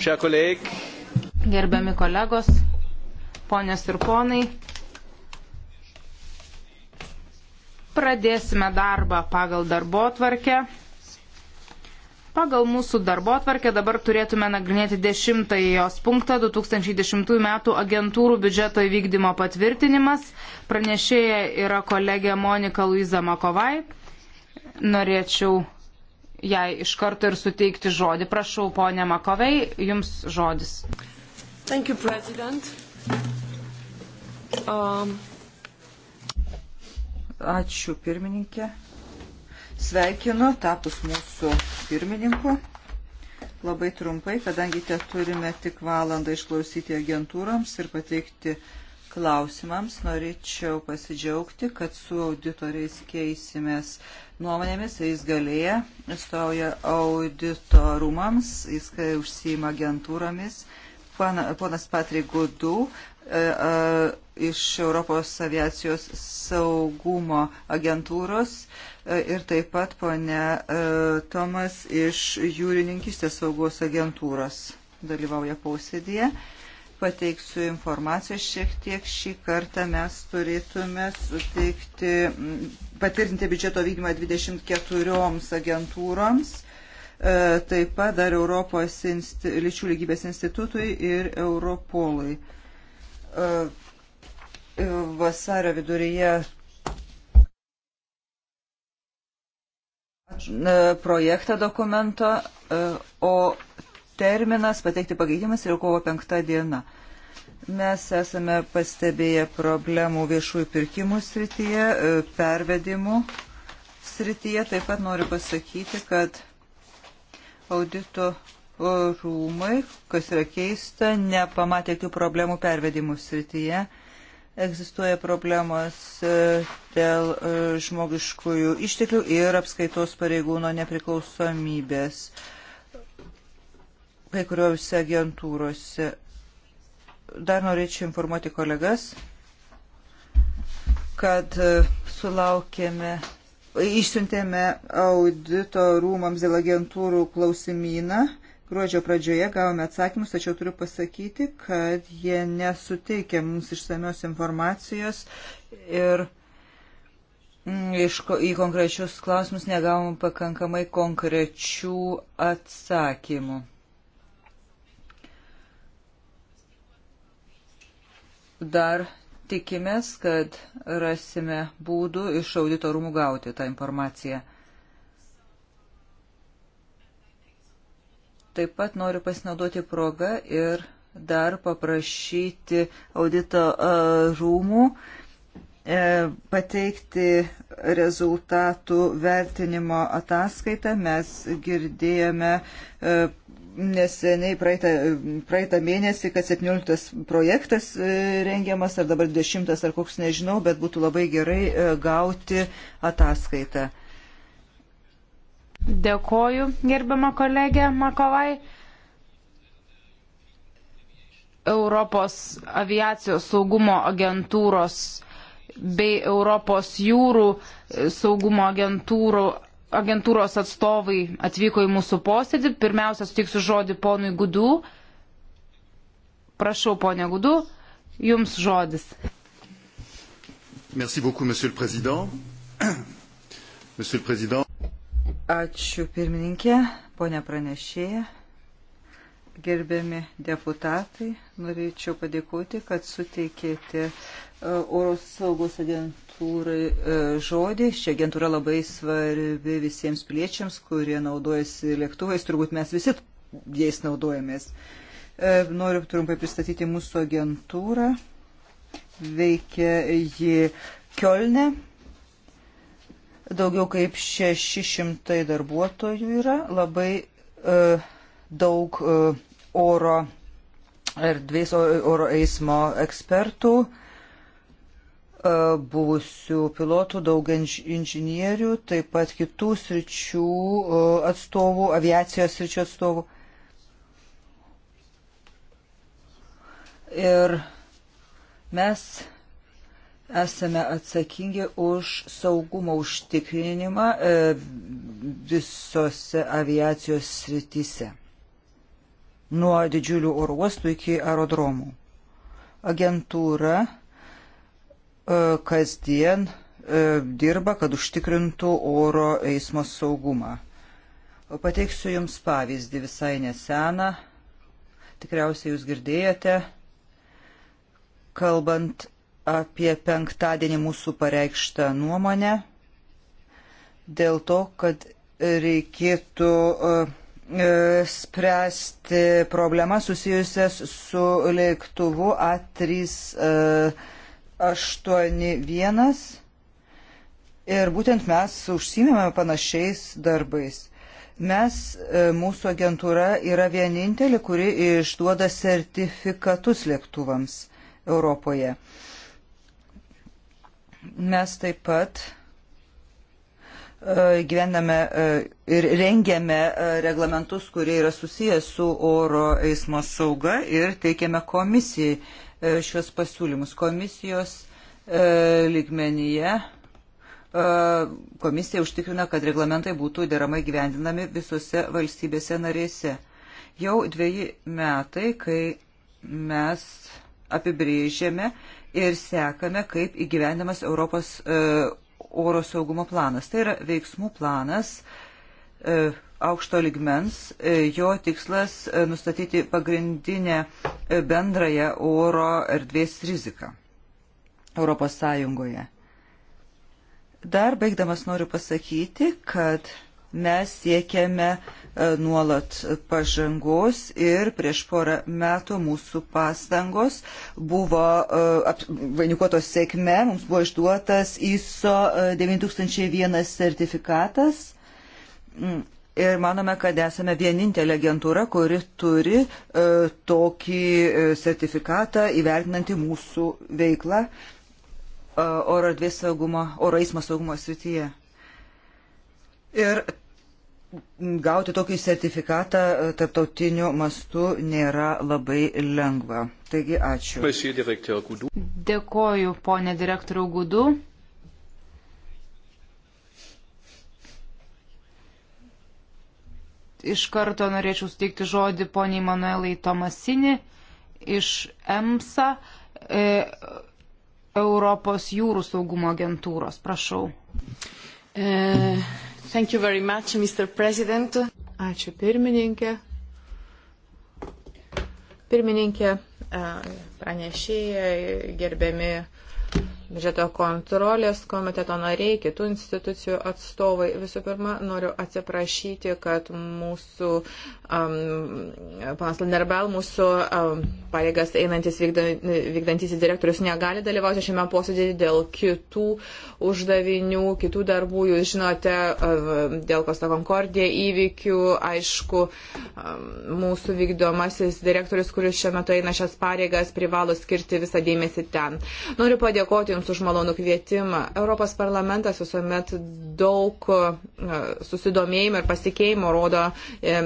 Šia koleg. Gerbiami kolegos, ponios ir ponai, pradėsime darbą pagal darbo tvarkę. Pagal mūsų darbo tvarkę dabar turėtume nagrinėti 10 jos punktą 2010 m. agentūrų biudžeto įvykdymo patvirtinimas. Pranešėja yra kolegė Monika Luiza Makovai. Norėčiau jai iš karto ir suteikti žodį. Prašau, ponė Makovei, jums žodis. Thank you, President. Um. Ačiū, pirmininkė. Sveikinu tapus mūsų pirmininku. Labai trumpai, kadangi te turime tik valandą išklausyti agentūroms ir pateikti uh, klausimams. Norėčiau pasidžiaugti, kad su auditoriais keisimės nuomonėmis. Jis galėja, atstovauja auditorumams, jis užsima agentūromis. Ponas Patrik Gudu e, e, iš Europos aviacijos saugumo agentūros e, ir taip pat ponė Tomas iš jūrininkistės saugos agentūros dalyvauja posėdėje pateiksiu informaciją šiek tiek. Šį kartą mes turėtume suteikti, patvirtinti biudžeto vykdymą 24 agentūroms, e, taip pat dar Europos insti, lyčių lygybės institutui ir Europolui. E, e, vasario viduryje projektą dokumento, o terminas pateikti pagaidimas yra kovo penktą dieną. Mes esame pastebėję problemų viešųjų pirkimų srityje, e, pervedimų srityje. Taip pat noriu pasakyti, kad audito rūmai, kas yra keista, nepamatė jokių problemų pervedimų srityje. Egzistuoja problemos e, dėl e, žmogiškųjų išteklių ir apskaitos pareigūno nepriklausomybės kai kuriuose agentūrose. Dar norėčiau informuoti kolegas, kad e, sulaukėme, išsiuntėme audito rūmams dėl agentūrų klausimyną. Gruodžio pradžioje gavome atsakymus, tačiau turiu pasakyti, kad jie nesuteikė mums išsamios informacijos ir mm, iš, į konkrečius klausimus negavom pakankamai konkrečių atsakymų. dar tikimės, kad rasime būdų iš audito rūmų gauti tą informaciją. Taip pat noriu pasinaudoti progą ir dar paprašyti audito e, rūmų e, pateikti rezultatų vertinimo ataskaitą. Mes girdėjome e, neseniai praeitą, praeitą mėnesį, kad 17 projektas e, rengiamas, ar dabar 20 ar koks nežinau, bet būtų labai gerai e, gauti ataskaitą. Dėkoju, gerbiama kolegė Makovai. Europos aviacijos saugumo agentūros bei Europos jūrų saugumo agentūrų agentūros atstovai atvyko į mūsų posėdį. Pirmiausia, sutiksiu žodį ponui Gudu. Prašau, ponė Gudu, jums žodis. Merci beaucoup, monsieur le président. Monsieur le président. Ačiū pirmininkė, ponė pranešėja, gerbiami deputatai. Norėčiau padėkoti, kad suteikėte e, Oro saugos agentūros agentūrai e, žodį. Ši agentūra labai svarbi visiems piliečiams, kurie naudojasi lėktuvais. Turbūt mes visi jais naudojamės. E, noriu trumpai pristatyti mūsų agentūrą. Veikia ji Kielne. Daugiau kaip 600 darbuotojų yra. Labai uh, daug uh, oro erdvės oro eismo ekspertų. Uh, E, buvusių pilotų, daug inžinierių, taip pat kitų sričių e, atstovų, aviacijos sričių atstovų. Ir mes esame atsakingi už saugumo užtikrinimą e, visose aviacijos srityse. Nuo didžiulių oro uostų iki aerodromų. Agentūra E, kasdien e, dirba, kad užtikrintų oro eismo saugumą. Pateiksiu Jums pavyzdį visai neseną. Tikriausiai Jūs girdėjote, kalbant apie penktadienį mūsų pareikštą nuomonę dėl to, kad reikėtų e, spręsti problemą susijusias su lėktuvu A3. Uh, 81 ir būtent mes užsimėme panašiais darbais. Mes, e, mūsų agentūra yra vienintelė, kuri išduoda sertifikatus lėktuvams Europoje. Mes taip pat e, gyvename e, ir rengiame reglamentus, kurie yra susijęs su oro eismo sauga ir teikiame komisijai E, šios pasiūlymus komisijos e, lygmenyje. E, komisija užtikrina, kad reglamentai būtų deramai gyvendinami visose valstybėse narėse. Jau dviejai metai, kai mes apibrėžėme ir sekame, kaip įgyvendamas Europos oro saugumo planas. Tai yra veiksmų planas aukšto ligmens. E, jo tikslas e, nustatyti pagrindinę e, bendrąją oro erdvės riziką Europos Sąjungoje. Dar baigdamas noriu pasakyti, kad mes siekiame nuolat pažangos ir prieš porą metų mūsų pastangos buvo vainikuotos sėkme, mums buvo išduotas ISO 9001 sertifikatas mm. Ir manome, kad esame vienintelė agentūra, kuri turi e, tokį e, sertifikatą įvertinantį mūsų veiklą e, oro erdvės saugumo, oro eismo saugumo srityje. Ir gauti tokį sertifikatą e, tarptautiniu mastu nėra labai lengva. Taigi ačiū. Dėkoju, ponė direktoriau Gudu. iš karto norėčiau steikti žodį poniai Manuelai Tomasini iš EMSA, e, Europos jūrų saugumo agentūros. Prašau. E, much, Ačiū pirmininkė. Pirmininkė, e, pranešėjai, gerbiami biudžeto kontrolės komiteto nariai, kitų institucijų atstovai. Visų pirma, noriu atsiprašyti, kad mūsų, um, panas Landerbel, mūsų um, pareigas einantis vykdantysis direktorius negali dalyvauti šiame posėdėje dėl kitų uždavinių, kitų darbų. Jūs žinote, um, dėl Kosta Concordija įvykių, aišku, um, mūsų vykdomasis direktorius, kuris šiuo metu eina šias pareigas, privalo skirti visą dėmesį ten. Noriu padėkoti Jums už malonų kvietimą. Europos parlamentas visuomet daug e, susidomėjimo ir pasikeimo rodo e,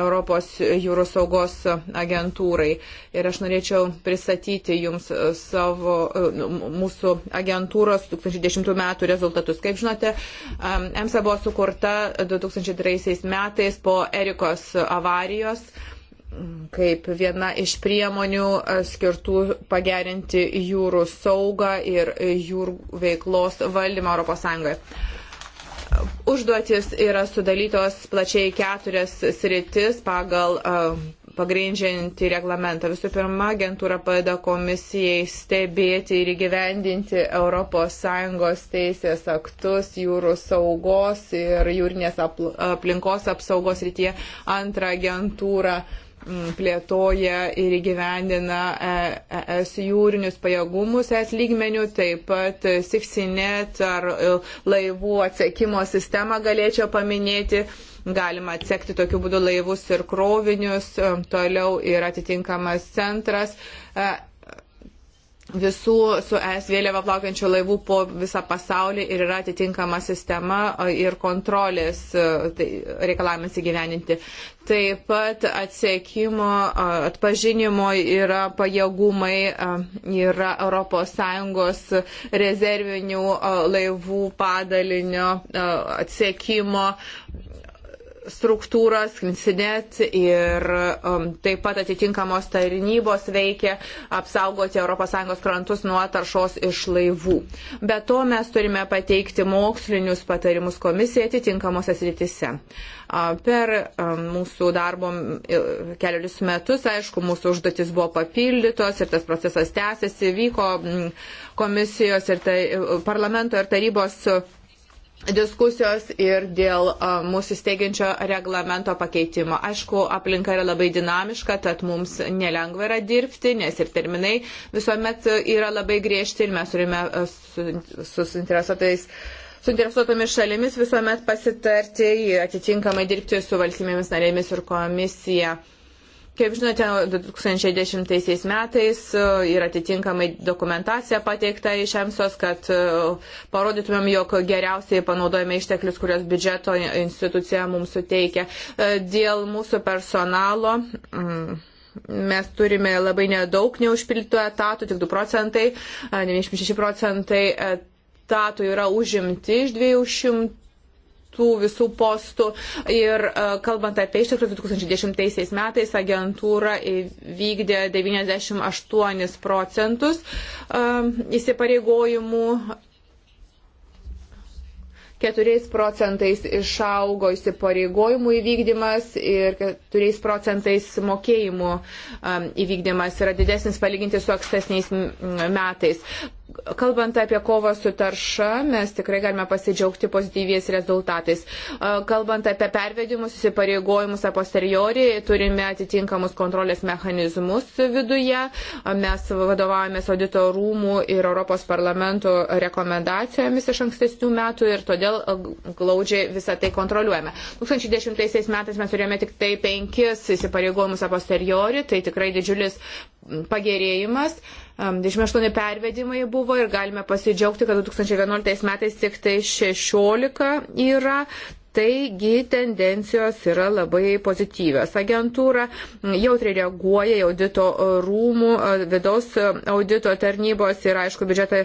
Europos jūros saugos agentūrai. Ir aš norėčiau pristatyti Jums savo, e, nu, mūsų agentūros 2010 metų rezultatus. Kaip žinote, EMSA buvo sukurta 2003 metais po Erikos avarijos kaip viena iš priemonių e, skirtų pagerinti jūrų saugą ir jūrų veiklos valdymą ES. Užduotis yra sudalytos plačiai keturias sritis pagal e, pagrindžiantį reglamentą. Visų pirma, agentūra padeda komisijai stebėti ir įgyvendinti ES teisės aktus jūrų saugos ir jūrinės aplinkos apsaugos rytyje. Antra, agentūra uh, Mm, plėtoja ir įgyvendina ES e jūrinius pajėgumus ES lygmenių, taip pat e, Sixinet ar e, laivų atsekimo sistemą galėčiau paminėti. Galima atsekti tokiu būdu laivus ir krovinius, toliau yra atitinkamas centras visų su es vėliava plaukiančių laivų po visą pasaulį ir yra atitinkama sistema ir kontrolės tai, reikalavimas įgyveninti. Taip pat atsiekimo, atpažinimo yra pajėgumai, yra ES rezervinių laivų padalinio atsiekimo struktūros, Kinsinet ir um, taip pat atitinkamos tarnybos veikia apsaugoti ES krantus nuo taršos iš laivų. Be to mes turime pateikti mokslinius patarimus komisijai atitinkamose sritise. Per um, mūsų darbo kelius metus, aišku, mūsų užduotis buvo papildytos ir tas procesas tęsiasi, vyko komisijos ir tai, e, parlamento ir tarybos diskusijos ir dėl mūsų steigiančio reglamento pakeitimo. Aišku, aplinka yra labai dinamiška, tad mums nelengva yra dirbti, nes ir terminai visuomet yra labai griežti ir mes turime susinteresuotais. Su suinteresuotomis šalimis visuomet pasitarti, atitinkamai dirbti su valstybėmis narėmis ir komisija. Uh, Kaip žinote, 2010 metais yra e, atitinkamai dokumentacija pateikta iš EMSOS, kad e, parodytumėm, jog geriausiai panaudojame išteklius, kurios biudžeto institucija mums suteikia. E, dėl mūsų personalo. Mm, mes turime labai nedaug neužpildytų etatų, tik 2 procentai, 96 procentai etatų yra užimti iš 200 tų visų postų. Ir e, kalbant apie išteklius, 2010 metais agentūra vykdė 98 procentus e, įsipareigojimų. 4 procentais išaugo įsipareigojimų įvykdymas ir 4 procentais mokėjimų e, įvykdymas yra didesnis palyginti su ankstesniais metais. Kalbant apie kovą su tarša, mes tikrai galime pasidžiaugti pozityviais rezultatais. Kalbant apie pervedimus, įsipareigojimus a posteriori, turime atitinkamus kontrolės mechanizmus viduje. Mes vadovavomės audito rūmų ir Europos parlamento rekomendacijomis iš ankstesnių metų ir todėl glaudžiai visą tai kontroliuojame. 2010 metais mes turėjome tik tai penkis įsipareigojimus a posteriori, tai tikrai didžiulis pagerėjimas. 28 pervedimai buvo ir galime pasidžiaugti, kad 2011 metais tik tai 16 yra Taigi tendencijos yra labai pozityvios. Agentūra jautri reaguoja į audito rūmų, vidaus audito tarnybos ir, aišku, biudžeto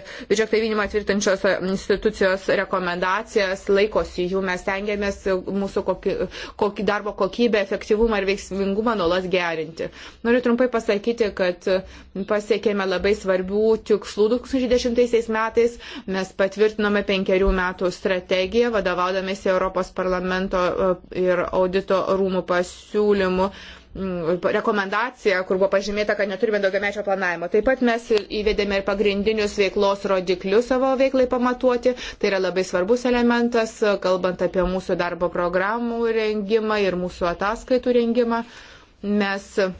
įvinimą tvirtinčios institucijos rekomendacijas, laikosi jų, mes tengiamės mūsų kokį, kokį darbo kokybę, efektyvumą ir veiksmingumą nuolat gerinti. Noriu trumpai pasakyti, kad pasiekėme labai svarbių tikslų 2010 metais. Mes patvirtinome penkerių metų strategiją, vadovaudamėsi Europos parlamento e, ir audito rūmų pasiūlymų rekomendacija, kur buvo pažymėta, kad neturime daugiamečio planavimo. Taip pat mes įvedėme ir pagrindinius veiklos rodiklius savo veiklai pamatuoti. Tai yra labai svarbus elementas, kalbant apie mūsų darbo programų rengimą ir mūsų ataskaitų rengimą. Mes e,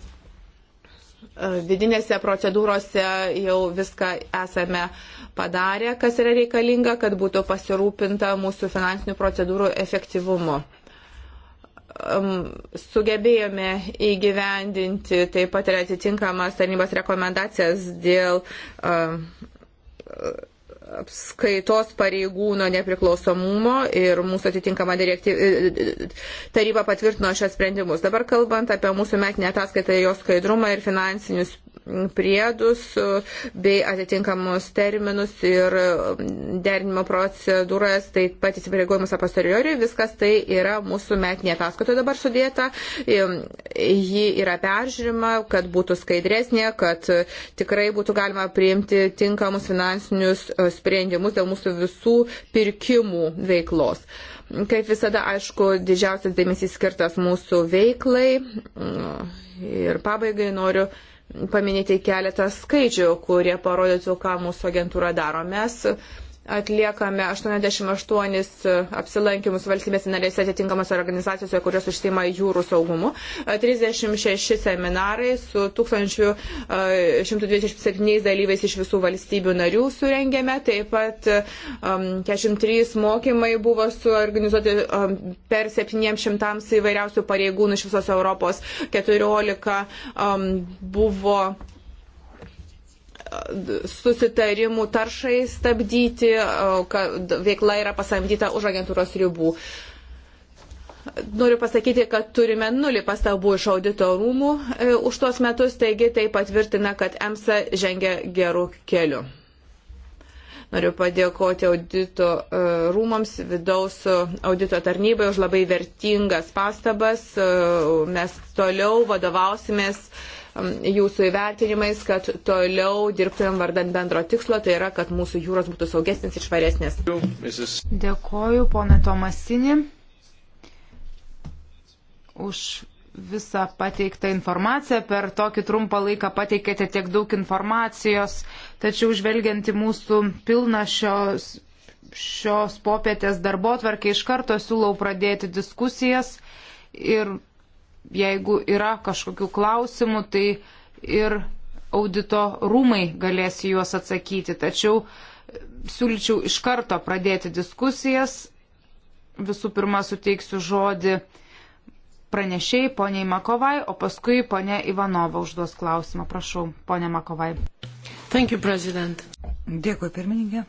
vidinėse procedūrose jau viską esame uh, padarė, kas yra reikalinga, kad būtų pasirūpinta mūsų finansinių procedūrų efektyvumu. Sugebėjome įgyvendinti taip pat ir atitinkamas tarnybos rekomendacijas dėl apskaitos pareigūno nepriklausomumo ir mūsų atitinkama direktyv... taryba patvirtino šios sprendimus. Dabar kalbant apie mūsų metinę ataskaitą, jos skaidrumą ir finansinius priedus e, bei atitinkamus terminus ir e, derinimo procedūras, taip pat įsipareigojimus a posteriori, viskas tai yra mūsų metinė ataskaita dabar sudėta. E, ji yra peržiūrima, kad būtų skaidresnė, kad tikrai būtų galima priimti tinkamus finansinius sprendimus dėl mūsų visų pirkimų veiklos. Kaip visada, aišku, didžiausias dėmesys skirtas mūsų veiklai. Mm, ir pabaigai noriu paminėti keletą skaičių, kurie parodytų, ką mūsų agentūra daro. Mes atliekame 88 e, apsilankimus valstybės narėse atitinkamose organizacijose, kurios užsima jūrų saugumu, 36 e, seminarai su 1127 e, dalyviais iš visų valstybių narių surengėme, taip pat 43 mokymai buvo suorganizuoti per 700 įvairiausių pareigūnų iš visos Europos, 14 buvo susitarimų taršai stabdyti, kad veikla yra pasamdyta už agentūros ribų. Noriu pasakyti, kad turime nulį pastabų iš audito rūmų e, už tuos metus, taigi tai patvirtina, kad EMSA žengia gerų kelių. Noriu padėkoti audito e, rūmams, vidaus audito tarnybai už labai vertingas pastabas. E, mes toliau vadovausimės uh, Um, jūsų įvertinimais, kad toliau dirbtumėm vardant bendro tikslo, tai yra, kad mūsų jūros būtų saugesnės ir švaresnės. Dėkoju, ponė Tomasinė, už visą pateiktą informaciją. Per tokį trumpą laiką pateikėte tiek daug informacijos, tačiau žvelgiant į mūsų pilną šios, šios popietės darbo tvarkį, iš karto siūlau pradėti diskusijas. Ir jeigu yra kažkokių klausimų, tai ir audito rūmai galės juos atsakyti. Tačiau siūlyčiau iš karto pradėti diskusijas. Visų pirma, suteiksiu žodį pranešėjai poniai Makovai, o paskui ponia Ivanova užduos klausimą. Prašau, ponia Makovai. Thank you, President. Dėkui, pirmininkė.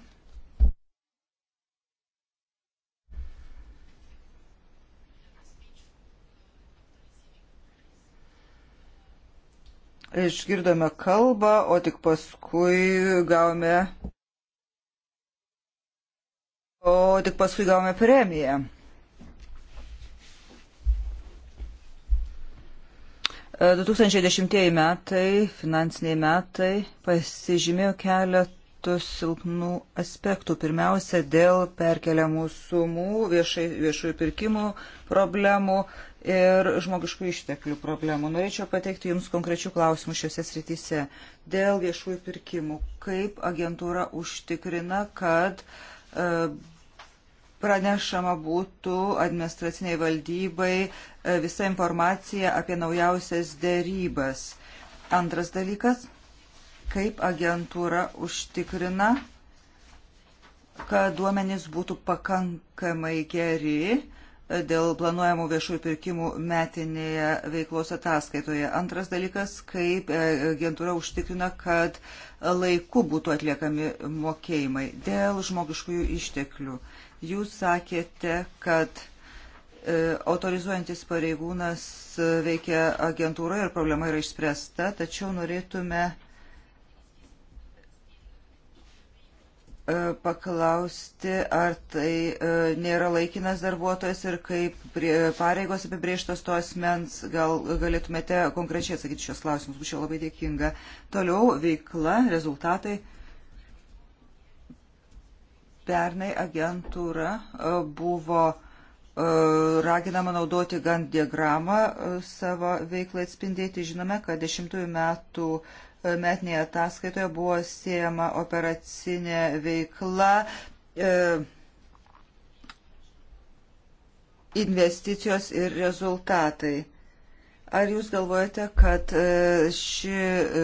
išgirdome kalbą, o tik paskui gavome. O tik paskui gavome premiją. E, 2010 metai, finansiniai metai, pasižymėjo keletų silpnų aspektų. Pirmiausia, dėl perkeliamų sumų, viešai, viešųjų pirkimų problemų, ir žmogiškų išteklių problemų. Norėčiau pateikti Jums konkrečių klausimų šiuose srityse dėl viešųjų pirkimų. Kaip agentūra užtikrina, kad e, pranešama būtų administraciniai valdybai e, visa informacija apie naujausias dėrybas. Antras dalykas, kaip agentūra užtikrina, kad duomenys būtų pakankamai geri, dėl planuojamų viešųjų pirkimų metinėje veiklos ataskaitoje. Antras dalykas, kaip e, agentūra užtikrina, kad laiku būtų atliekami mokėjimai dėl žmogiškųjų išteklių. Jūs sakėte, kad e, autorizuojantis pareigūnas veikia agentūroje ir problema yra išspręsta, tačiau norėtume E, paklausti, ar tai e, nėra laikinas darbuotojas ir kaip pareigos apibrieštos to asmens, gal galėtumėte konkrečiai atsakyti šios klausimus, būčiau labai dėkinga. Toliau veikla, rezultatai. Pernai agentūra e, buvo raginama naudoti gan diagramą savo veiklą atspindėti. Žinome, kad dešimtųjų metų metinėje ataskaitoje buvo siejama operacinė veikla, e, investicijos ir rezultatai. Ar jūs galvojate, kad e, ši, e,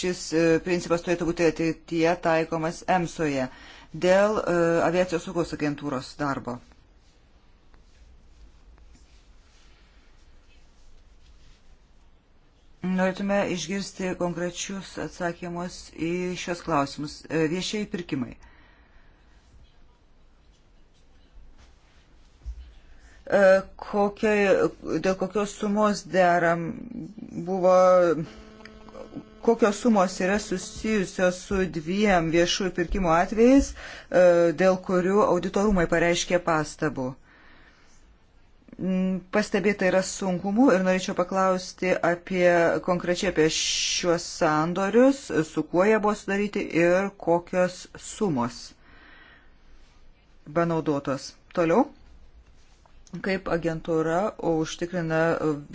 šis principas turėtų būti ateityje taikomas EMSOje dėl aviacijos saugos agentūros darbo? Norėtume išgirsti konkrečius atsakymus į šios klausimus. E, Viešiai pirkimai. E, kokia, dėl kokios sumos deram buvo, kokios sumos yra susijusios su dviem viešųjų pirkimų atvejais, e, dėl kurių auditorumai pareiškė pastabų. Pastebėta yra sunkumų ir norėčiau paklausti apie konkrečiai apie šiuos sandorius, su kuo jie buvo sudaryti ir kokios sumos panaudotos. Toliau, kaip agentūra užtikrina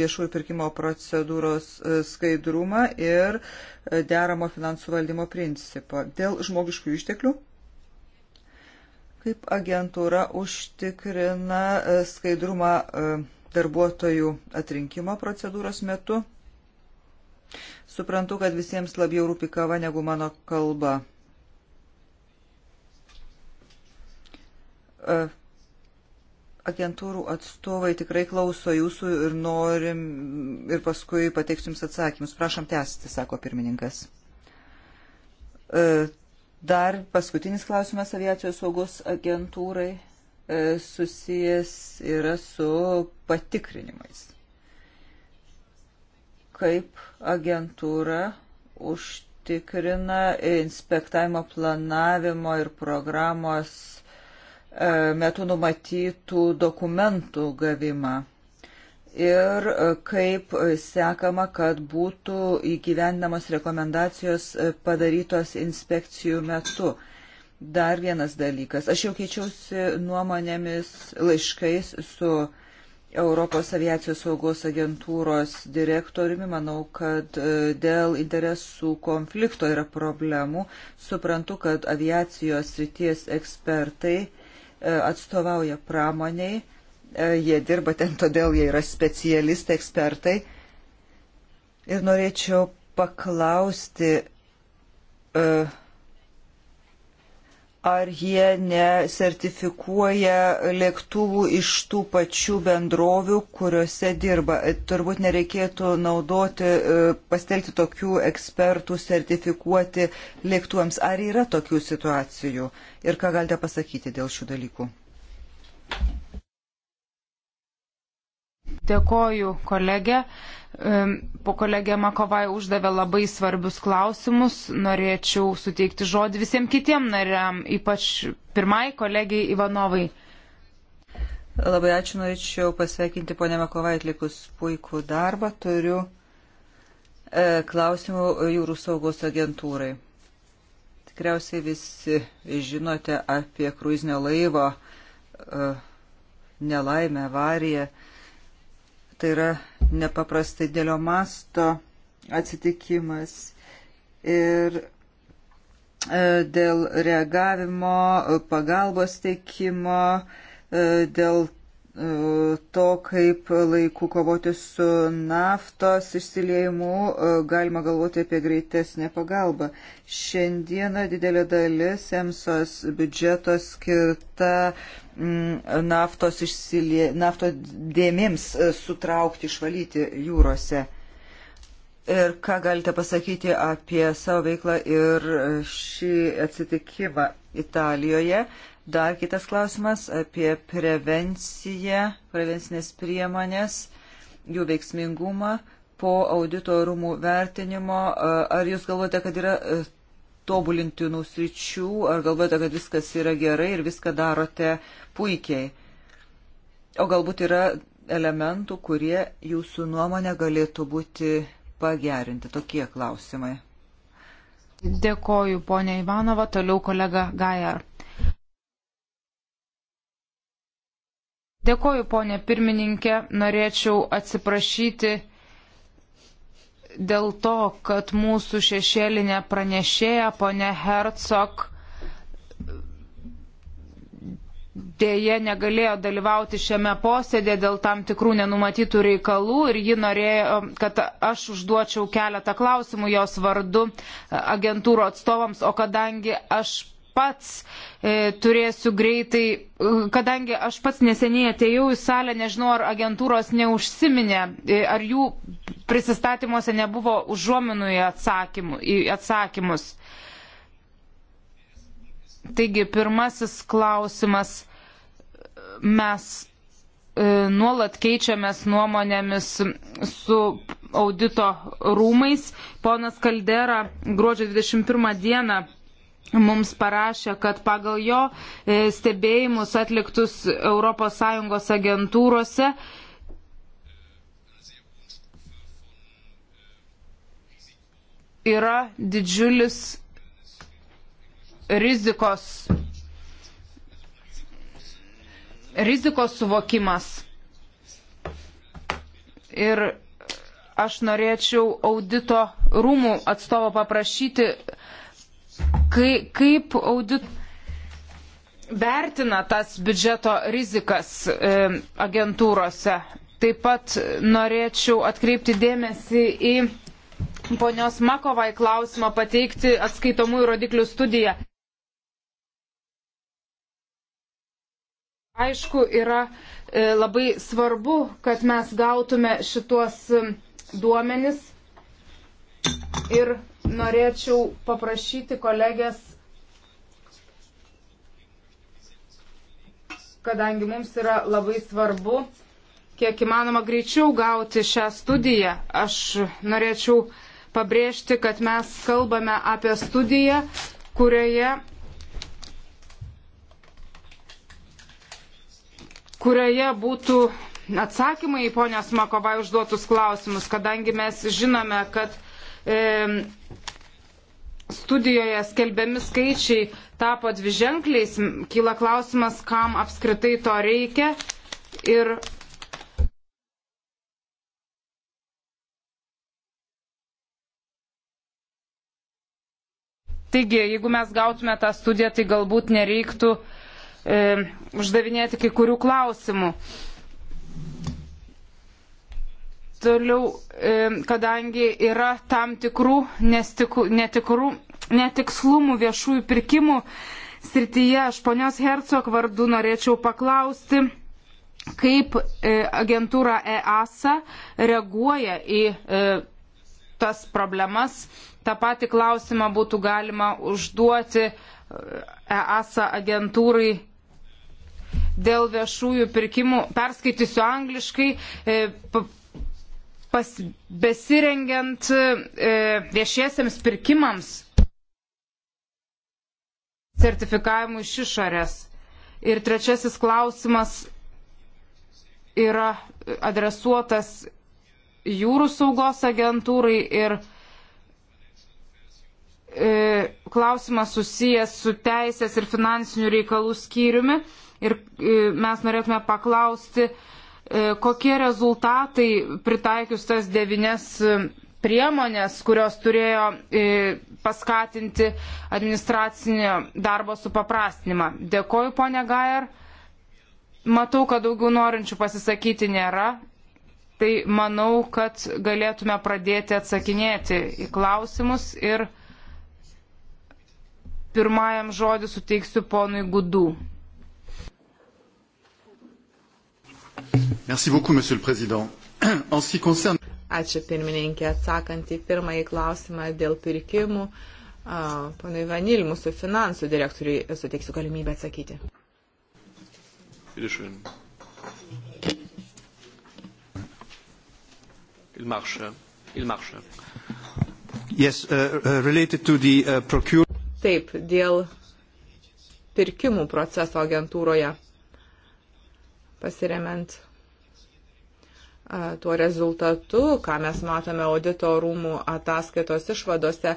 viešųjų pirkimo procedūros e, skaidrumą ir e, deramo finansų valdymo principą dėl žmogiškų išteklių Kaip agentūra užtikrina e, skaidrumą e, darbuotojų atrinkimo procedūros metu? Suprantu, kad visiems labiau rūpi kava negu mano kalba. E, agentūrų atstovai tikrai klauso jūsų ir norim ir paskui pateiksiu jums atsakymus. Prašom tęsti, sako pirmininkas Dar paskutinis klausimas aviacijos saugos agentūrai e, susijęs yra su patikrinimais. Kaip agentūra užtikrina inspektavimo planavimo ir programos e, metu numatytų dokumentų gavimą ir e, kaip e, sekama, kad būtų įgyvendinamos rekomendacijos e, padarytos inspekcijų metu. Dar vienas dalykas. Aš jau keičiausi nuomonėmis laiškais su Europos aviacijos saugos agentūros direktoriumi. Manau, kad dėl interesų konflikto yra problemų. Suprantu, kad aviacijos ryties ekspertai atstovauja pramoniai E, jie dirba ten, todėl jie yra specialistai, ekspertai. Ir norėčiau paklausti, e, ar jie nesertifikuoja lėktuvų iš tų pačių bendrovių, kuriuose dirba. E, turbūt nereikėtų naudoti, pastelti tokių ekspertų sertifikuoti lėktuvams. Ar yra tokių situacijų? Ir ką galite pasakyti dėl šių dalykų? Dėkoju kolegė. Po kolegė Makovai uždavė labai svarbius klausimus. Norėčiau suteikti žodį visiems kitiem nariam, ypač pirmai kolegijai Ivanovai. Labai ačiū, norėčiau pasveikinti ponę Makovai atlikus puikų darbą. Turiu e, klausimų jūrų saugos agentūrai. Tikriausiai visi žinote apie kruizinio laivo e, nelaimę, avariją. E, Tai yra nepaprastai dėlio masto atsitikimas. Ir e, dėl reagavimo, pagalbos teikimo, e, dėl to, kaip laiku kovoti su naftos išsiliejimu, e, galima galvoti apie greitesnę pagalbą. Šiandieną didelė dalis EMSOS biudžeto skirta mm, naftos, išsilie... naftos dėmėms e, sutraukti, išvalyti jūrose. Ir ką galite pasakyti apie savo veiklą ir šį atsitikimą Italijoje? Dar kitas klausimas apie prevenciją, prevencinės priemonės, jų veiksmingumą po audito rūmų vertinimo. Ar jūs galvojate, kad yra e, tobulintinų sričių, ar galvojate, kad viskas yra gerai ir viską darote puikiai? O galbūt yra elementų, kurie jūsų nuomonė galėtų būti pagerinti. Tokie klausimai. Dėkoju, ponia Ivanova. Toliau kolega Gajar. Dėkoju, ponė pirmininkė, norėčiau atsiprašyti dėl to, kad mūsų šešėlinė pranešėja, ponė Hercog, dėje negalėjo dalyvauti šiame posėdė dėl tam tikrų nenumatytų reikalų ir ji norėjo, kad aš užduočiau keletą klausimų jos vardu agentūrų atstovams, o kadangi aš pats e, turėsiu greitai, e, kadangi aš pats neseniai atėjau į salę, nežinau, ar agentūros neužsiminė, e, ar jų prisistatymuose nebuvo užuominų į, atsakymų, į atsakymus. Taigi, pirmasis klausimas. Mes e, nuolat keičiamės nuomonėmis su audito rūmais. Ponas Kaldera gruodžio 21 dieną mums parašė, kad pagal jo e, stebėjimus atliktus ES agentūrose yra didžiulis rizikos, rizikos suvokimas. Ir aš norėčiau audito rūmų atstovo paprašyti Kai, kaip audit vertina tas biudžeto rizikas e, agentūrose? Taip pat norėčiau atkreipti dėmesį į ponios Makovai klausimą pateikti atskaitomųjų rodiklių studiją. Aišku, yra e, labai svarbu, kad mes gautume šituos e, duomenis ir norėčiau paprašyti kolegės, kadangi mums yra labai svarbu, kiek įmanoma greičiau gauti šią studiją. Aš norėčiau pabrėžti, kad mes kalbame apie studiją, kurioje kurioje būtų atsakymai į ponios Makovai užduotus klausimus, kadangi mes žinome, kad uh, E, studijoje skelbiami skaičiai tapo dviženkliais, kyla klausimas, kam apskritai to reikia. Ir Taigi, jeigu mes gautume tą studiją, tai galbūt nereiktų e, uždavinėti kai kurių klausimų. E, Toliau, e, kadangi yra tam tikrų nestiku, netikrų, netikslumų viešųjų pirkimų srityje, aš ponios Hercog vardu norėčiau paklausti kaip e, agentūra EASA reaguoja į e, tas problemas. Ta pati klausimą būtų galima užduoti EASA agentūrai dėl viešųjų pirkimų. Perskaitysiu angliškai, pas, besirengiant e, viešiesiems pirkimams sertifikavimų iš išorės. Ir trečiasis klausimas yra adresuotas jūrų saugos agentūrai ir e, klausimas susijęs su teisės ir finansinių reikalų skyriumi. Ir e, mes norėtume paklausti, e, E, kokie rezultatai pritaikius tas devines e, priemonės, kurios turėjo e, paskatinti administracinio darbo supaprastinimą. Dėkoju, ponė Gajer. Matau, kad daugiau norinčių pasisakyti nėra. Tai manau, kad galėtume pradėti atsakinėti į klausimus ir pirmajam žodį suteiksiu ponui Gudu. Merci beaucoup, monsieur le président. En ce qui concerne... Ačiū pirmininkė, atsakant į pirmąjį klausimą dėl pirkimų. Panai Vanil, mūsų finansų direktoriui suteiksiu galimybę atsakyti. Bitte schön. Il marche. Il marche. Yes, uh, uh, related to the uh, procure. Taip, dėl pirkimų proceso agentūroje pasiremiant tuo rezultatu, ką mes matome audito rūmų ataskaitos išvadose,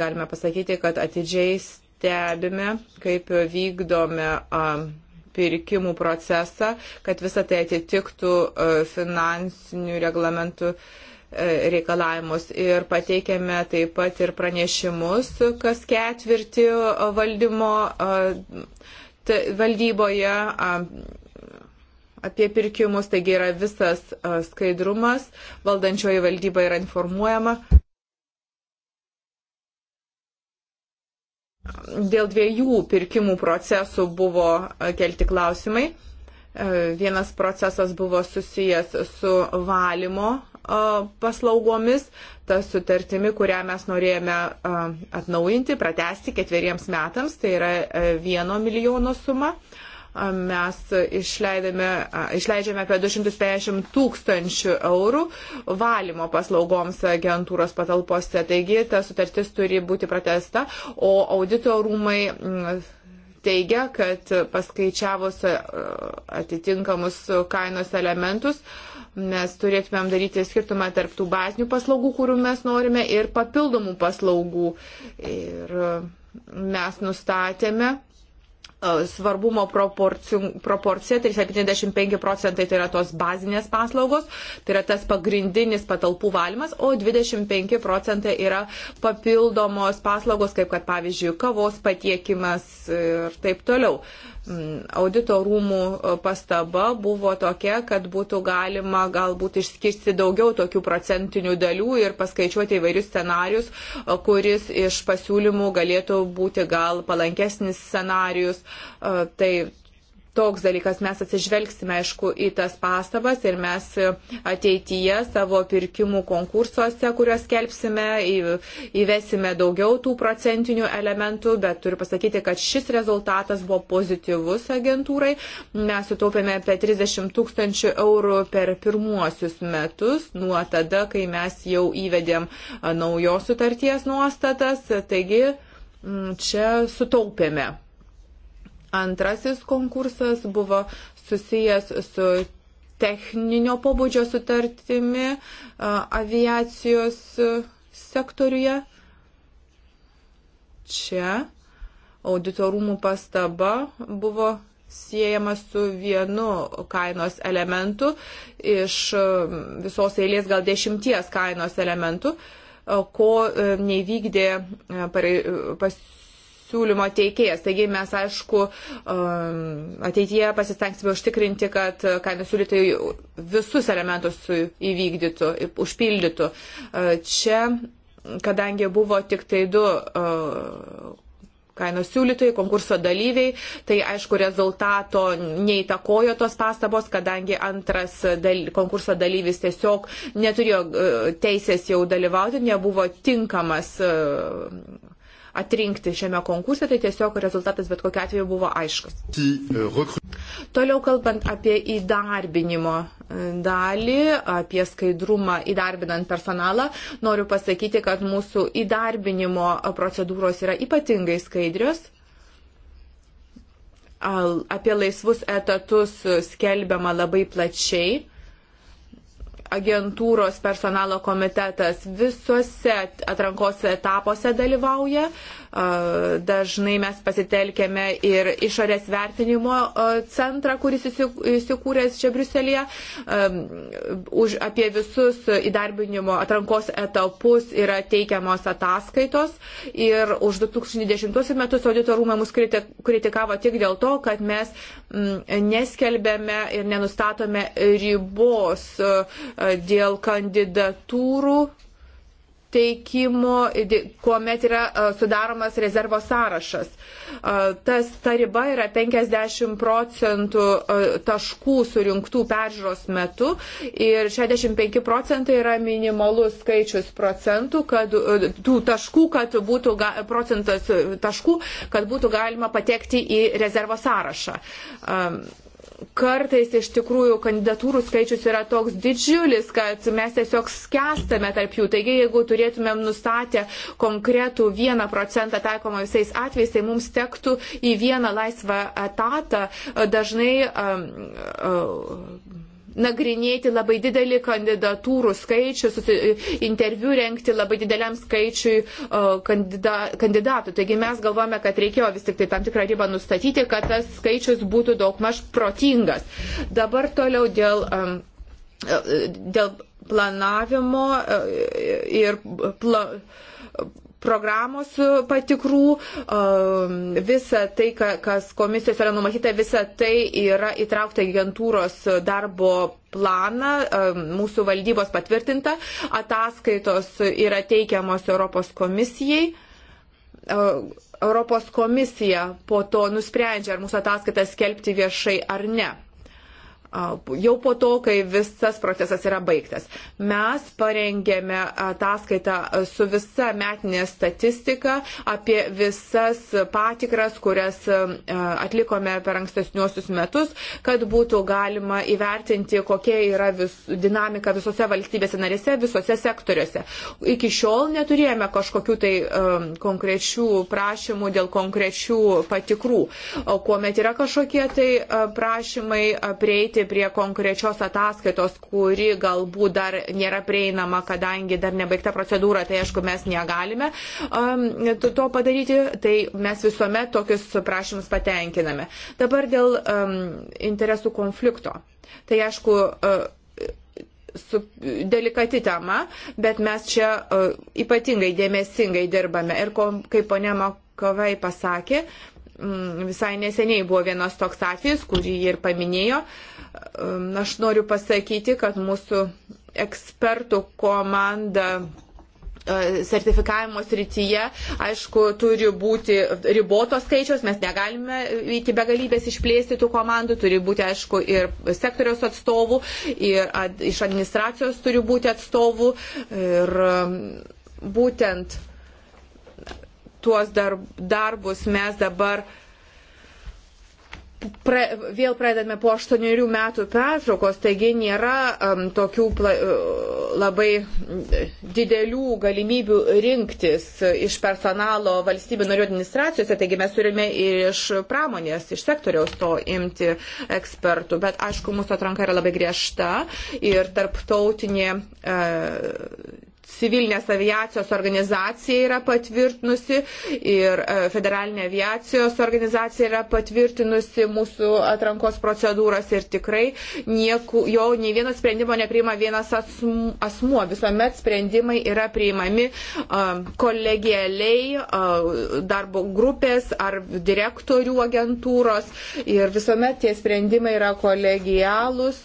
galime pasakyti, kad atidžiai stebime, kaip vykdome pirkimų procesą, kad visa tai atitiktų finansinių reglamentų reikalavimus ir pateikėme taip pat ir pranešimus kas ketvirtį valdymo valdyboje apie pirkimus, taigi yra visas skaidrumas, valdančioji valdyba yra informuojama. Dėl dviejų pirkimų procesų buvo kelti klausimai. Vienas procesas buvo susijęs su valymo paslaugomis, ta sutartimi, kurią mes norėjome atnaujinti, pratesti ketveriems metams, tai yra vieno milijono suma mes išleidžiame apie 250 tūkstančių eurų valymo paslaugoms agentūros patalpose. Taigi ta sutartis turi būti pratesta, o audito rūmai mm, teigia, kad paskaičiavus e, atitinkamus kainos elementus, mes turėtumėm daryti skirtumą tarp tų bazinių paslaugų, kurių mes norime, ir papildomų paslaugų. Ir mm, mes nustatėme, E, svarbumo proporcija, tai 75 procentai tai yra tos bazinės paslaugos, tai yra tas pagrindinis patalpų valymas, o 25 procentai yra papildomos paslaugos, kaip kad pavyzdžiui kavos patiekimas ir taip toliau audito rūmų e, pastaba buvo tokia, kad būtų galima galbūt išskirti daugiau tokių procentinių dalių ir paskaičiuoti įvairius scenarius, e, kuris iš pasiūlymų galėtų būti gal palankesnis scenarius. E, tai toks dalykas. Mes atsižvelgsime, aišku, į tas pastabas ir mes ateityje savo pirkimų konkursuose, kuriuos kelpsime, įvesime daugiau tų procentinių elementų, bet turiu pasakyti, kad šis rezultatas buvo pozityvus agentūrai. Mes sutaupėme apie 30 tūkstančių eurų per pirmuosius metus nuo tada, kai mes jau įvedėm naujos sutarties nuostatas. Taigi, Čia sutaupėme. Antrasis konkursas buvo susijęs su techninio pobūdžio sutartimi aviacijos sektoriuje. Čia auditorumų pastaba buvo siejama su vienu kainos elementu iš visos eilės gal dešimties kainos elementų, ko e, nevykdė e, pasiūlymas pasiūlymo teikėjas. Taigi mes, aišku, um, ateityje pasistengsime užtikrinti, kad kainų siūlytojai visus elementus įvykdytų, užpildytų. Uh, čia, kadangi buvo tik tai du uh, kainos siūlytojai, konkurso dalyviai. Tai aišku, rezultato neįtakojo tos pastabos, kadangi antras dal, konkurso dalyvis tiesiog neturėjo uh, teisės jau dalyvauti, nebuvo tinkamas. Uh, atrinkti šiame konkurse, tai tiesiog rezultatas bet kokiu atveju buvo aiškus. E, Toliau kalbant apie įdarbinimo e, dalį, apie skaidrumą įdarbinant personalą, noriu pasakyti, kad mūsų įdarbinimo procedūros yra ypatingai skaidrios apie laisvus etatus skelbiama labai plačiai agentūros personalo komitetas visuose atrankos etapuose dalyvauja. Uh, Dažnai mes pasitelkėme ir išorės vertinimo centrą, kuris įsikūręs čia Briuselėje. Už apie visus įdarbinimo atrankos etapus yra teikiamos ataskaitos. Ir už 2010 metus audito rūmai mus kritikavo tik dėl to, kad mes neskelbėme ir nenustatome ribos dėl kandidatūrų teikimo, kuomet yra e, sudaromas rezervo sąrašas. E, tas ta riba yra 50 procentų e, taškų surinktų peržiūros metu ir 65 procentai yra minimalus skaičius procentų, kad tų taškų, kad būtų procentas taškų, kad būtų galima patekti į rezervo sąrašą kartais iš tikrųjų kandidatūrų skaičius yra toks didžiulis, kad mes tiesiog skęstame tarp jų. Taigi, jeigu turėtumėm nustatę konkretų vieną procentą taikomą visais atvejais, tai mums tektų į vieną laisvą etatą dažnai. Um, um, nagrinėti labai didelį kandidatūrų skaičių, interviu renkti labai dideliam skaičiui kandida, kandidatų. Taigi mes galvojame, kad reikėjo vis tik tai tam tikrą ribą nustatyti, kad tas skaičius būtų daug maž protingas. Dabar toliau dėl. Um, dėl planavimo e, ir pla, programos e, patikrų, e, visa tai, kas komisijos yra numatyta, visa tai yra įtraukta agentūros darbo planą, e, mūsų valdybos patvirtinta, ataskaitos yra teikiamos Europos komisijai. Europos komisija po to nusprendžia, ar mūsų ataskaitas skelbti viešai ar ne jau po to, kai visas procesas yra baigtas. Mes parengėme ataskaitą su visa metinė statistika apie visas patikras, kurias e, atlikome per ankstesniuosius metus, kad būtų galima įvertinti, kokia yra vis, dinamika visose valstybėse narėse, visose sektoriuose. Iki šiol neturėjome kažkokių tai um, konkrečių prašymų dėl konkrečių patikrų, kuomet yra kažkokie tai e, prašymai prieiti prieiti prie konkrečios ataskaitos, kuri galbūt dar nėra prieinama, kadangi dar nebaigta procedūra, tai aišku, mes negalime um, to padaryti, tai mes visuomet tokius prašymus patenkiname. Dabar dėl um, interesų konflikto. Tai aišku, uh, su delikati tema, bet mes čia uh, ypatingai dėmesingai dirbame. Ir ko, kaip ponė Makovai pasakė, mm, visai neseniai buvo vienas toks atvejis, kurį ir paminėjo. Uh, Aš noriu pasakyti, kad mūsų ekspertų komanda e, sertifikavimo srityje, aišku, turi būti ribotos skaičios, mes negalime iki begalybės išplėsti tų komandų, turi būti, aišku, ir sektoriaus atstovų, ir ad, iš administracijos turi būti atstovų. Ir būtent tuos dar, darbus mes dabar uh, pra, vėl pradedame po aštuoniarių metų pertraukos, taigi nėra um, tokių pla, uh, labai didelių galimybių rinktis iš personalo valstybių narių administracijose, taigi mes turime iš pramonės, iš sektoriaus to imti ekspertų. Bet aišku, mūsų atranka yra labai griežta ir tarptautinė. Uh, civilinės aviacijos organizacija yra patvirtinusi ir e, federalinė aviacijos organizacija yra patvirtinusi mūsų atrankos procedūras ir tikrai nieku, jo nei vieno sprendimo nepriima vienas asmuo. Visuomet sprendimai yra priimami e, kolegialiai e, darbo grupės ar direktorių agentūros ir visuomet tie sprendimai yra kolegialūs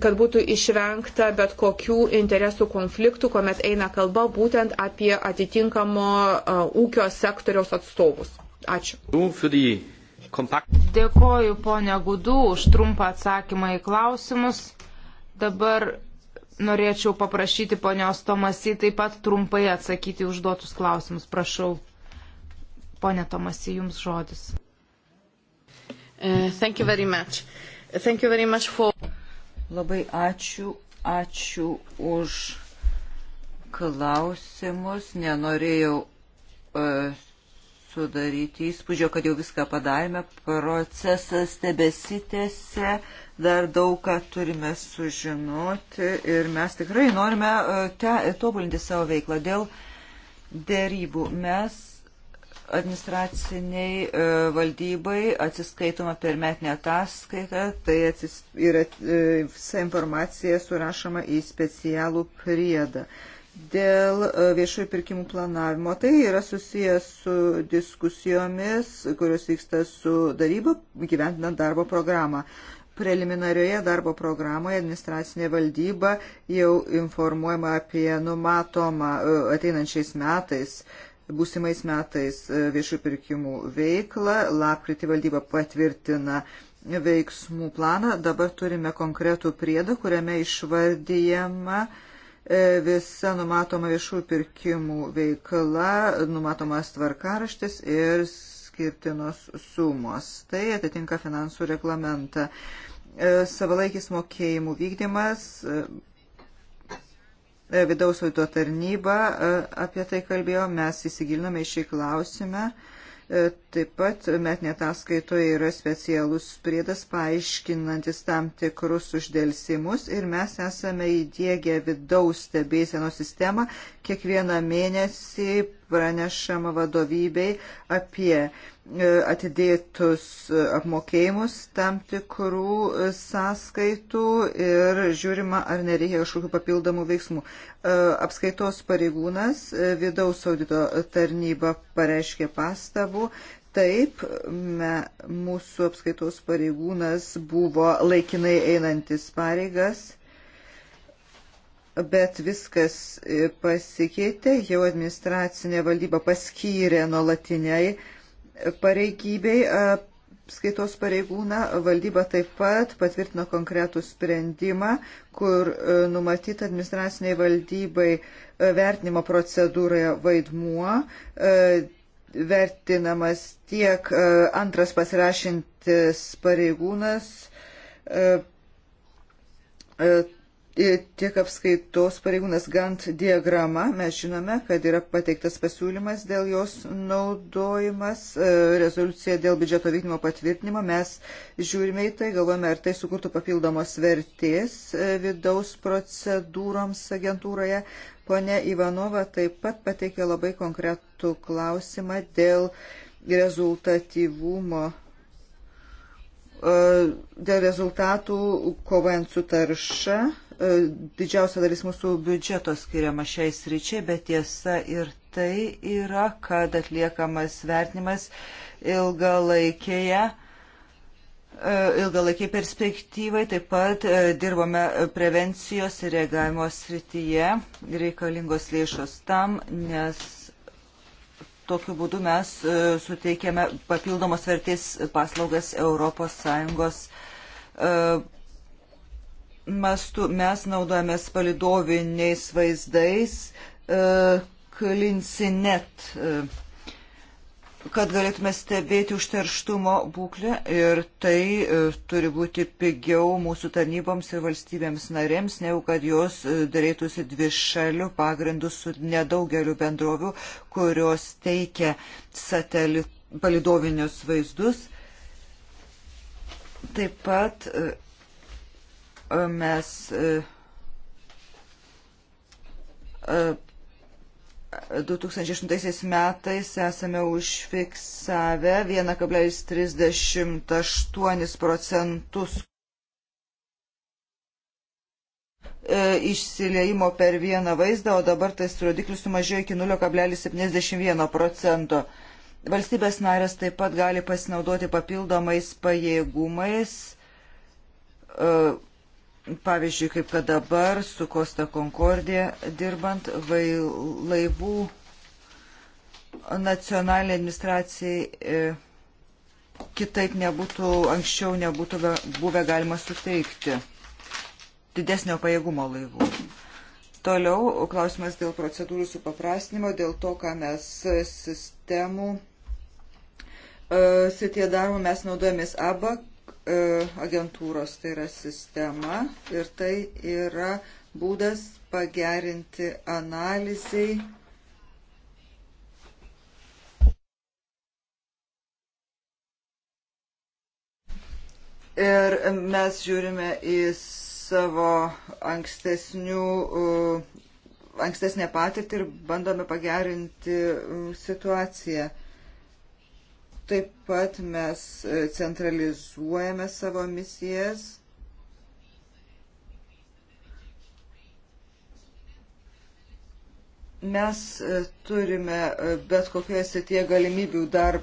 kad būtų išvengta bet kokių interesų konfliktų, kuomet eina kalba būtent apie atitinkamo e, ūkio sektoriaus atstovus. Ačiū. Dėkoju ponia Gudu už trumpą atsakymą į klausimus. Dabar norėčiau paprašyti ponios Tomasy taip pat trumpai atsakyti užduotus klausimus. Prašau, ponia Tomasy, jums žodis. Uh, thank you very much. Thank you very much for... Labai ačiū, ačiū už klausimus. Nenorėjau uh, sudaryti įspūdžio, kad jau viską padarėme. Procesas tebesitėse, dar daug ką turime sužinoti ir mes tikrai norime uh, te, tobulinti savo veiklą dėl dėrybų. Mes administraciniai e, valdybai atsiskaitoma per metinę ataskaitą, tai atsis, yra, e, visa informacija surašoma į specialų priedą. Dėl e, viešųjų pirkimų planavimo tai yra susijęs su diskusijomis, kurios vyksta su daryba, gyventinant darbo programą. Preliminarioje darbo programoje administracinė valdyba jau informuojama apie numatomą ateinančiais metais uh, būsimais metais e, viešų pirkimų veiklą. Lapkritį valdyba patvirtina veiksmų planą. Dabar turime konkretų priedą, kuriame išvardyjama e, visa numatoma viešų pirkimų veikla, numatomas tvarkaraštis ir skirtinos sumos. Tai atitinka finansų reglamentą. E, savalaikis mokėjimų vykdymas E, vidaus audito tarnyba e, apie tai kalbėjo, mes įsigilinome į šį klausimą. E, taip pat metinė ataskaitoje yra specialus priedas paaiškinantis tam tikrus uždėlsimus ir mes esame įdėgę vidaus stebėsieno sistemą. Kiekvieną mėnesį pranešama vadovybei apie uh, E, atidėtus apmokėjimus tam tikrų e, sąskaitų ir žiūrima, ar nereikia kažkokių papildomų veiksmų. E, apskaitos pareigūnas vidaus audito tarnyba pareiškė pastabų. Taip, me, mūsų apskaitos pareigūnas buvo laikinai einantis pareigas bet viskas pasikeitė, jau administracinė valdyba paskyrė nuolatiniai pareigybei skaitos pareigūną valdyba taip pat patvirtino konkretų sprendimą, kur e, numatyta administraciniai valdybai e, vertinimo procedūroje vaidmuo e, vertinamas tiek antras pasirašintis pareigūnas tiek apskaitos pareigūnas Gant diagrama, mes žinome, kad yra pateiktas pasiūlymas dėl jos naudojimas, e, rezoliucija dėl biudžeto vykdymo patvirtinimo, mes žiūrime į tai, galvojame, ar tai sukurtų papildomos vertės e, vidaus procedūroms agentūroje. Pone Ivanova taip pat pateikė labai konkretų klausimą dėl rezultatyvumo e, dėl rezultatų kovojant su tarša E, didžiausia dalis mūsų biudžeto skiriama šiai sričiai, bet tiesa ir tai yra, kad atliekamas vertinimas ilgalaikėje e, ilgalaikiai perspektyvai, taip pat e, dirbome prevencijos ir reagavimo srityje reikalingos lėšos tam, nes tokiu būdu mes suteikiame papildomos vertės paslaugas ES mastu mes naudojamės palidoviniais vaizdais e, Klinsinet, e, kad galėtume stebėti užterštumo būklę ir tai e, turi būti pigiau mūsų tarnyboms ir valstybėms narėms, negu kad jos darytųsi dvi šalių pagrindų su nedaugeliu bendrovių, kurios teikia satelit, palidovinius vaizdus. Taip pat mes uh, uh, 2008 metais esame užfiksavę 1,38 procentus e, išsileimo per vieną vaizdą, o dabar tas rodiklis sumažėjo iki 0,71 procento. Valstybės narės taip pat gali pasinaudoti papildomais pajėgumais e, pavyzdžiui, kaip kad dabar su Kosta Konkordija dirbant vai, laivų nacionaliniai administracijai e, kitaip nebūtų, anksčiau nebūtų buvę galima suteikti didesnio pajėgumo laivų. Toliau klausimas dėl procedūrų supaprastinimo, dėl to, ką mes sistemų e, sitie darome, mes naudojamės ABAK E, agentūros, tai yra sistema ir tai yra būdas pagerinti analizai. Ir mes žiūrime į savo ankstesnių, e, ankstesnę patirtį ir bandome pagerinti situaciją. Taip pat mes e, centralizuojame savo misijas. Mes e, turime e, bet kokioje srityje galimybių dar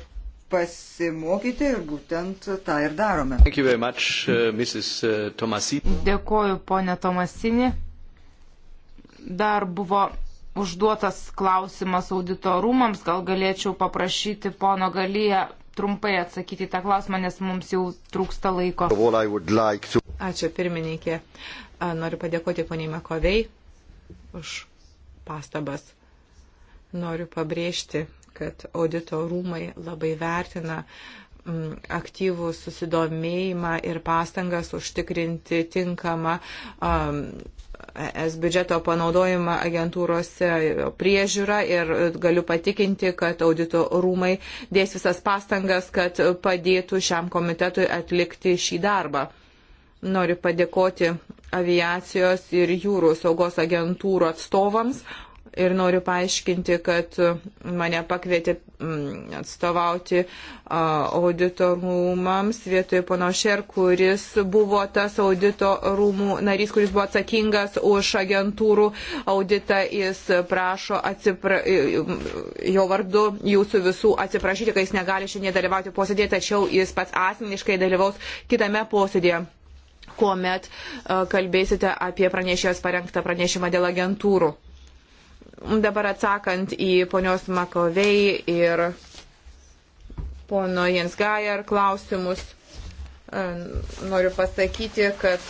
pasimokyti ir būtent tą ir darome. Much, uh, uh Dėkoju, ponė Tomasini. Dar buvo užduotas klausimas auditorumams, gal galėčiau paprašyti pono Galyje trumpai atsakyti tą klausimą, nes mums jau trūksta laiko. Ačiū pirmininkė. Noriu padėkoti poniai Makovei už pastabas. Noriu pabrėžti, kad audito rūmai labai vertina uh, Mm, aktyvų susidomėjimą ir pastangas užtikrinti tinkamą um, es biudžeto panaudojimą agentūrose priežiūrą ir galiu patikinti, kad audito rūmai dės visas pastangas, kad padėtų šiam komitetui atlikti šį darbą. Noriu padėkoti aviacijos ir jūrų saugos agentūrų atstovams ir noriu paaiškinti, kad mane pakvietė mm, atstovauti auditorumams vietoj panošer, kuris buvo tas auditorumų narys, kuris buvo atsakingas už agentūrų auditą. Jis prašo atsipra... jo vardu jūsų visų atsiprašyti, kad jis negali šiandien dalyvauti posėdėje, tačiau jis pats asmeniškai dalyvaus kitame posėdėje kuomet kalbėsite apie pranešėjos parengtą pranešimą dėl agentūrų. Dabar atsakant į ponios Makovei ir pono Jens Gajer klausimus, e, noriu pasakyti, kad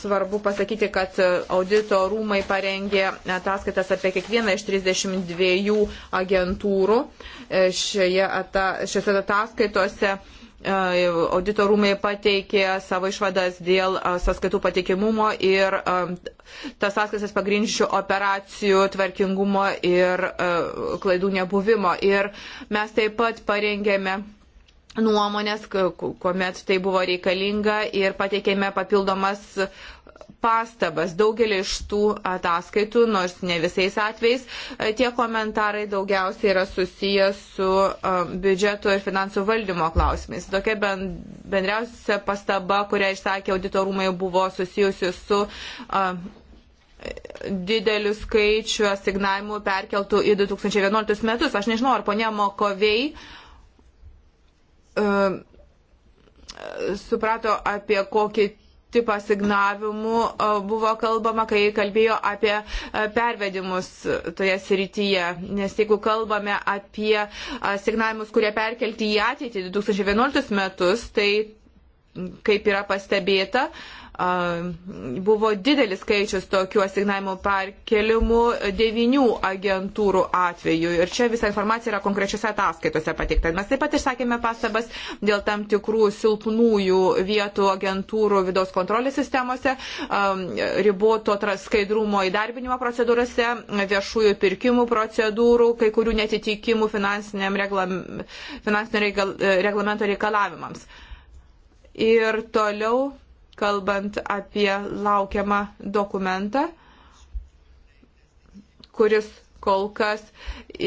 svarbu pasakyti, kad audito rūmai parengė ataskaitas apie kiekvieną iš 32 agentūrų. E, šioje, ata, šiose ataskaitose E, auditorumai pateikė savo išvadas dėl e, sąskaitų patikimumo ir e, tas sąskaitas pagrindžių operacijų tvarkingumo ir klaidų nebuvimo. Ir mes taip pat parengėme nuomonės, kuomet tai buvo reikalinga ir pateikėme papildomas pastabas. Daugelį iš tų ataskaitų, nors ne visais atvejais, e, tie komentarai daugiausiai yra susijęs su e, biudžeto ir finansų valdymo klausimais. Tokia bendriausia pastaba, kurią išsakė auditorumai, buvo susijusi su e, didelių skaičių asignavimų perkeltų į 2011 metus. Aš nežinau, ar ponia Mokovei suprato, apie kokį tipo signavimų e, buvo kalbama, kai kalbėjo apie e, pervedimus toje srityje. Nes jeigu kalbame apie signavimus, kurie perkelti į ateitį 2011 metus, tai kaip yra pastebėta, uh, buvo didelis skaičius tokių asignavimų perkelimų devinių agentūrų atveju. Ir čia visa informacija yra konkrečiose ataskaitose pateikta. Mes taip pat išsakėme pastabas dėl tam tikrų silpnųjų vietų agentūrų vidaus kontrolės sistemose, riboto skaidrumo įdarbinimo procedūrose, viešųjų pirkimų procedūrų, kai kurių netitikimų reglam, finansinio regal, reglamento reikalavimams. Ir toliau kalbant apie laukiamą dokumentą, kuris kol kas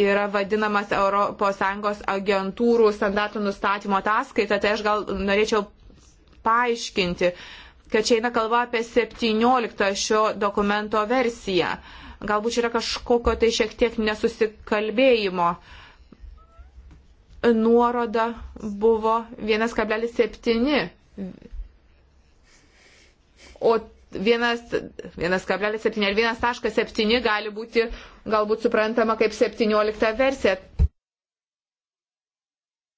yra vadinamas ES agentūrų standartų nustatymo ataskaita, tai aš gal norėčiau paaiškinti, kad čia eina kalba apie 17 šio dokumento versiją. Galbūt yra kažkokio tai šiek tiek nesusikalbėjimo. Nuoroda buvo 1,7 o 1,7 ar 1,7 gali būti galbūt suprantama kaip 17 versija.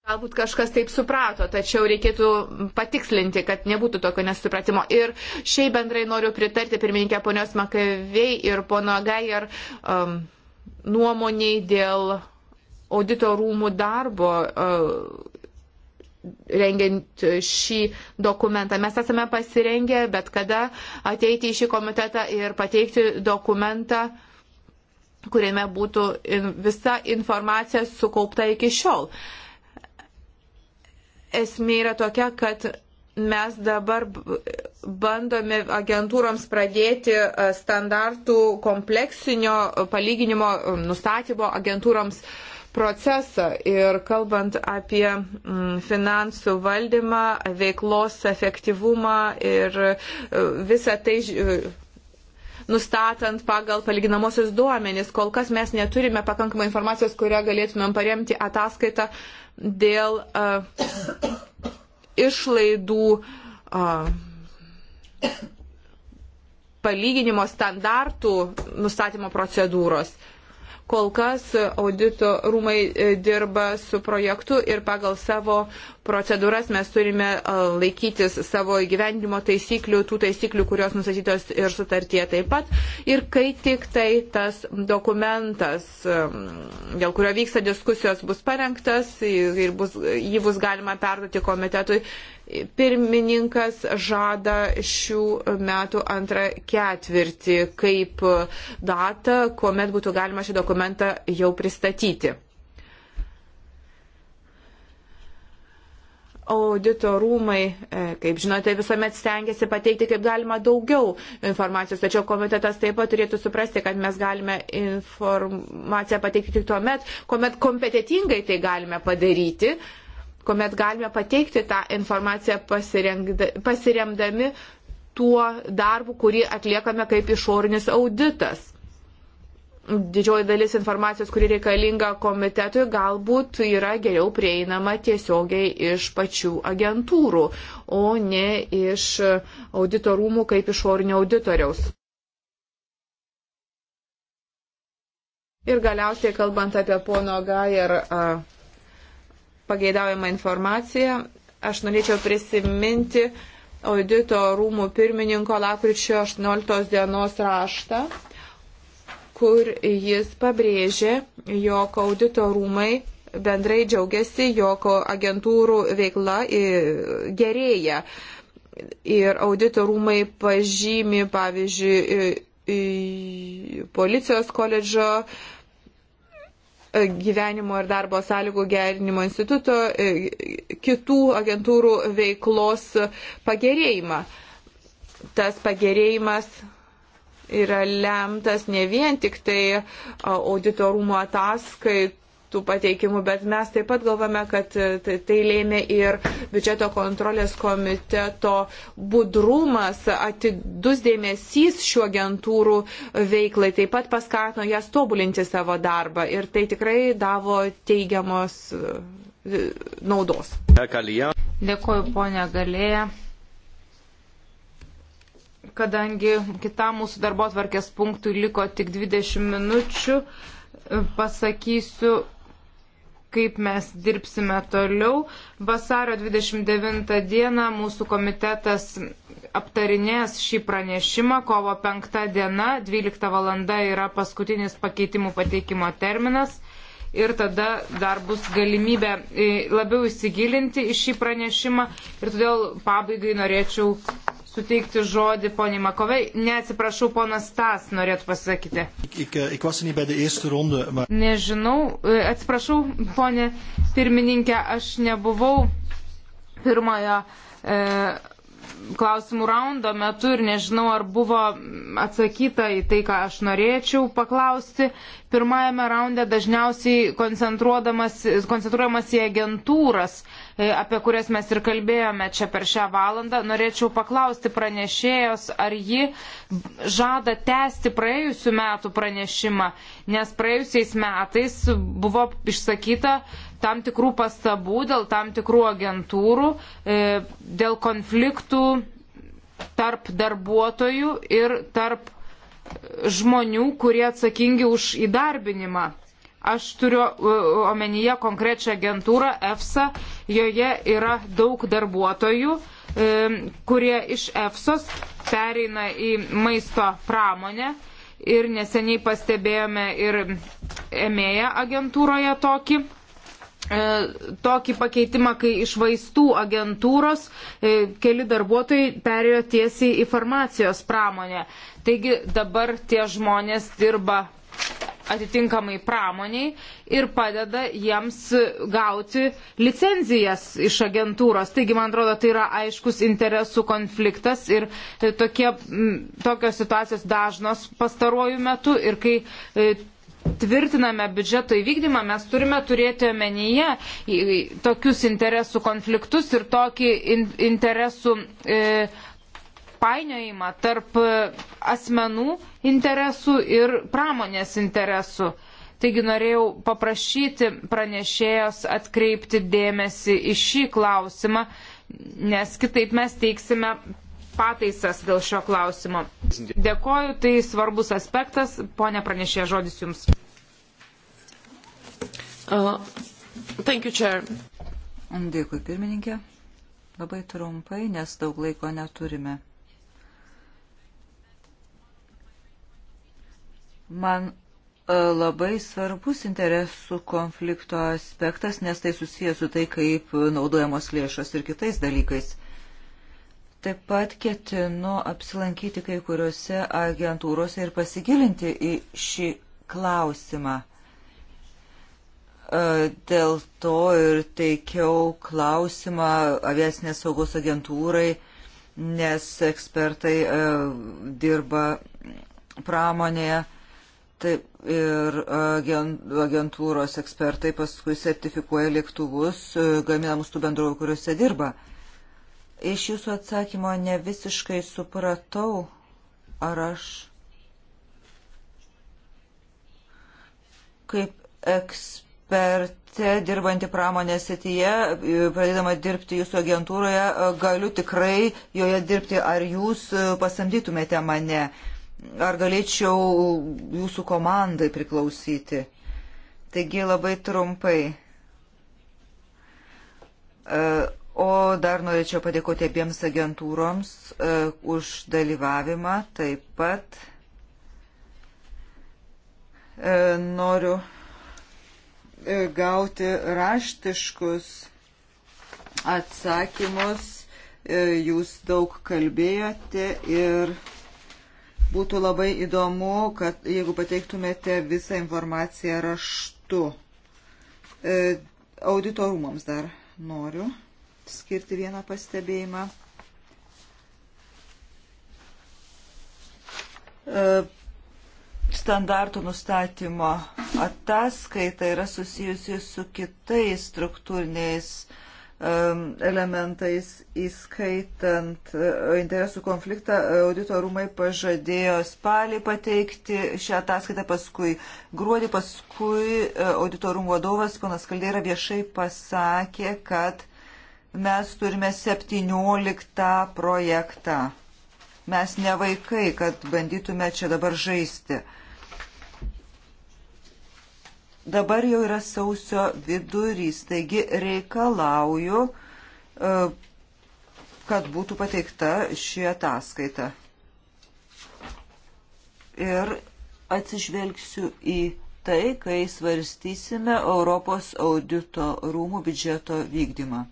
Galbūt kažkas taip suprato, tačiau reikėtų patikslinti, kad nebūtų tokio nesupratimo. Ir šiaip bendrai noriu pritarti pirmininkė ponios Makavei ir pono Gajar um, nuomoniai dėl audito rūmų darbo. Uh, rengiant šį dokumentą. Mes esame pasirengę bet kada ateiti į šį komitetą ir pateikti dokumentą kuriame būtų visa informacija sukaupta iki šiol. Esmė yra tokia, kad mes dabar bandome agentūroms pradėti e, standartų kompleksinio palyginimo e, nustatymo agentūroms uh, procesą ir kalbant apie mm, finansų valdymą, veiklos efektyvumą ir e, visą tai e, nustatant pagal palyginamosius duomenis. Kol kas mes neturime pakankamai informacijos, kurią galėtumėm paremti ataskaitą dėl uh, išlaidų uh, palyginimo standartų nustatymo procedūros. Uh, Kol kas audito rūmai e, dirba su projektu ir pagal savo procedūras mes turime e, laikytis savo įgyvendimo taisyklių, tų taisyklių, kurios nusatytos ir sutartie taip pat. Ir kai tik tai tas dokumentas, e, dėl kurio vyksta diskusijos, bus parengtas ir bus, jį bus galima perduoti komitetui, Pirmininkas žada šių metų antrą ketvirtį kaip datą, kuomet būtų galima šį dokumentą jau pristatyti. audito rūmai, e, kaip žinote, visuomet stengiasi pateikti kaip galima daugiau informacijos, tačiau komitetas taip pat turėtų suprasti, kad mes galime informaciją pateikti tik tuo met, kuomet kompetitingai tai galime padaryti. Uh, kuomet galime pateikti tą informaciją pasiremdami tuo darbu, kurį atliekame kaip išorinis auditas. Didžioji dalis informacijos, kuri reikalinga komitetui, galbūt yra geriau prieinama tiesiogiai iš pačių agentūrų, o ne iš auditorumų kaip išorinio auditoriaus. Ir galiausiai, kalbant apie pono Gajer. Uh, pageidaujama informacija. Aš norėčiau prisiminti audito rūmų pirmininko lakryčio 18 dienos raštą, kur jis pabrėžė, jog audito rūmai bendrai džiaugiasi, jog agentūrų veikla e, gerėja. Ir audito rūmai pažymi, pavyzdžiui, e, e, policijos koledžo E, gyvenimo ir darbo sąlygų gerinimo instituto, e, kitų agentūrų veiklos pagerėjimą. Tas pagerėjimas yra lemtas ne vien tik tai e, auditorumo ataskaitų tų pateikimų, bet mes taip pat galvame, kad e, tai, tai lėmė ir biudžeto kontrolės komiteto budrumas, atidus dėmesys šių agentūrų veiklai, taip pat paskatino jas tobulinti savo darbą ir tai tikrai davo teigiamos e, naudos. Dėkuoju, ponia Galėja kadangi kitam mūsų darbo atvarkės punktui liko tik 20 minučių, e, pasakysiu kaip mes dirbsime toliau. Vasario 29 dieną mūsų komitetas aptarinės šį pranešimą. Kovo 5 diena, 12 val. yra paskutinis pakeitimų pateikimo terminas. Ir tada dar bus galimybė e, labiau įsigilinti į šį pranešimą. Ir todėl pabaigai norėčiau suteikti žodį poniai Makovei. Neatsiprašau, ponas Stas norėtų pasakyti. Eh, er Nežinau, eh, atsiprašau, ponė pirmininkė, aš nebuvau pirmojo. E, klausimų raundo metu ir nežinau, ar buvo atsakyta į tai, ką aš norėčiau paklausti. Pirmajame raunde dažniausiai koncentruojamas į agentūras, e, apie kurias mes ir kalbėjome čia per šią valandą. Norėčiau paklausti pranešėjos, ar ji žada tęsti praėjusių metų pranešimą, nes praėjusiais metais buvo išsakyta tam tikrų pastabų dėl tam tikrų agentūrų, e, dėl konfliktų tarp darbuotojų ir tarp žmonių, kurie atsakingi už įdarbinimą. Aš turiu e, omenyje konkrečią agentūrą EFSA, joje yra daug darbuotojų, e, kurie iš EFSOS pereina į maisto pramonę ir neseniai pastebėjome ir EMEA agentūroje tokį E, tokį pakeitimą, kai iš vaistų agentūros e, keli darbuotojai perėjo tiesiai į farmacijos pramonę. Taigi dabar tie žmonės dirba atitinkamai pramoniai ir padeda jiems gauti licenzijas iš agentūros. Taigi, man atrodo, tai yra aiškus interesų konfliktas ir e, tokie, tokios situacijos dažnos pastaruoju metu ir kai tvirtiname biudžeto įvykdymą, mes turime turėti omenyje tokius interesų konfliktus ir tokį in, interesų e, painiojimą tarp e, asmenų interesų ir pramonės interesų. Taigi norėjau paprašyti pranešėjos atkreipti dėmesį į šį klausimą, nes kitaip mes teiksime pataisas dėl šio klausimo. Dėkoju, tai svarbus aspektas. Pone pranešė, žodis Jums. Uh, thank you, Chair. Dėkui, pirmininkė. Labai trumpai, nes daug laiko neturime. Man uh, labai svarbus interesų konflikto aspektas, nes tai susijęs su tai, kaip naudojamos lėšos ir kitais dalykais. Taip pat ketinu apsilankyti kai kuriuose agentūrose ir pasigilinti į šį klausimą. E, dėl to ir teikiau klausimą aviacinės saugos agentūrai, nes ekspertai e, dirba pramonėje. Taip, ir agentūros ekspertai paskui sertifikuoja lėktuvus e, gaminamus tų bendrovų, kuriuose dirba. Iš jūsų atsakymo ne visiškai supratau, ar aš kaip ekspertė dirbanti pramonės sityje, e, pradėdama dirbti jūsų agentūroje, e, galiu tikrai joje dirbti, ar jūs e, pasamdytumėte mane, ar galėčiau jūsų komandai priklausyti. Taigi labai trumpai. Uh, O dar norėčiau padėkoti abiems agentūroms uh, už dalyvavimą. Taip pat uh, noriu uh, gauti raštiškus atsakymus. Uh, jūs daug kalbėjote ir būtų labai įdomu, kad jeigu pateiktumėte visą informaciją raštu. Uh, auditorumams dar noriu skirti vieną pastebėjimą. E, standartų nustatymo ataskaita yra susijusi su kitais struktūriniais e, elementais, įskaitant e, interesų konfliktą, audito rūmai pažadėjo spalį pateikti šią ataskaitą, paskui gruodį, paskui audito rūmų vadovas, panas Kaldėra, viešai pasakė, kad mes turime 17 projektą. Mes ne vaikai, kad bandytume čia dabar žaisti. Dabar jau yra sausio vidurys, taigi reikalauju, e, kad būtų pateikta ši ataskaita. Ir atsižvelgsiu į tai, kai svarstysime Europos audito rūmų biudžeto vykdymą.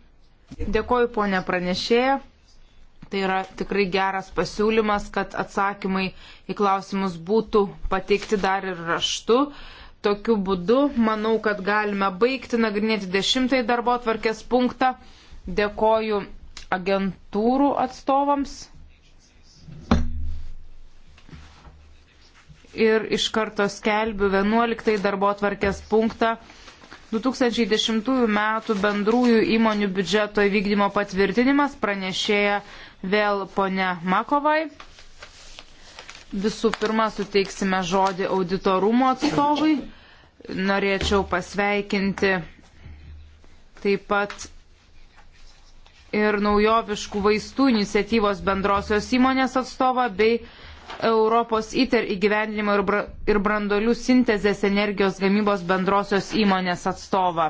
Dėkoju, ponė pranešėja. Tai yra tikrai geras pasiūlymas, kad atsakymai į klausimus būtų pateikti dar ir raštu. Tokiu būdu manau, kad galime baigti nagrinėti dešimtąjį darbo atvarkės punktą. Dėkoju agentūrų atstovams. Ir iš karto skelbiu 11 darbo atvarkės punktą. 2010 m. bendrųjų įmonių biudžeto įvykdymo patvirtinimas pranešėja vėl ponia Makovai. Visų pirma, suteiksime žodį auditorumo atstovui. Norėčiau pasveikinti taip pat ir naujoviškų vaistų iniciatyvos bendrosios įmonės atstovą bei Europos ITER įgyvendinimo ir brandolių sintezės energijos gamybos bendrosios įmonės atstovą.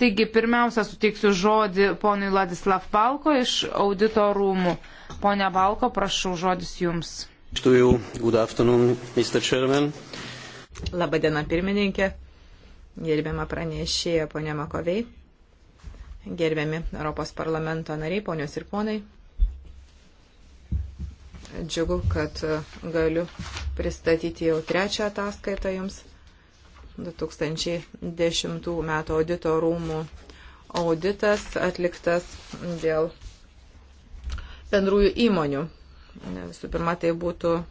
Taigi, pirmiausia, suteiksiu žodį ponui Ladislav Balko iš audito rūmų. Pone Balko, prašau, žodis jums. Labadiena, pirmininkė. Gerbiama pranešėja, ponė Makovei. Gerbiami Europos parlamento nariai, ponios ir ponai. Džiugu, kad e, galiu pristatyti jau trečią ataskaitą jums 2010 metų audito rūmų auditas atliktas dėl bendrųjų įmonių. Visų pirma, tai būtų e,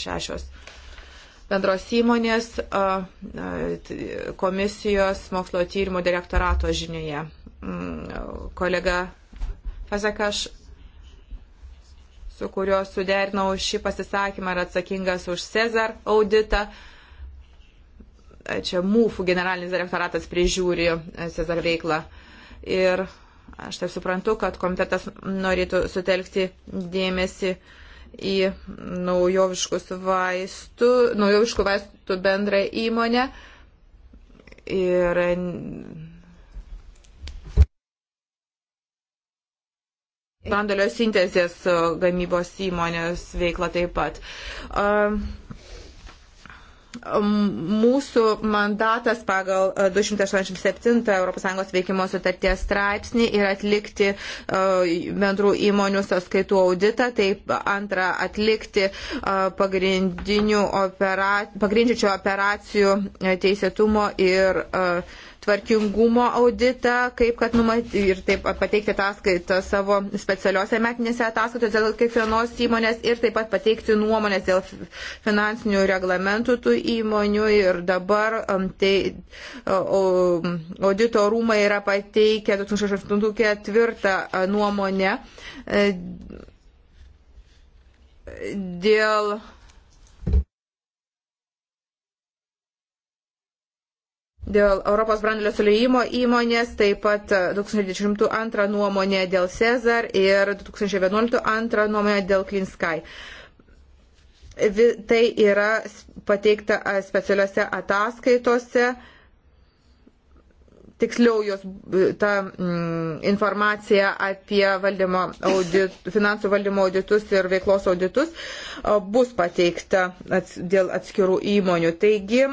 šešios bendros įmonės e, komisijos mokslo tyrimo direktorato žinioje. Mm, kolega Fazekaš su kuriuo suderinau šį pasisakymą, yra atsakingas už Cezar auditą. Čia MUFų generalinis direktoratas prižiūri e, Cezar veiklą. Ir aš taip suprantu, kad komitetas norėtų sutelkti dėmesį į naujoviškus vaistų, naujoviškų vaistų bendrą įmonę. Ir brandolio sintezės e, gamybos įmonės veikla taip pat. E, mūsų mandatas pagal 287 e, ES veikimo sutarties straipsnį yra atlikti bendrų įmonių sąskaitų auditą, taip antra atlikti pagrindinių operacijų, pagrindžių operacijų teisėtumo ir uh, tvarkingumo auditą, kaip kad numatyti ir taip pateikti ataskaitą savo specialiuose metinėse ataskaitose dėl kiekvienos įmonės ir taip pat pateikti nuomonės dėl finansinių reglamentų tų įmonių ir dabar um, tai audito rūmai yra pateikę 2008-2004 nuomonę e, dėl dėl Europos brandulio sulėjimo įmonės, taip pat 2022 e, nuomonė dėl Cezar ir 2011 nuomonė dėl Clean Sky. Tai yra pateikta e, specialiuose ataskaitose tiksliau jos ta mm, informacija apie valdymo audit, finansų valdymo auditus ir veiklos auditus bus pateikta ats, dėl atskirų įmonių. Taigi,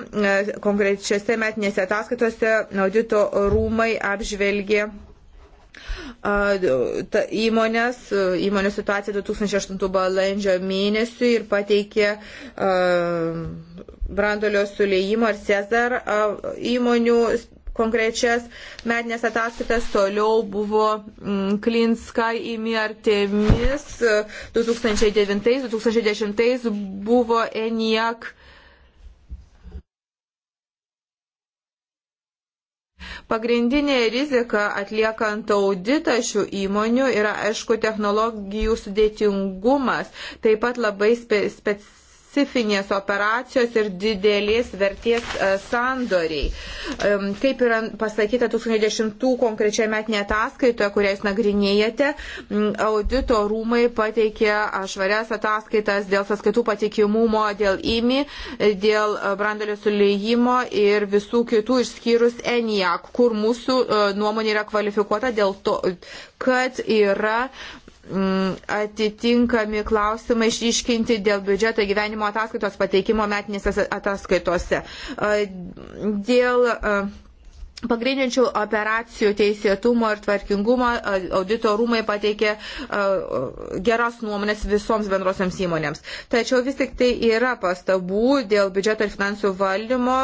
konkrečiose metinėse ataskaitose audito rūmai apžvelgė ta, įmonės, įmonių situacija 2008 balandžio mėnesiui ir pateikė uh, brandolio sulėjimo ar Cezar uh, įmonių konkrečias metinės ataskaitas, toliau buvo mm, Klinska įmi artemis 2009-2010 buvo ENIAC. Pagrindinė rizika atliekant auditą šių įmonių yra, aišku, technologijų sudėtingumas, taip pat labai spe, spec, specifinės operacijos ir didelės vertės e, sandoriai. Kaip yra pasakyta 2010 konkrečioje metinėje ataskaitoje, kurią jūs nagrinėjate, audito rūmai pateikė švarias ataskaitas dėl sąskaitų patikimumo, dėl įmi, e, dėl e, brandolio sulėjimo ir visų kitų išskyrus ENIAC, kur mūsų nuomonė yra kvalifikuota dėl to, kad yra Mm, atitinkami klausimai išryškinti dėl biudžeto gyvenimo ataskaitos pateikimo metinėse ataskaitose. Dėl Pagrindinčių operacijų teisėtumo ir tvarkingumo audito rūmai pateikė geros nuomonės visoms bendrosiams įmonėms. Tačiau vis tik tai yra pastabų dėl biudžeto ir finansų valdymo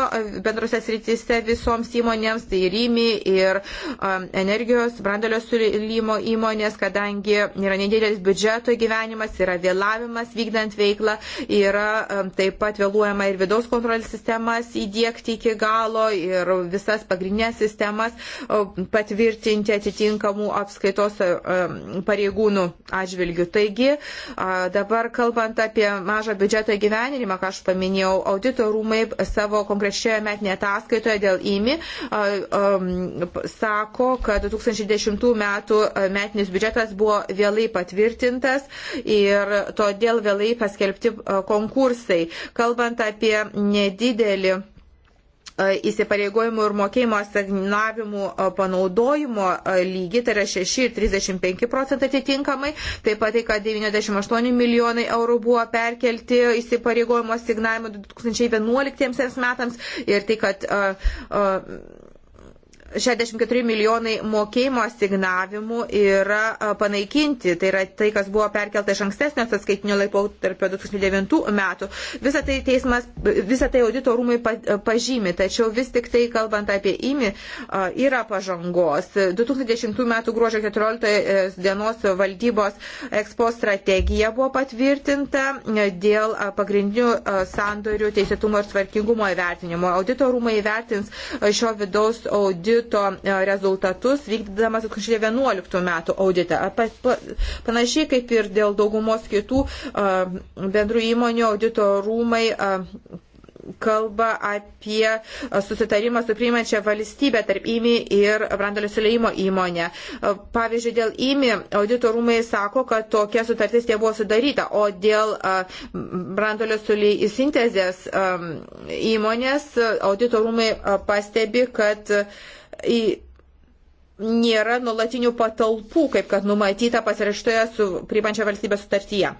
bendrose srityse visoms įmonėms, tai ir įmi, ir energijos, brandalio sulymo įmonės, kadangi yra nedėlės biudžeto gyvenimas, yra vėlavimas vykdant veiklą, yra taip pat vėluojama ir vidaus kontrolės sistemas įdėkti iki galo ir visas pagrindinės skaitmeninės sistemas patvirtinti atitinkamų apskaitos e, e, pareigūnų atžvilgių. Taigi, dabar kalbant apie mažą biudžeto gyvenimą, ką aš paminėjau, audito rūmai savo konkrečioje metinėje ataskaitoje dėl įmi sako, kad 2010 metų e, metinis biudžetas buvo vėlai patvirtintas ir todėl vėlai paskelbti konkursai. Kalbant apie nedidelį E, įsipareigojimų ir mokėjimo asignavimų e, panaudojimo e, lygį, tai yra 6 ir 35 procentai atitinkamai, taip pat tai, kad 98 milijonai eurų buvo perkelti įsipareigojimo asignavimų 2011 metams ir tai, kad uh, uh, 64 milijonai mokėjimo asignavimų yra panaikinti. Tai yra tai, kas buvo perkelta iš ankstesnio atskaitinio laiko tarp 2009 metų. Visą tai teismas, visą tai audito rūmai pažymi. Tačiau vis tik tai, kalbant apie įmi, yra pažangos. 2010 metų gruožio 14 dienos valdybos ekspo strategija buvo patvirtinta dėl pagrindinių sandorių teisėtumo ir tvarkingumo įvertinimo. Audito rūmai įvertins šio vidaus audito audito e, rezultatus vykdydamas 2011 metų auditą. Panašiai kaip ir dėl daugumos kitų e, bendrų įmonių audito rūmai e, kalba apie susitarimą su priimančia valstybė tarp įmi ir brandolio sulėjimo įmonė. Pavyzdžiui, dėl įmi auditorumai sako, kad tokia sutartis tie buvo sudaryta, o dėl brandolio sulėjimo sintezės įmonės auditorumai pastebi, kad nėra nulatinių patalpų, kaip kad numatyta pasiraštoje su priimančia valstybė sutartyje.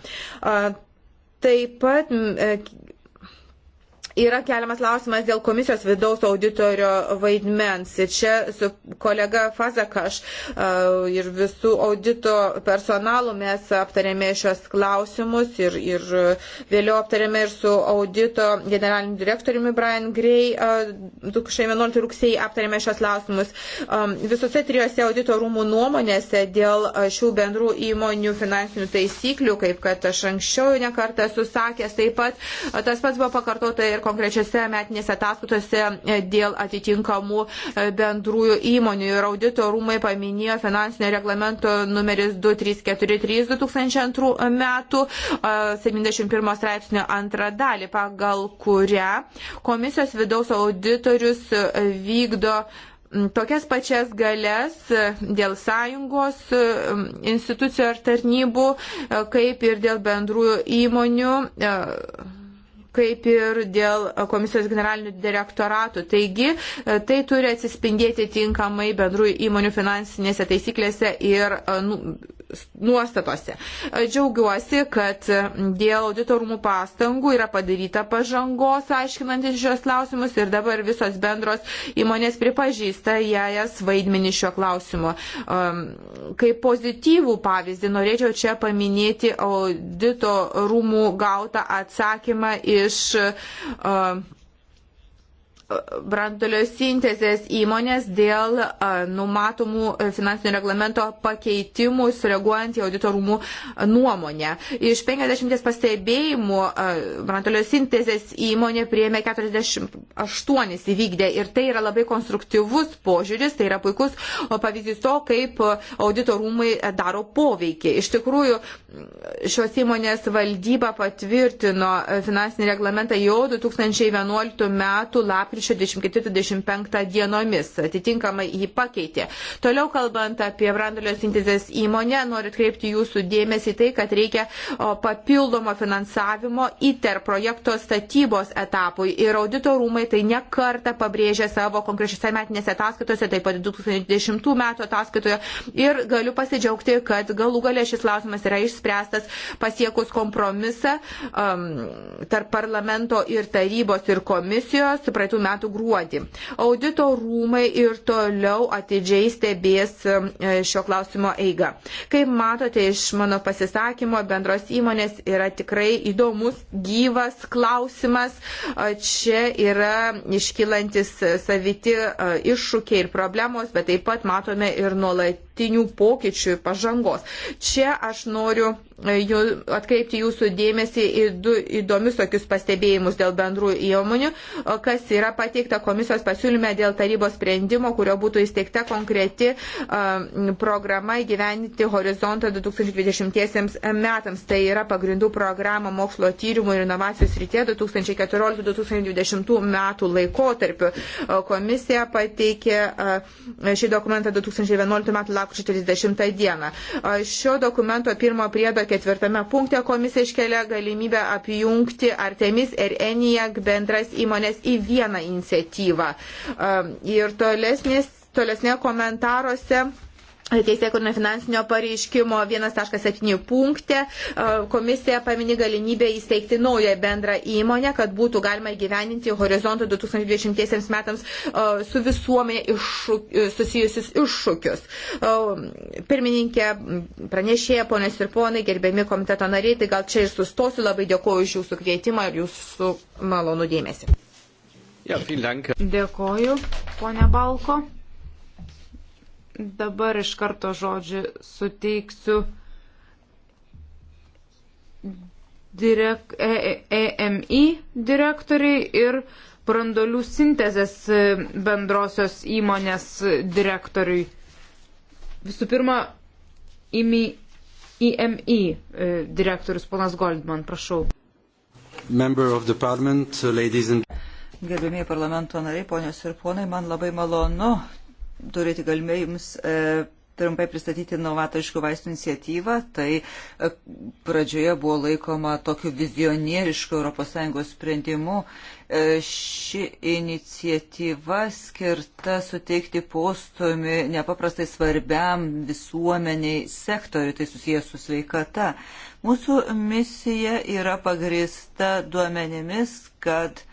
Taip pat e, Yra keliamas klausimas dėl komisijos vidaus auditorio vaidmens. Ir čia su kolega Fazakaš ir visų audito personalu mes aptarėme šios klausimus ir, ir vėliau aptarėme ir su audito generaliniu direktoriumi Brian Gray 2011 rugsėjai aptarėme šios klausimus. Visose trijose audito rūmų nuomonėse dėl šių bendrų įmonių finansinių taisyklių, kaip kad aš anksčiau nekartą susakęs, taip pat tas pats buvo pakartota ir konkrečiose metinėse ataskaitose e, dėl atitinkamų e, bendrųjų įmonių. Ir audito rūmai paminėjo finansinio reglamento numeris 2343 2002 metų 71 e, straipsnio antrą dalį, pagal kurią komisijos vidaus auditorius vykdo tokias pačias galės dėl sąjungos institucijų ar tarnybų, kaip ir dėl bendrųjų įmonių kaip ir dėl komisijos generalinių direktoratų. Taigi, e, tai turi atsispindėti tinkamai bendrų įmonių finansinėse taisyklėse ir e, nu, nuostatose. Džiaugiuosi, kad dėl auditorumų pastangų yra padaryta pažangos aiškinantis šios klausimus ir dabar visos bendros įmonės pripažįsta jas vaidmenį šio klausimu. Um, kaip pozityvų pavyzdį norėčiau čia paminėti audito rūmų gautą atsakymą iš uh, brandolio sintezės įmonės dėl numatomų e, finansinio reglamento pakeitimų, sureaguojant į auditorumų nuomonę. Iš 50 pastebėjimų brandolio sintezės įmonė prieėmė 48 įvykdę ir tai yra labai konstruktyvus požiūris, tai yra puikus pavyzdys to, kaip auditorumai e, daro poveikį. Iš tikrųjų, šios įmonės valdyba patvirtino e, finansinį reglamentą jau 2011 m. lapkričio lapkričio 24-25 dienomis. Atitinkamai jį pakeitė. Toliau kalbant apie brandulio sintezės įmonę, noriu atkreipti jūsų dėmesį tai, kad reikia papildomo finansavimo ITER projekto statybos etapui. Ir audito rūmai tai nekarta pabrėžė savo konkrečiose metinėse ataskaitose, taip pat 2010 metų ataskaitoje. Ir galiu pasidžiaugti, kad galų galę šis klausimas yra išspręstas pasiekus kompromisą um, tarp parlamento ir tarybos ir komisijos. Praeitų metų gruodį. Audito rūmai ir toliau atidžiai stebės e, šio klausimo eigą. Kaip matote iš mano pasisakymo, bendros įmonės yra tikrai įdomus, gyvas klausimas. E, čia yra iškylantis saviti e, iššūkiai ir problemos, bet taip pat matome ir nuolat politinių pokyčių ir pažangos. Čia aš noriu e, atkreipti jūsų dėmesį į du įdomius tokius pastebėjimus dėl bendrų įmonių, kas yra pateikta komisijos pasiūlyme dėl tarybos sprendimo, kurio būtų įsteigta konkreti programa įgyveninti horizontą 2020 metams. Tai yra pagrindų programa mokslo tyrimų ir inovacijų srityje 2014-2020 metų laikotarpiu. Komisija pateikė šį dokumentą 2011 metų lapkričio 30 dieną. Šio dokumento pirmo priedo ketvirtame punkte komisija iškelia galimybę apjungti Artemis ir Enijak bendras įmonės į vieną iniciatyvą. Ir tolesnės, tolesnė komentaruose Teisėkurinio finansinio pareiškimo 1.7 punkte komisija paminė galimybę įsteigti naują bendrą įmonę, kad būtų galima įgyveninti horizontų 2020 metams su visuomė iš, susijusius iššūkius. Pirmininkė, pranešėja, ponės ir ponai, gerbiami komiteto nariai, tai gal čia ir sustosiu, labai dėkuoju už jūsų kvietimą ir jūsų malonų dėmesį. Ja, Dėkoju, ponia Balko. Dabar iš karto žodžiu suteiksiu direk, EMI e, e direktoriai ir brandolių sintezės bendrosios įmonės direktoriui. Visų pirma, IMI, IMI e, direktorius ponas Goldman, prašau. And... Gerbėmiai parlamento nariai, ponios ir ponai, man labai malonu turėti galimybę jums e, trumpai pristatyti novatoriškų vaistų iniciatyvą. Tai e, pradžioje buvo laikoma tokiu vizionierišku ES sprendimu. E, ši iniciatyva skirta suteikti postumį nepaprastai svarbiam visuomeniai sektoriui, tai susijęs su sveikata. Mūsų misija yra pagrįsta duomenimis, kad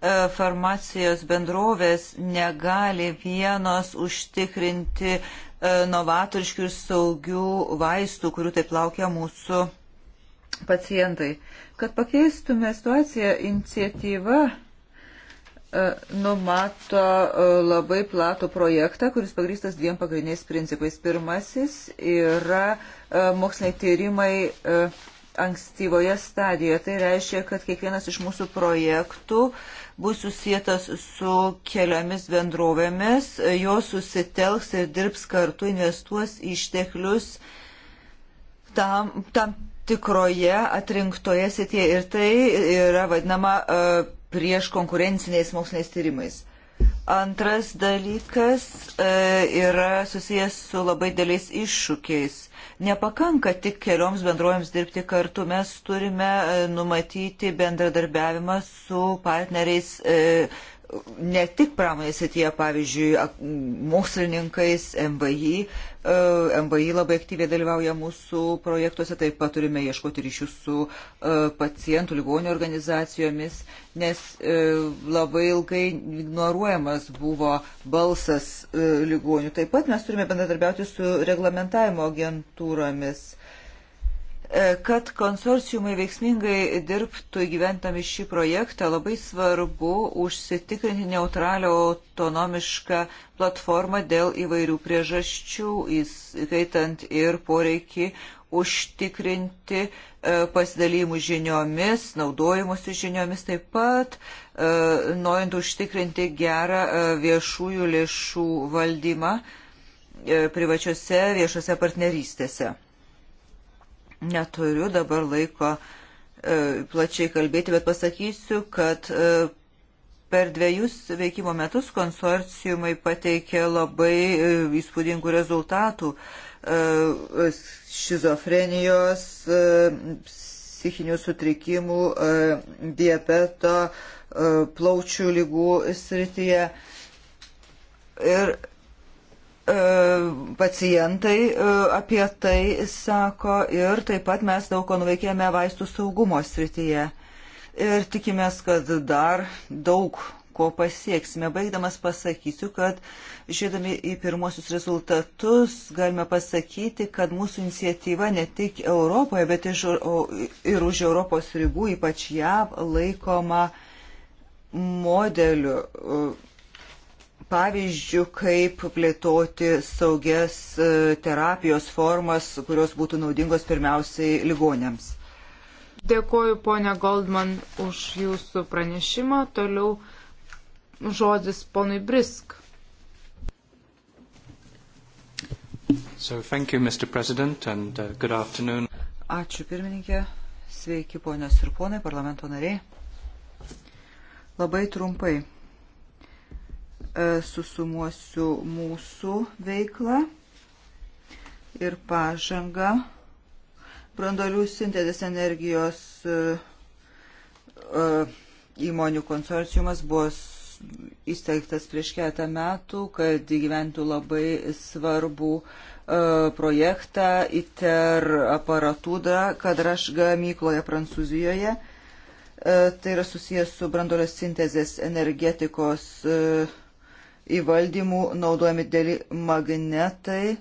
E, farmacijos bendrovės negali vienos užtikrinti e, novatoriškių ir saugių vaistų, kurių taip laukia mūsų pacientai. Kad pakeistume situaciją, iniciatyva e, numato labai platų projektą, kuris pagrįstas dviem pagrindiniais principais. Pirmasis yra moksliniai tyrimai ankstyvoje stadijoje. Tai reiškia, kad kiekvienas iš mūsų projektų uh, bus susijęs su keliomis bendrovėmis, jos susitelks ir dirbs kartu, investuos išteklius tam, tam tikroje atrinktoje srityje ir tai yra vadinama e, prieš konkurenciniais moksliniais tyrimais. Antras dalykas e, yra susijęs su labai dėliais iššūkiais. Nepakanka tik kelioms bendrojams dirbti kartu, mes turime e, numatyti bendradarbiavimą su partneriais e, ne tik pramonės atėję, pavyzdžiui, mokslininkais, MVI. E, MVI labai aktyviai dalyvauja mūsų projektuose, taip pat turime ieškoti ryšių su e, pacientų ligonio organizacijomis, nes e, labai ilgai ignoruojamas buvo balsas ligonių. Taip pat mes turime bendradarbiauti su reglamentavimo agentūromis E, kad konsorciumai veiksmingai dirbtų įgyventami šį projektą, labai svarbu užsitikrinti neutralią autonomišką platformą dėl įvairių priežasčių, įskaitant ir poreikį užtikrinti e, pasidalymų žiniomis, naudojimusi žiniomis taip pat, e, norint užtikrinti gerą e, viešųjų lėšų valdymą e, privačiose viešose partnerystėse. Neturiu dabar laiko e, plačiai kalbėti, bet pasakysiu, kad e, per dviejus veikimo metus konsorciumai pateikė labai e, įspūdingų rezultatų šizofrenijos, psichinių sutrikimų, diabeto, plaučių lygų srityje. Ir E, pacientai e, apie tai sako ir taip pat mes daug ko nuveikėme vaistų saugumo srityje. Ir tikimės, kad dar daug ko pasieksime. Baigdamas pasakysiu, kad žiūrėdami į pirmosius rezultatus galime pasakyti, kad mūsų iniciatyva ne tik Europoje, bet ir už Europos ribų, ypač JAV, laikoma modeliu pavyzdžių, kaip plėtoti saugias e, terapijos formas, kurios būtų naudingos pirmiausiai ligonėms. Dėkuoju ponia Goldman už jūsų pranešimą. Toliau žodis ponui Brisk. So, thank you, Mr. President, and uh, good afternoon. Ačiū pirmininkė, sveiki ponios ir ponai, parlamento nariai. Labai trumpai E, susumuosiu mūsų veiklą ir pažangą brandolių sintezės energijos e, e, įmonių konsorciumas buvo įsteigtas prieš keletą metų, kad įgyventų labai svarbų projektą ITER aparatūdą, kad aš gamykloje Prancūzijoje. Tai yra susijęs su brandolės sintezės energetikos uh, įvaldymų naudojami dėli magnetai.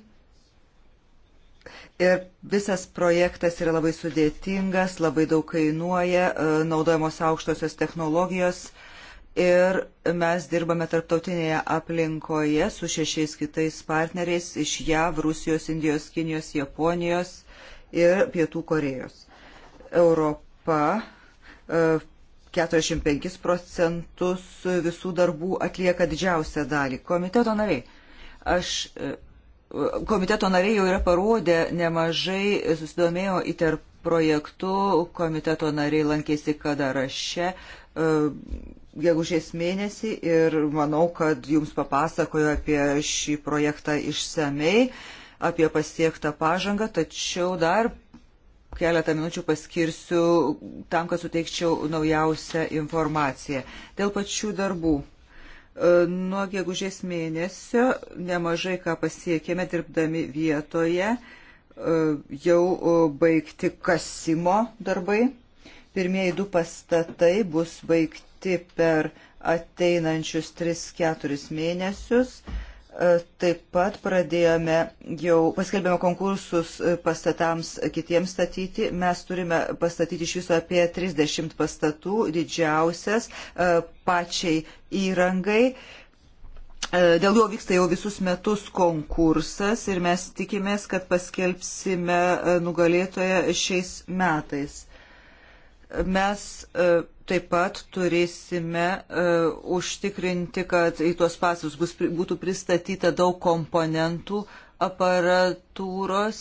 Ir visas projektas yra labai sudėtingas, labai daug kainuoja, e, naudojamos aukštosios technologijos. Ir mes dirbame tarptautinėje aplinkoje su šešiais kitais partneriais iš JAV, Rusijos, Indijos, Kinijos, Japonijos ir Pietų Korejos. Europa e, 45 procentus visų darbų atlieka didžiausią dalį. Komiteto nariai. Aš, e, komiteto nariai jau yra parodę nemažai susidomėjo įter projektu, komiteto nariai lankėsi Kadaraše e, gegužės mėnesį ir manau, kad jums papasakoju apie šį projektą išsamei, apie pasiektą pažangą, tačiau dar keletą minučių paskirsiu tam, kad suteikčiau naujausią informaciją. Dėl pačių darbų. E, nuo gegužės mėnesio nemažai ką pasiekėme dirbdami vietoje, e, jau e, baigti kasimo darbai. Pirmieji du pastatai bus baigti per ateinančius 3-4 mėnesius. Taip pat pradėjome jau, paskelbėme konkursus pastatams kitiems statyti. Mes turime pastatyti iš viso apie 30 pastatų, didžiausias e, pačiai įrangai. E, dėl jo vyksta jau visus metus konkursas ir mes tikimės, kad paskelbsime e, nugalėtoją šiais metais. Mes Taip pat turėsime uh, užtikrinti, kad į tuos pasus bus, būtų pristatyta daug komponentų aparatūros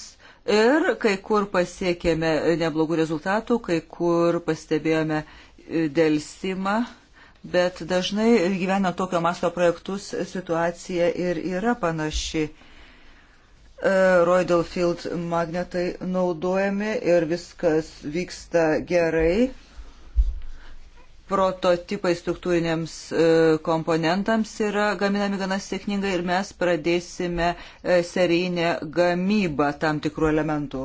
ir kai kur pasiekėme neblogų rezultatų, kai kur pastebėjome e, dėlsimą, bet dažnai gyvena tokio masto projektus situacija ir yra panaši. E, Roidal Field magnetai naudojami ir viskas vyksta gerai prototipai struktūriniams e, komponentams yra gaminami gana sėkmingai ir mes pradėsime e, serijinę gamybą tam tikrų elementų.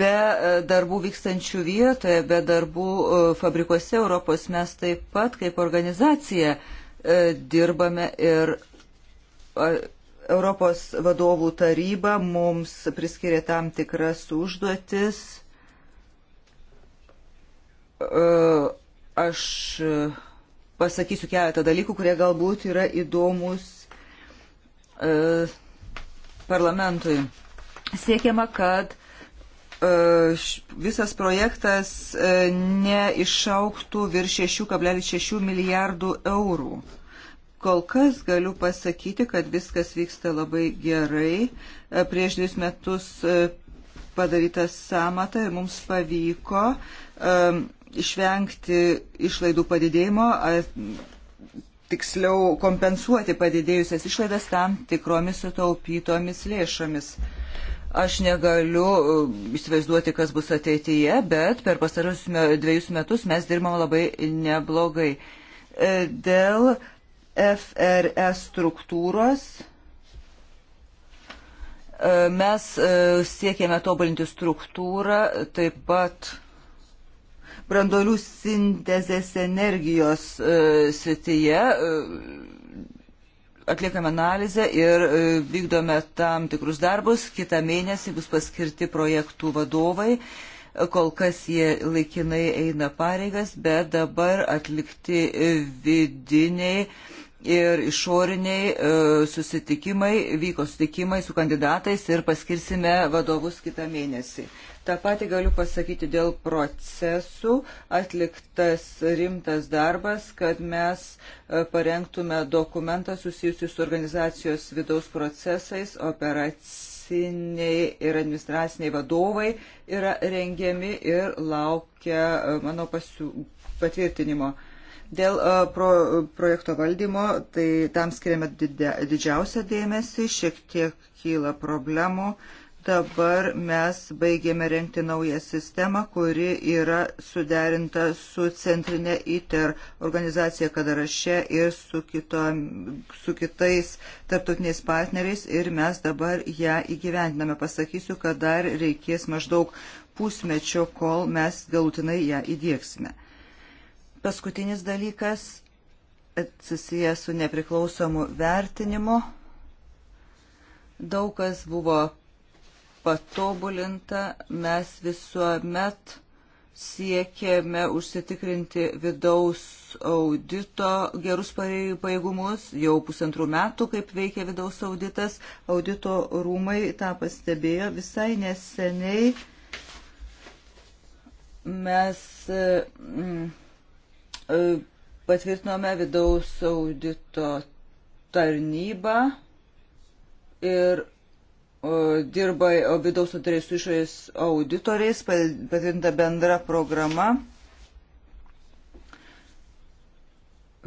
Be e, darbų vykstančių vietoje, be darbų fabrikuose Europos mes taip pat kaip organizacija dirbame ir Europos vadovų taryba mums priskiria tam tikras užduotis E, aš pasakysiu keletą dalykų, kurie galbūt yra įdomus e, parlamentui. Siekiama, kad e, visas projektas neišauktų virš 6,6 milijardų eurų. Kol kas galiu pasakyti, kad viskas vyksta labai gerai. Prieš dvis metus padarytas samata ir mums pavyko um, išvengti išlaidų padidėjimo, tiksliau kompensuoti padidėjusias išlaidas tam tikromis sutaupytomis lėšomis. Aš negaliu e, įsivaizduoti, kas bus ateityje, bet per pastarus dviejus metus mes dirbam labai neblogai. E, dėl FRS struktūros e, mes siekėme tobulinti struktūrą, taip pat brandolių sintezės energijos e, srityje. E, atliekame analizę ir e, vykdome tam tikrus darbus. Kita mėnesį bus paskirti projektų vadovai. Kol kas jie laikinai eina pareigas, bet dabar atlikti e, vidiniai ir išoriniai e, susitikimai, vyko susitikimai su kandidatais ir paskirsime vadovus kitą mėnesį. Ta pati galiu pasakyti dėl procesų, atliktas rimtas darbas, kad mes e, parengtume dokumentą susijusiu su organizacijos vidaus procesais, operaciniai ir administraciniai vadovai yra rengiami ir laukia e, mano pasiū... patvirtinimo. Dėl e, pro, projekto valdymo, tai tam skiriame didžiausią dėmesį, šiek tiek kyla problemų. Uh, Dabar mes baigėme renkti naują sistemą, kuri yra suderinta su centrinė ITER organizacija Kadaraše ir su, kito, su kitais tarptautiniais partneriais ir mes dabar ją įgyvendiname. Pasakysiu, kad dar reikės maždaug pusmečio, kol mes galutinai ją įdėksime. Paskutinis dalykas susijęs su nepriklausomu vertinimu. Daug kas buvo patobulinta, mes visuomet siekėme užsitikrinti vidaus audito gerus pajėgumus, jau pusantrų metų, kaip veikia vidaus auditas, audito rūmai tą pastebėjo visai neseniai. Mes e, mm, e, patvirtinome vidaus audito tarnybą ir dirba vidaus autoriai su išorės auditoriais, patvirtinta bendra programa.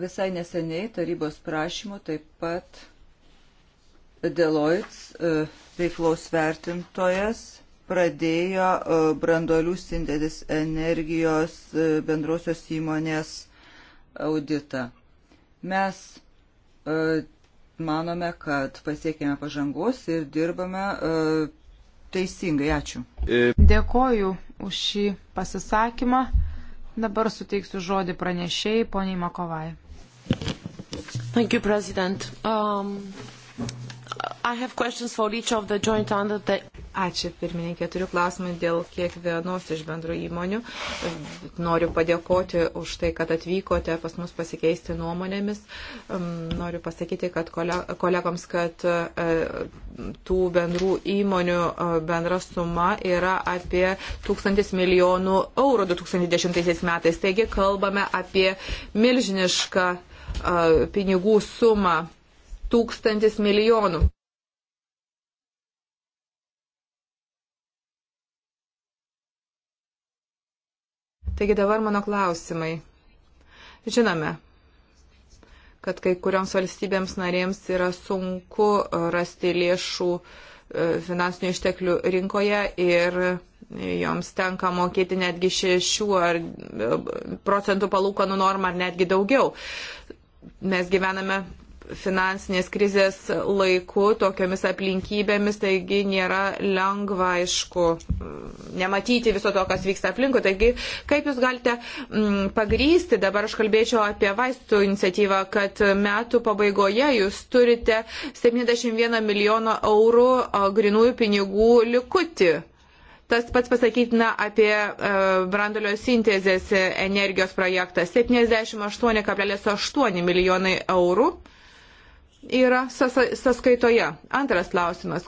Visai neseniai tarybos prašymų taip pat Deloitte e, veiklos vertintojas pradėjo e, brandolių sintezės energijos e, bendrosios įmonės auditą. Mes manome, kad pasiekėme pažangos ir dirbame e, teisingai. Ačiū. E. Dėkoju už šį pasisakymą. Dabar suteiksiu žodį pranešėjai, poniai Makovai. Thank you, President. Um, Ačiū pirmininkė, turiu klausimą dėl kiekvienos iš bendrų įmonių. Noriu padėkoti už tai, kad atvykote pas mus pasikeisti nuomonėmis. Noriu pasakyti kad kolegoms, kad e, tų bendrų įmonių e, bendra suma yra apie 1000 milijonų eurų 2010 metais. Taigi kalbame apie milžinišką e, pinigų sumą tūkstantis milijonų. Taigi dabar mano klausimai. Žinome, kad kai kurioms valstybėms narėms yra sunku rasti lėšų e, finansinių išteklių rinkoje ir joms tenka mokėti netgi 6 ar e, procentų palūkanų normą ar netgi daugiau. Mes gyvename finansinės krizės laiku, tokiomis aplinkybėmis, taigi nėra lengva, aišku, nematyti viso to, kas vyksta aplinkui. Taigi, kaip Jūs galite m, mm, pagrysti, dabar aš kalbėčiau apie vaistų iniciatyvą, kad metų pabaigoje Jūs turite 71 milijono eurų grinųjų pinigų likutį. Tas pats pasakytina apie e, brandolio sintezės energijos projektą. 78,8 milijonai eurų yra sąskaitoje? Antras klausimas.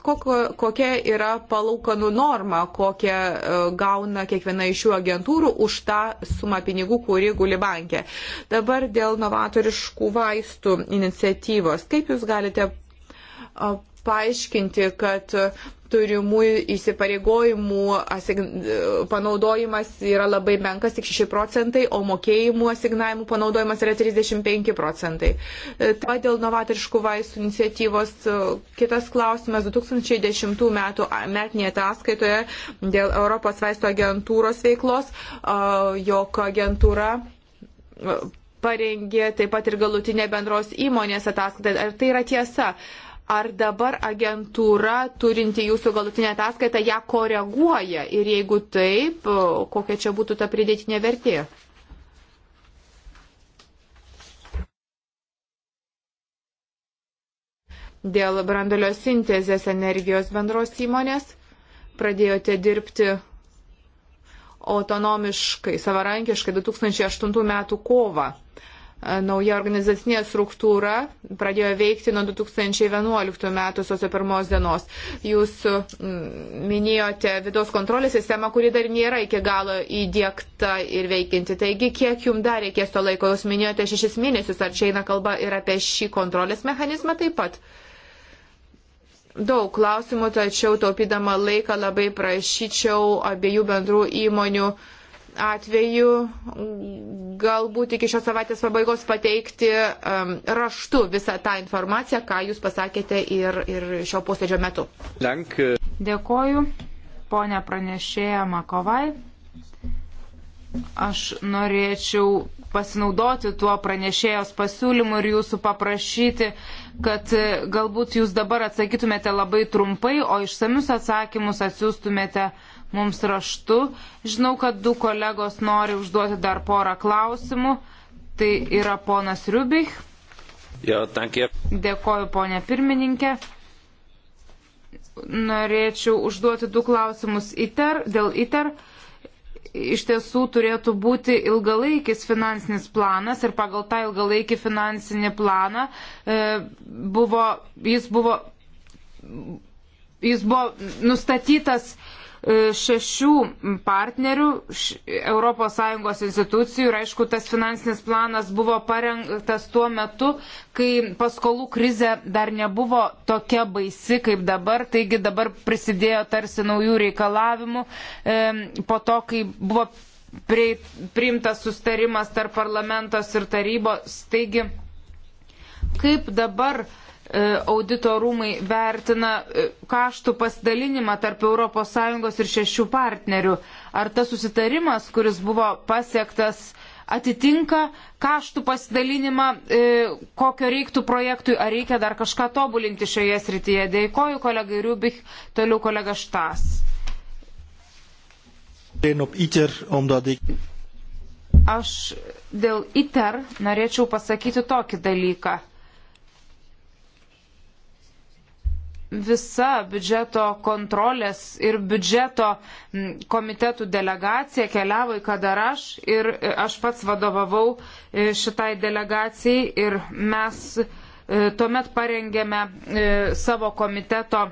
Kokia yra palūkanų norma, kokią e, gauna kiekviena iš šių agentūrų už tą sumą pinigų, kuri guli bankė? Dabar dėl novatoriškų vaistų iniciatyvos. Kaip Jūs galite paaiškinti, kad turimų įsipareigojimų asign... panaudojimas yra labai menkas, tik 6 procentai, o mokėjimų asignavimų panaudojimas yra 35 procentai. E, taip pat dėl novatoriškų vaistų iniciatyvos e, kitas klausimas 2010 metų metinėje ataskaitoje dėl Europos vaisto agentūros veiklos, jog agentūra e, parengė taip pat ir galutinę bendros įmonės ataskaitą. Ar tai yra tiesa? Uh, Ar dabar agentūra, turinti jūsų galutinę ataskaitą, ją koreguoja? Ir jeigu taip, kokia čia būtų ta pridėtinė vertė? dėl brandolio sintezės energijos bendros įmonės, pradėjote dirbti autonomiškai, savarankiškai 2008 metų kovą. Nauja organizacinė struktūra pradėjo veikti nuo 2011 metų sausio pirmos dienos. Jūs minėjote vidaus kontrolės sistemą, kuri dar nėra iki galo įdėkta ir veikianti. Taigi, kiek jums dar reikės to laiko? Jūs minėjote šešis mėnesius. Ar čia eina kalba ir apie šį kontrolės mechanizmą taip pat? daug klausimų, tačiau taupydama laiką labai prašyčiau abiejų bendrų įmonių uh, atveju galbūt iki šios savaitės pabaigos pateikti um, raštu visą tą informaciją, ką jūs pasakėte ir, ir šio posėdžio metu. Lenk. Dėkoju, ponė pranešėja Makovai. Aš norėčiau pasinaudoti tuo pranešėjos pasiūlymu ir jūsų paprašyti, kad e, galbūt jūs dabar atsakytumėte labai trumpai, o išsamius atsakymus atsiųstumėte uh, mums raštu. Žinau, kad du kolegos nori užduoti dar porą klausimų. Tai yra ponas Riubich. Jo, tankė. Dėkoju, ponė pirmininkė. Norėčiau užduoti du klausimus ITER, dėl ITER. Iš tiesų turėtų būti ilgalaikis finansinis planas ir pagal tą ilgalaikį finansinį planą e, buvo, jis buvo, jis buvo nustatytas e, šešių partnerių ES institucijų ir aišku, tas finansinis planas buvo parengtas tuo metu, kai paskolų krize dar nebuvo tokia baisi kaip dabar, taigi dabar prisidėjo tarsi naujų reikalavimų po to, kai buvo priimtas sustarimas tarp parlamentos ir tarybos. Taigi, kaip dabar uh, E, auditorumai vertina e, kaštų pasidalinimą tarp ES ir šešių partnerių. Ar tas susitarimas, kuris buvo pasiektas, atitinka kaštų pasidalinimą, e, kokio reiktų projektui, ar reikia dar kažką tobulinti šioje srityje. Dėkoju kolegai Rubik, toliau kolega Štas. Aš dėl ITER norėčiau pasakyti tokį dalyką. visa biudžeto kontrolės ir biudžeto komitetų delegacija keliavo į Kadaraš ir e, aš pats vadovavau e, šitai delegacijai ir mes e, tuomet parengėme savo komiteto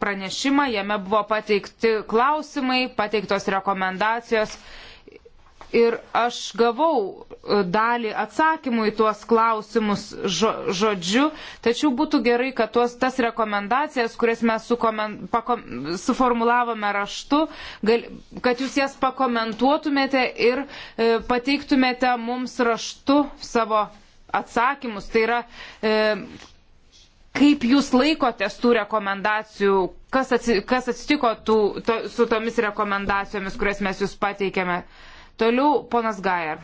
pranešimą, jame buvo pateikti klausimai, pateiktos rekomendacijos ir aš gavau e, dalį atsakymų į tuos klausimus žodžiu, tačiau būtų gerai, kad tuos, tas rekomendacijas, kurias mes sukomen, pakom, suformulavome raštu, gal, kad jūs jas pakomentuotumėte ir e, pateiktumėte mums raštu savo atsakymus. Tai yra, e, kaip jūs laikotės tų rekomendacijų, kas, atsi, kas atsitiko tų, to, su tomis rekomendacijomis, kurias mes jūs pateikėme. E, Toliau ponas Gajar.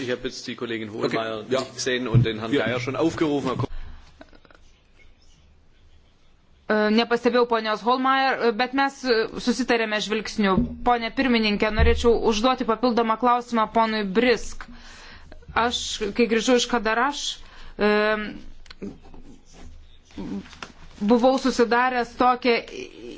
Ich habe jetzt die Kollegin Hohlmeier okay. ja. gesehen und den Herrn ja. Geier schon aufgerufen. Äh, nepastebėjau ponios Holmeier, äh, bet mes äh, susitarėme žvilgsniu. Pone pirmininkė, norėčiau užduoti papildomą klausimą ponui Brisk. Aš, kai grįžau iš Kadaraš, e, buvau susidaręs tokią,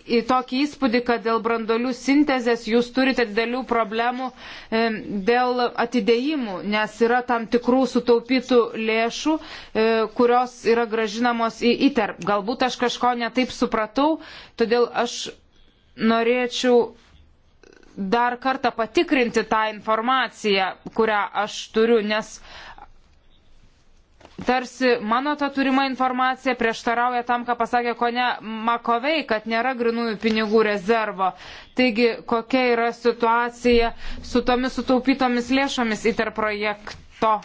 į tokį įspūdį, kad dėl brandolių sintezės jūs turite didelių problemų e, dėl atidėjimų, nes yra tam tikrų sutaupytų lėšų, e, kurios yra gražinamos į ITER. Galbūt aš kažko netaip supratau, todėl aš norėčiau dar kartą patikrinti tą informaciją, kurią aš turiu, nes e, tarsi mano ta turima informacija prieštarauja tam, ką pasakė konia Makovei, kad nėra grinųjų pinigų rezervo. Taigi, kokia yra situacija su tomis sutaupytomis lėšomis įter projekto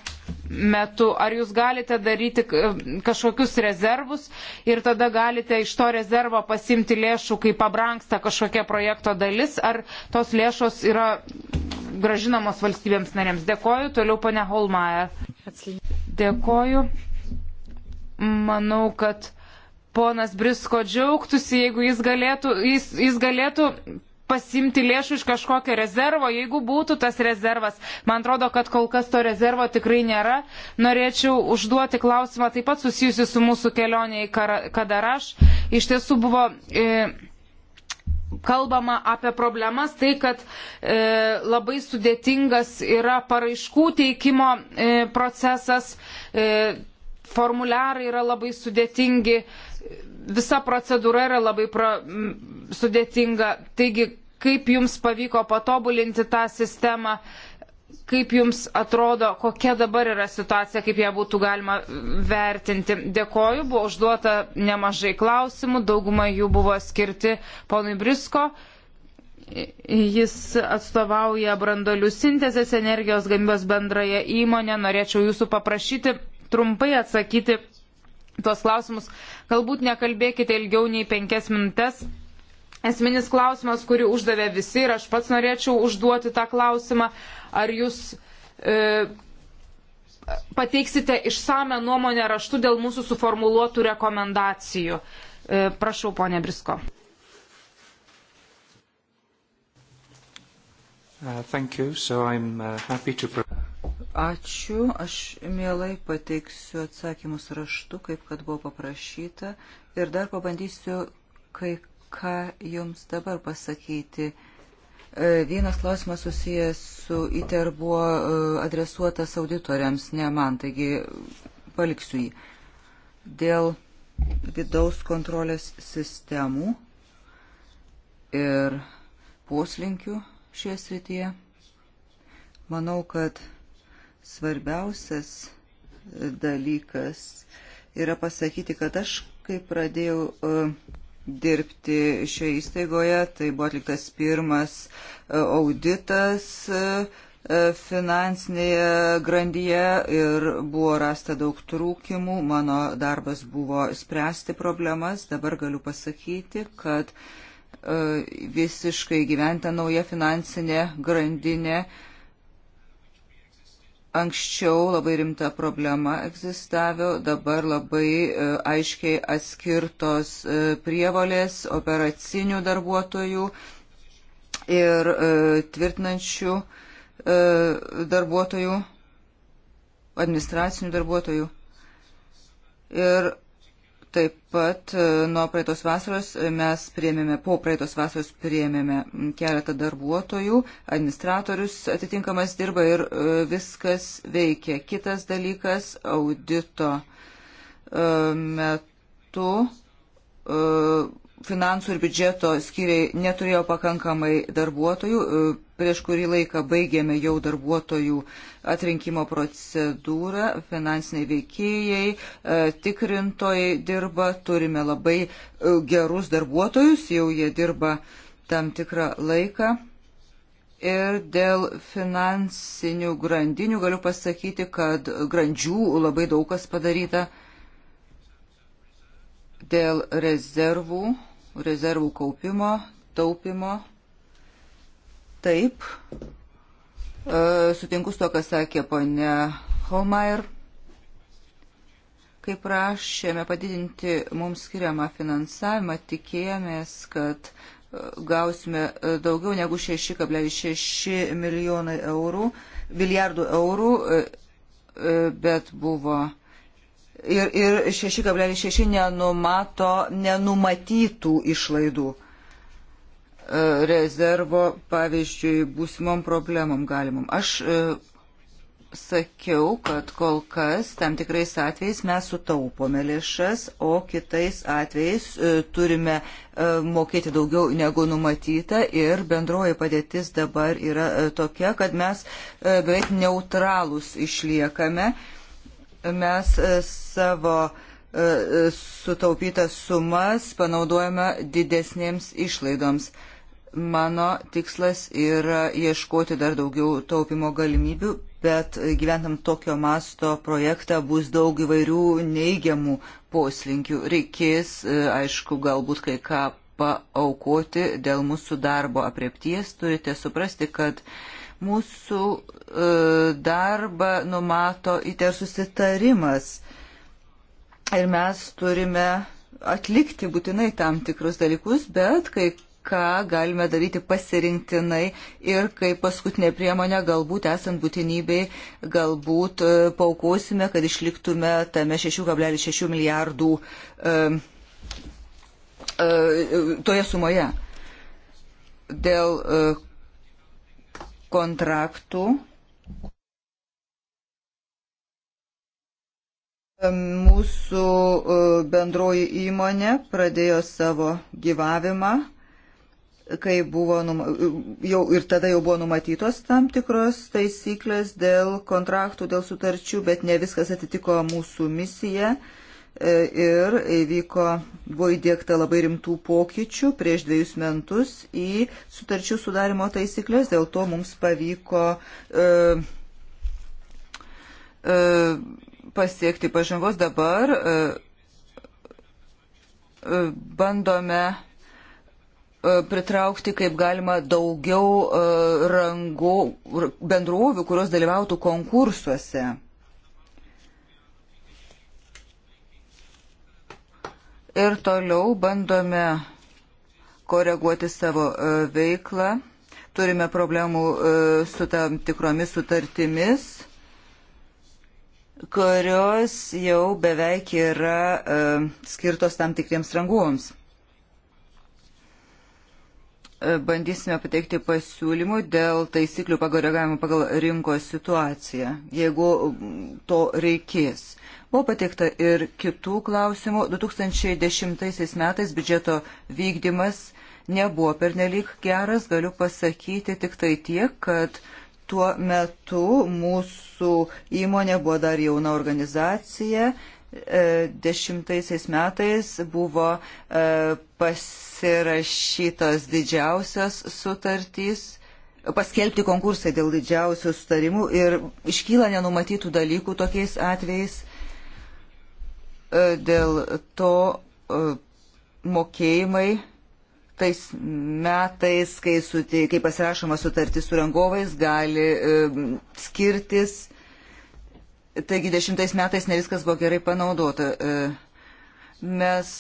metu, ar jūs galite daryti kažkokius rezervus ir tada galite iš to rezervo pasimti lėšų, kai pabranksta kažkokia projekto dalis, ar tos lėšos yra gražinamos valstybėms narėms. Dėkoju, toliau ponia Holmaja. Dėkoju. Manau, kad ponas Brisko džiaugtųsi, jeigu jis galėtų, jis, jis galėtų pasimti lėšų iš kažkokio rezervo, jeigu būtų tas rezervas. Man atrodo, kad kol kas to rezervo tikrai nėra. Norėčiau užduoti klausimą taip pat susijusi su mūsų kelionė į Kadaraš. Iš tiesų buvo. E, kalbama apie problemas, tai kad e, labai sudėtingas yra paraiškų teikimo e, procesas, e, formuliarai yra labai sudėtingi, visa procedūra yra labai pra, m, sudėtinga. Taigi, kaip jums pavyko patobulinti tą sistemą, kaip jums atrodo, kokia dabar yra situacija, kaip ją būtų galima vertinti. Dėkoju, buvo užduota nemažai klausimų, dauguma jų buvo skirti ponui Brisko. Jis atstovauja brandolių sintezės energijos gamybos bendrąją įmonę. Norėčiau jūsų paprašyti trumpai atsakyti tuos klausimus. Galbūt nekalbėkite ilgiau nei penkias minutės. Esminis klausimas, kurį uždavė visi ir aš pats norėčiau užduoti tą klausimą, ar jūs e, pateiksite išsame nuomonę raštu dėl mūsų suformuluotų rekomendacijų. E, prašau, ponė Brisko. Uh, thank you. So I'm uh, happy to. Ačiū. Aš mielai pateiksiu atsakymus raštu, kaip kad buvo paprašyta. Ir dar pabandysiu kai ką jums dabar pasakyti. E, vienas klausimas susijęs su ITER buvo e, adresuotas auditoriams, ne man, taigi paliksiu jį. Dėl vidaus kontrolės sistemų ir poslinkių šioje srityje. Manau, kad svarbiausias e, dalykas yra pasakyti, kad aš, kai pradėjau e, dirbti šioje įstaigoje, tai buvo atliktas pirmas e, auditas finansinėje grandyje ir buvo rasta daug trūkimų. Mano darbas buvo spręsti problemas. Dabar galiu pasakyti, kad visiškai gyventa nauja finansinė grandinė Anksčiau labai rimta problema egzistavio, dabar labai e, aiškiai atskirtos e, prievolės operacinių darbuotojų ir e, tvirtinančių darbuotojų, administracinių darbuotojų. Ir Taip pat e, nuo praeitos vasaros e, mes priėmėme, po praeitos vasaros priėmėme keletą darbuotojų, administratorius atitinkamas dirba ir e, viskas veikia. Kitas dalykas audito metu finansų ir biudžeto skyriai neturėjo pakankamai darbuotojų. E, prieš kurį laiką baigėme jau darbuotojų atrinkimo procedūrą, finansiniai veikėjai, e, tikrintojai dirba, turime labai e, gerus darbuotojus, jau jie dirba tam tikrą laiką. Ir dėl finansinių grandinių galiu pasakyti, kad grandžių labai daug kas padaryta dėl rezervų rezervų kaupimo, taupimo. Taip, e, sutinku su to, kas sakė ponia Holmair. Kai prašėme padidinti mums skiriamą finansavimą, tikėjomės, kad e, gausime e, daugiau negu 6,6 milijonai eurų, milijardų eurų, bet buvo ir, ir 6,6 nenumato nenumatytų išlaidų e, rezervo, pavyzdžiui, būsimom problemom galimom. Aš e, sakiau, kad kol kas tam tikrais atvejais mes sutaupome lėšas, o kitais atvejais e, turime mokėti daugiau negu numatyta ir bendroji padėtis dabar yra tokia, kad mes beveik neutralūs išliekame. E, mes e, savo e, e, sutaupytas sumas panaudojame didesnėms išlaidoms. Mano tikslas yra ieškoti dar daugiau taupimo galimybių, bet gyventam tokio masto projektą bus daug įvairių neigiamų poslinkių. Reikės, aišku, galbūt kai ką paaukoti dėl mūsų darbo apriepties. Turite suprasti, kad uh, Mūsų e, darbą numato įter susitarimas ir mes turime atlikti būtinai tam tikrus dalykus, bet kai ką galime daryti pasirinktinai ir kaip paskutinė priemonė, galbūt esant būtinybei, galbūt e, paukosime, kad išliktume tame 6,6 milijardų e, e, toje sumoje. Dėl e, kontraktų. Mūsų e, bendroji įmonė pradėjo savo gyvavimą, kai buvo, jau ir tada jau buvo numatytos tam tikros taisyklės dėl kontraktų, dėl sutarčių, bet ne viskas atitiko mūsų misiją. E, ir įvyko, buvo įdėkta labai rimtų pokyčių prieš dviejus metus į sutarčių sudarimo taisyklės, dėl to mums pavyko e, e, pasiekti pažangos dabar. E, e bandome e, pritraukti kaip galima daugiau rangų bendrovių, kurios dalyvautų konkursuose. ir toliau bandome koreguoti savo e, veiklą. Turime problemų e, su tam tikromis sutartimis, kurios jau beveik yra e, skirtos tam tikriems rangoms. Bandysime pateikti pasiūlymų dėl taisyklių pagoregavimo pagal rinkos situaciją, jeigu to reikės Buvo pateikta ir kitų klausimų. 2010 metais biudžeto vykdymas nebuvo pernelyg geras. Galiu pasakyti tik tai tiek, kad tuo metu mūsų įmonė buvo dar jauna organizacija. E, dešimtaisiais metais buvo e, pasirašytos didžiausios sutartys paskelbti konkursai dėl didžiausių sutarimų ir iškyla nenumatytų dalykų tokiais atvejais. E, dėl to e, mokėjimai tais metais, kai, suti, kai pasirašoma sutartis su rangovais, gali e, skirtis. Taigi dešimtais metais ne viskas buvo gerai panaudota. Mes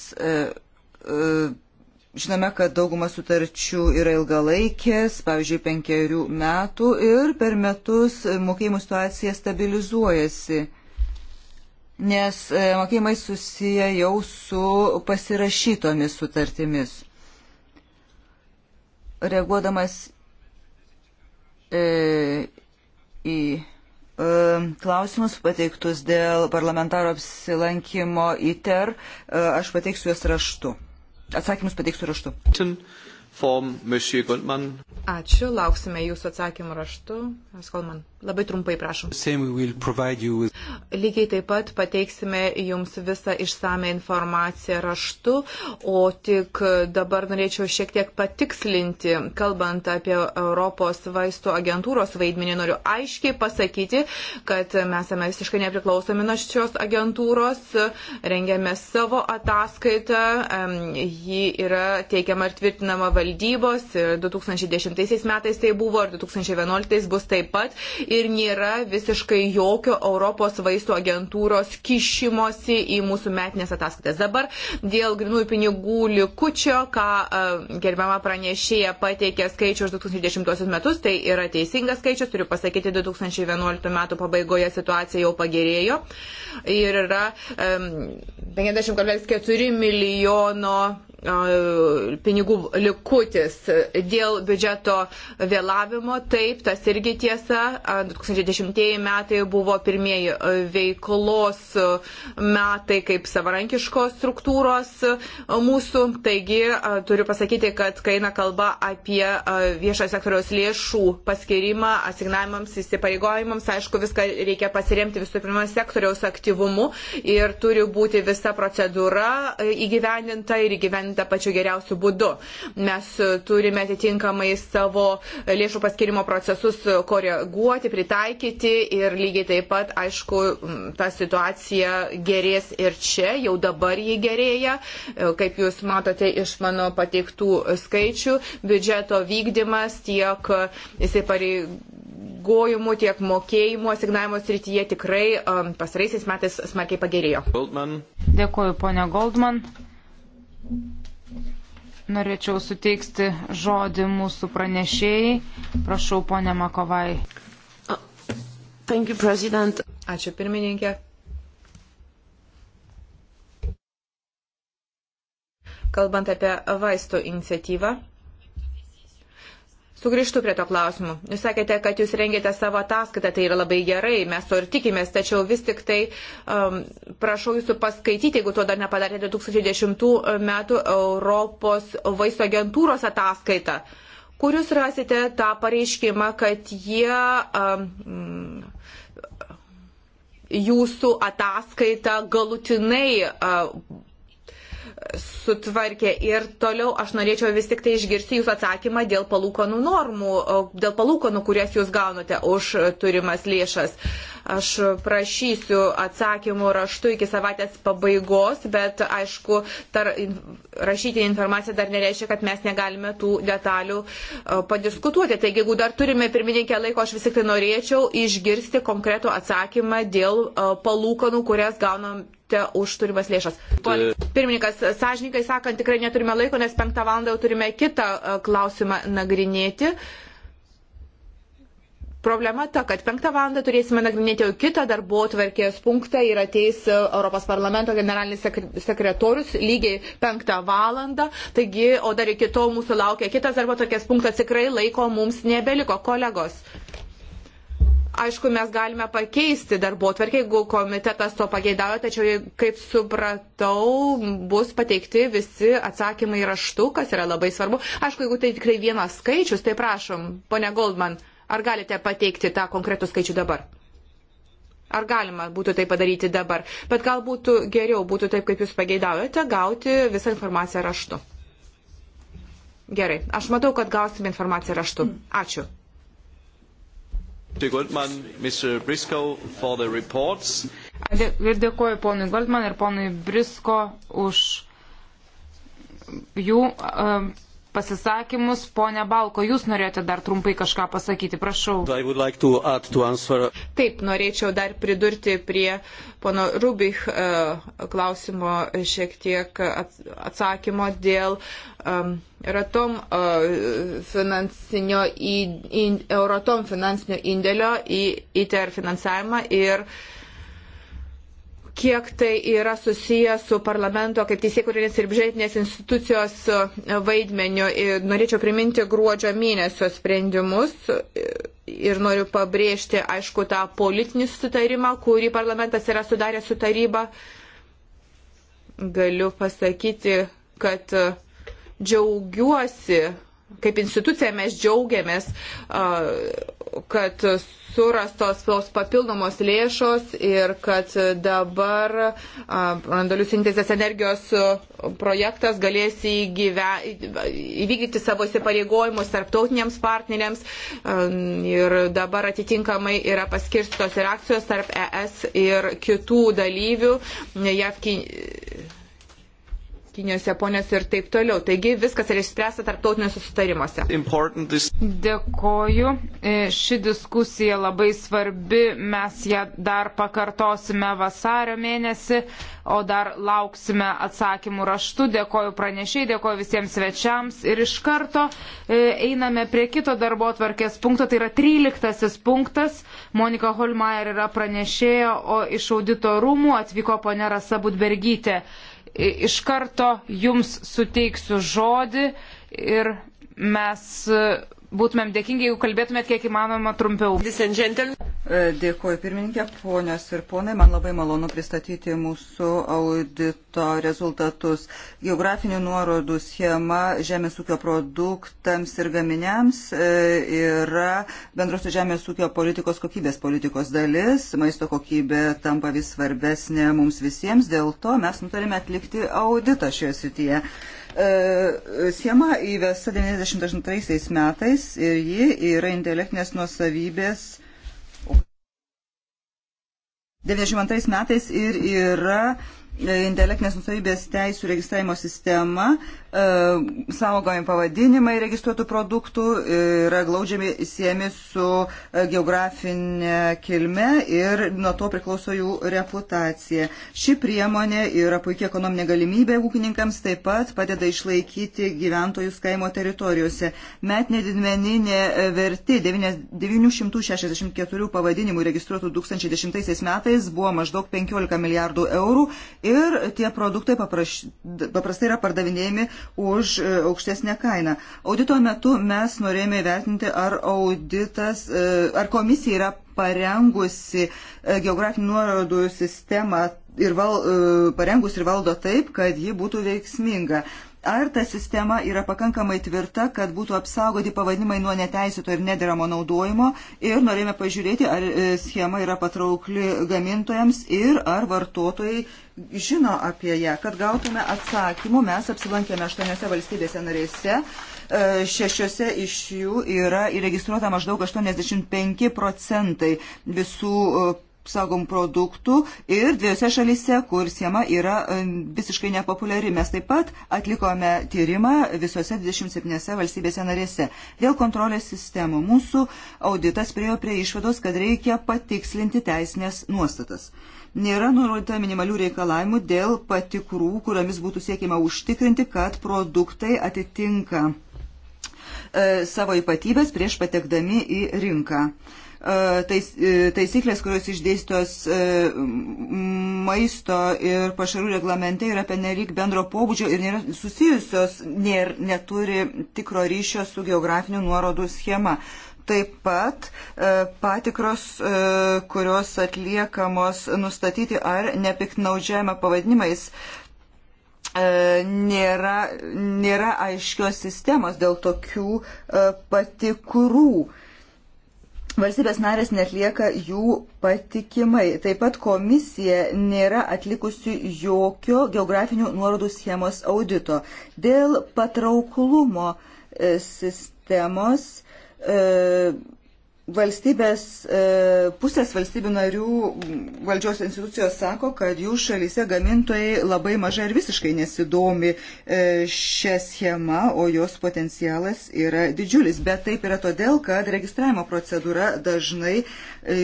žinome, kad dauguma sutarčių yra ilgalaikės, pavyzdžiui, penkerių metų ir per metus mokėjimų situacija stabilizuojasi nes e, mokėjimai susiję jau su pasirašytomis sutartimis. Reaguodamas e, į e, Klausimus pateiktus dėl parlamentaro apsilankimo ITER, e, aš pateiksiu juos raštu. Atsakymus pateiksiu raštu. Ačiū, lauksime jūsų atsakymų raštu. Skolman. Labai trumpai prašom. With... Lygiai taip pat pateiksime jums visą išsame informaciją raštu, o tik dabar norėčiau šiek tiek patikslinti, kalbant apie Europos vaistų agentūros vaidmenį, noriu aiškiai pasakyti, kad mes esame visiškai nepriklausomi nuo šios agentūros, rengiame savo ataskaitą, ji yra teikiama ir tvirtinama valdybos, 2010 metais tai buvo ir 2011 bus taip pat ir nėra visiškai jokio Europos vaistų agentūros kišimosi į mūsų metinės ataskaitas. Dabar dėl grinųjų pinigų likučio, ką e, gerbiama pranešėja pateikė skaičių už 2010 metus, tai yra teisingas skaičius, turiu pasakyti, 2011 metų pabaigoje situacija jau pagerėjo ir yra 50,4 milijono e, pinigų likutis dėl biudžeto vėlavimo. Taip, tas irgi tiesa. 2010 metai buvo pirmieji e, veiklos e, metai kaip savarankiškos struktūros e, mūsų. Taigi turiu pasakyti, kad kai eina kalba apie viešojo sektoriaus lėšų paskirimą asignavimams, įsipareigojimams, aišku, viską reikia pasiremti visų pirma sektoriaus aktyvumu ir turi būti visa procedūra įgyvendinta ir įgyvendinta pačiu geriausiu būdu. Mes turime atitinkamai savo lėšų paskirimo procesus koreguoti adaptuoti, pritaikyti ir lygiai taip pat, aišku, ta situacija gerės ir čia, jau dabar jį gerėja, e, kaip jūs matote iš mano pateiktų skaičių, biudžeto vykdymas tiek įsipareigojimų, tiek mokėjimų asignavimo srityje tikrai um, pasaraisiais metais smarkiai pagerėjo. Goldman. Dėkuoju, ponia Goldman. Norėčiau suteikti žodį mūsų pranešėjai. Prašau, ponia Makovai. Thank you, President. Ačiū pirmininkė. Kalbant apie vaistų iniciatyvą, Sugrįžtu prie to klausimų. Jūs sakėte, kad jūs rengėte savo ataskaitą, tai yra labai gerai, mes to ir tikimės, tačiau vis tik tai um, prašau jūsų paskaityti, jeigu to dar nepadarėte 2010 metų Europos vaisto agentūros ataskaitą. Uh, kurius rasite tą pareiškimą, kad jie um, jūsų ataskaitą galutinai um, sutvarkė. Ir toliau aš norėčiau vis tik tai išgirsti jūsų atsakymą dėl palūkanų normų, dėl palūkanų, kurias jūs gaunate už turimas lėšas. Uh, Aš prašysiu atsakymų raštu iki savaitės pabaigos, bet aišku, tar, rašytinė informacija dar nereiškia, kad mes negalime tų detalių e, padiskutuoti. Taigi, jeigu dar turime pirmininkę laiko, aš vis tik tai norėčiau išgirsti konkretų atsakymą dėl e, palūkanų, kurias gaunam mokėti už turimas lėšas. Pirmininkas, sąžininkai sakant, tikrai neturime laiko, nes penktą valandą jau turime kitą e, klausimą nagrinėti. Problema ta, kad penktą valandą turėsime nagrinėti jau kitą darbo tvarkės punktą ir ateis e, Europos parlamento generalinis sekretorius lygiai penktą valandą. Taigi, o dar iki to mūsų laukia kitas darbo tvarkės punktas, tikrai laiko mums nebeliko, kolegos. Aišku, mes galime pakeisti darbo tvarkę, jeigu komitetas to pageidavo, tačiau, kaip supratau, bus pateikti visi atsakymai raštu, kas yra labai svarbu. Aišku, jeigu tai tikrai vienas skaičius, tai prašom, ponia Goldman. Ar galite pateikti tą konkretų skaičių dabar? Ar galima būtų tai padaryti dabar? Bet gal būtų geriau, būtų taip, kaip jūs pageidaujate, gauti visą informaciją raštu. Gerai, aš matau, kad gausim informaciją raštu. Ačiū. Ir dėkuoju ponui Goldman ir ponui Brisko už jų ehm, pasisakymus. Pone Balko, jūs norėjote dar trumpai kažką pasakyti, prašau. Like to to answer... Taip, norėčiau dar pridurti prie pono Rubik e, klausimo šiek tiek atsakymo dėl Ratom e, finansinio, į, į, Euratom finansinio indėlio į ITER finansavimą ir uh, kiek tai yra susiję su parlamento kaip teisėkurinės ir biudžetinės institucijos e, vaidmeniu. Ir norėčiau priminti gruodžio mėnesio sprendimus ir noriu pabrėžti, aišku, tą politinį sutarimą, kurį parlamentas yra sudaręs su taryba. Galiu pasakyti, kad e, džiaugiuosi kaip institucija mes džiaugiamės, kad surastos tos papildomos lėšos ir kad dabar brandolių sintezės energijos projektas galės įgyve, įvykdyti savo įsipareigojimus tarptautiniams partneriams ir dabar atitinkamai yra paskirstos ir akcijos tarp ES ir kitų dalyvių. JAV, Kinijos, Japonijos ir taip toliau. Taigi viskas yra išspręsta tarptautiniuose sustarimuose. This... Dėkoju. E, ši diskusija labai svarbi. Mes ją dar pakartosime vasario mėnesį, o dar lauksime atsakymų raštu. Dėkoju pranešiai, dėkoju visiems svečiams. Ir iš karto e, einame prie kito darbo atvarkės punkto. Tai yra 13 punktas. Monika Holmeier yra pranešėja, o iš audito rūmų atvyko ponė Rasa Budbergytė iš karto jums suteiksiu žodį ir mes būtumėm dėkingi, jeigu kalbėtumėt kiek įmanoma trumpiau. E, dėkuoju pirmininkė, ponios ir ponai, man labai malonu pristatyti mūsų audito rezultatus. Geografinių nuorodų schema žemės ūkio produktams ir gaminiams e, yra bendrosios žemės ūkio politikos kokybės politikos dalis. Maisto kokybė tampa vis svarbesnė mums visiems, dėl to mes nutarėme atlikti auditą šioje srityje. E, schema įvesta 98 metais ir ji yra intelektinės nuosavybės 92 metais ir yra e, intelektinės nusavybės teisų registravimo sistema E, saugojami pavadinimai registruotų produktų yra glaudžiami siemi su e, geografinė kilme ir nuo to priklauso jų reputacija. Ši priemonė yra puikia ekonominė galimybė ūkininkams, taip pat padeda išlaikyti gyventojus kaimo teritorijose. Metinė didmeninė vertė 964 pavadinimų registruotų 2010 metais buvo maždaug 15 milijardų eurų ir tie produktai paprastai yra pardavinėjami už e, aukštesnę kainą. Audito metu mes norėjome vertinti, ar auditas, e, ar komisija yra parengusi e, geografinių nuorodų sistemą ir val, parengus ir valdo taip, kad ji būtų veiksminga. Ar ta sistema yra pakankamai tvirta, kad būtų apsaugoti pavadimai nuo neteisėto ir nederamo naudojimo ir norėjome pažiūrėti, ar e, schema yra patraukli gamintojams ir ar vartotojai žino apie ją. Kad gautume atsakymų, mes apsilankėme aštuoniuose valstybėse narėse. E, Šešiuose iš jų yra įregistruota maždaug 85 procentai visų e, saugomų produktų ir dviejose šalyse, kur siema yra e, visiškai nepopuliari. Mes taip pat atlikome tyrimą visose 27 valstybėse narėse. Dėl kontrolės sistemų mūsų auditas priejo prie išvados, kad reikia patikslinti teisinės nuostatas. Nėra nurodyta minimalių reikalavimų dėl patikrų, kuriomis būtų siekima užtikrinti, kad produktai atitinka e, savo ypatybės prieš patekdami į rinką. E, tais, e, taisyklės, kurios išdėstos e, maisto ir pašarų reglamente yra penelik bendro pobūdžio ir nėra susijusios, nėra, neturi tikro ryšio su geografinių nuorodų schema. Taip pat e, patikros, kurios atliekamos nustatyti ar nepiknaudžiama pavadinimais, nėra, nėra aiškios sistemos dėl tokių patikrų valstybės narės netlieka jų patikimai. Taip pat komisija nėra atlikusi jokio geografinių nuorodų schemos audito. Dėl patrauklumo e, sistemos e, valstybės, e, pusės valstybių narių valdžios institucijos sako, kad jų šalyse gamintojai labai mažai ir visiškai nesidomi e, šią schemą, o jos potencialas yra didžiulis. Bet taip yra todėl, kad registravimo procedūra dažnai e,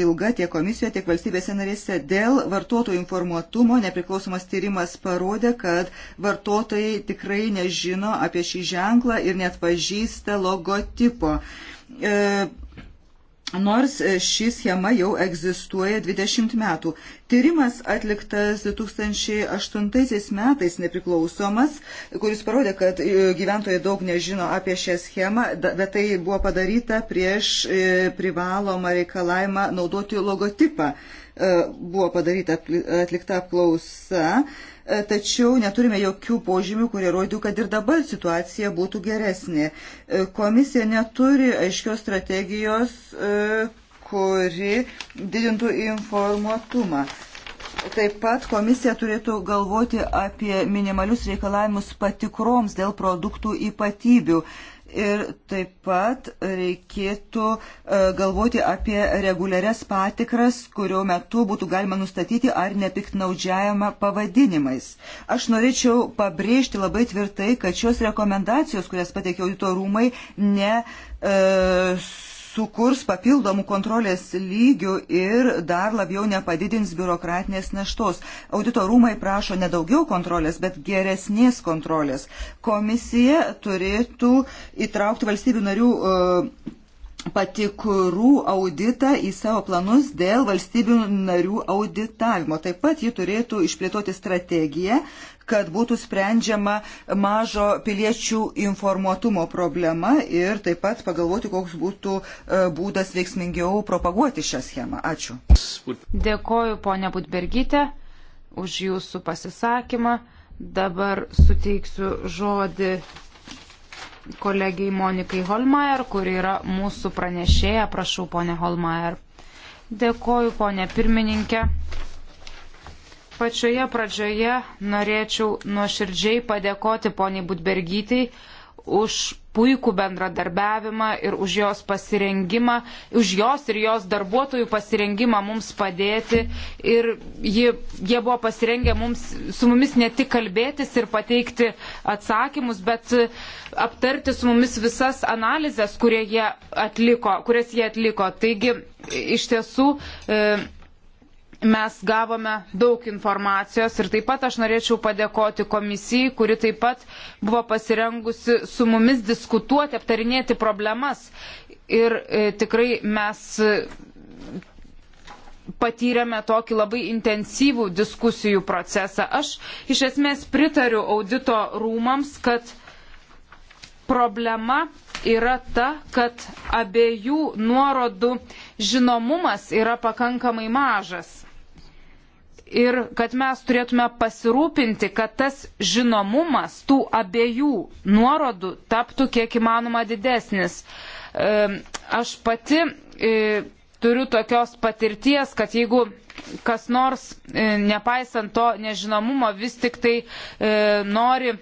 ilga tiek komisijoje, tiek valstybėse narėse. Dėl vartotojų informuotumo nepriklausomas tyrimas parodė, kad vartotojai tikrai nežino apie šį ženklą ir net pažįsta logotipo. E, Nors e, ši schema jau egzistuoja 20 metų. Tyrimas atliktas 2008 metais nepriklausomas, kuris parodė, kad e, gyventojai daug nežino apie šią schemą, bet tai buvo padaryta prieš e, privalomą reikalavimą naudoti logotipą. Buvo padaryta atlikta apklausa E, tačiau neturime jokių požymių, kurie rodytų, kad ir dabar situacija būtų geresnė. E, komisija neturi aiškios strategijos, e, kuri didintų informuotumą. Taip pat komisija turėtų galvoti apie minimalius reikalavimus patikroms dėl produktų ypatybių. Ir taip pat reikėtų e, galvoti apie reguliarias patikras, kurio metu būtų galima nustatyti ar nepiktnaudžiajama pavadinimais. Aš norėčiau pabrėžti labai tvirtai, kad šios rekomendacijos, kurias pateikiau į to rūmai, ne e, sukurs papildomų kontrolės lygių ir dar labiau nepadidins biurokratinės naštos. Auditorumai prašo ne daugiau kontrolės, bet geresnės kontrolės. Komisija turėtų įtraukti valstybių narių e, patikrų auditą į savo planus dėl valstybių narių auditavimo. Taip pat ji turėtų išplėtoti strategiją kad būtų sprendžiama mažo piliečių informuotumo problema ir taip pat pagalvoti, koks būtų e, būdas veiksmingiau propaguoti šią schemą. Ačiū. Dėkoju, ponia Budbergyte, už jūsų pasisakymą. Dabar suteiksiu žodį kolegijai Monikai Holmeier, kuri yra mūsų pranešėja. Prašau, ponė Holmeier. Dėkoju, ponė pirmininkė. Pačioje pradžioje norėčiau nuoširdžiai padėkoti poniai Budbergytai už puikų bendradarbiavimą ir už jos pasirengimą, už jos ir jos darbuotojų pasirengimą mums padėti. Ir ji, jie buvo pasirengę mums, su mumis ne tik kalbėtis ir pateikti atsakymus, bet aptarti su mumis visas analizės, jie atliko, kurias jie atliko. Taigi, iš tiesų. E, mes gavome daug informacijos ir taip pat aš norėčiau padėkoti komisijai, kuri taip pat buvo pasirengusi su mumis diskutuoti, aptarinėti problemas. Ir e, tikrai mes e, patyrėme tokį labai intensyvų diskusijų procesą. Aš iš esmės pritariu audito rūmams, kad problema yra ta, kad abiejų nuorodų žinomumas yra pakankamai mažas ir kad mes turėtume pasirūpinti, kad tas žinomumas tų abiejų nuorodų taptų kiek įmanoma didesnis. Aš pati e, turiu tokios patirties, kad jeigu kas nors, e, nepaisant to nežinomumo, vis tik tai e, nori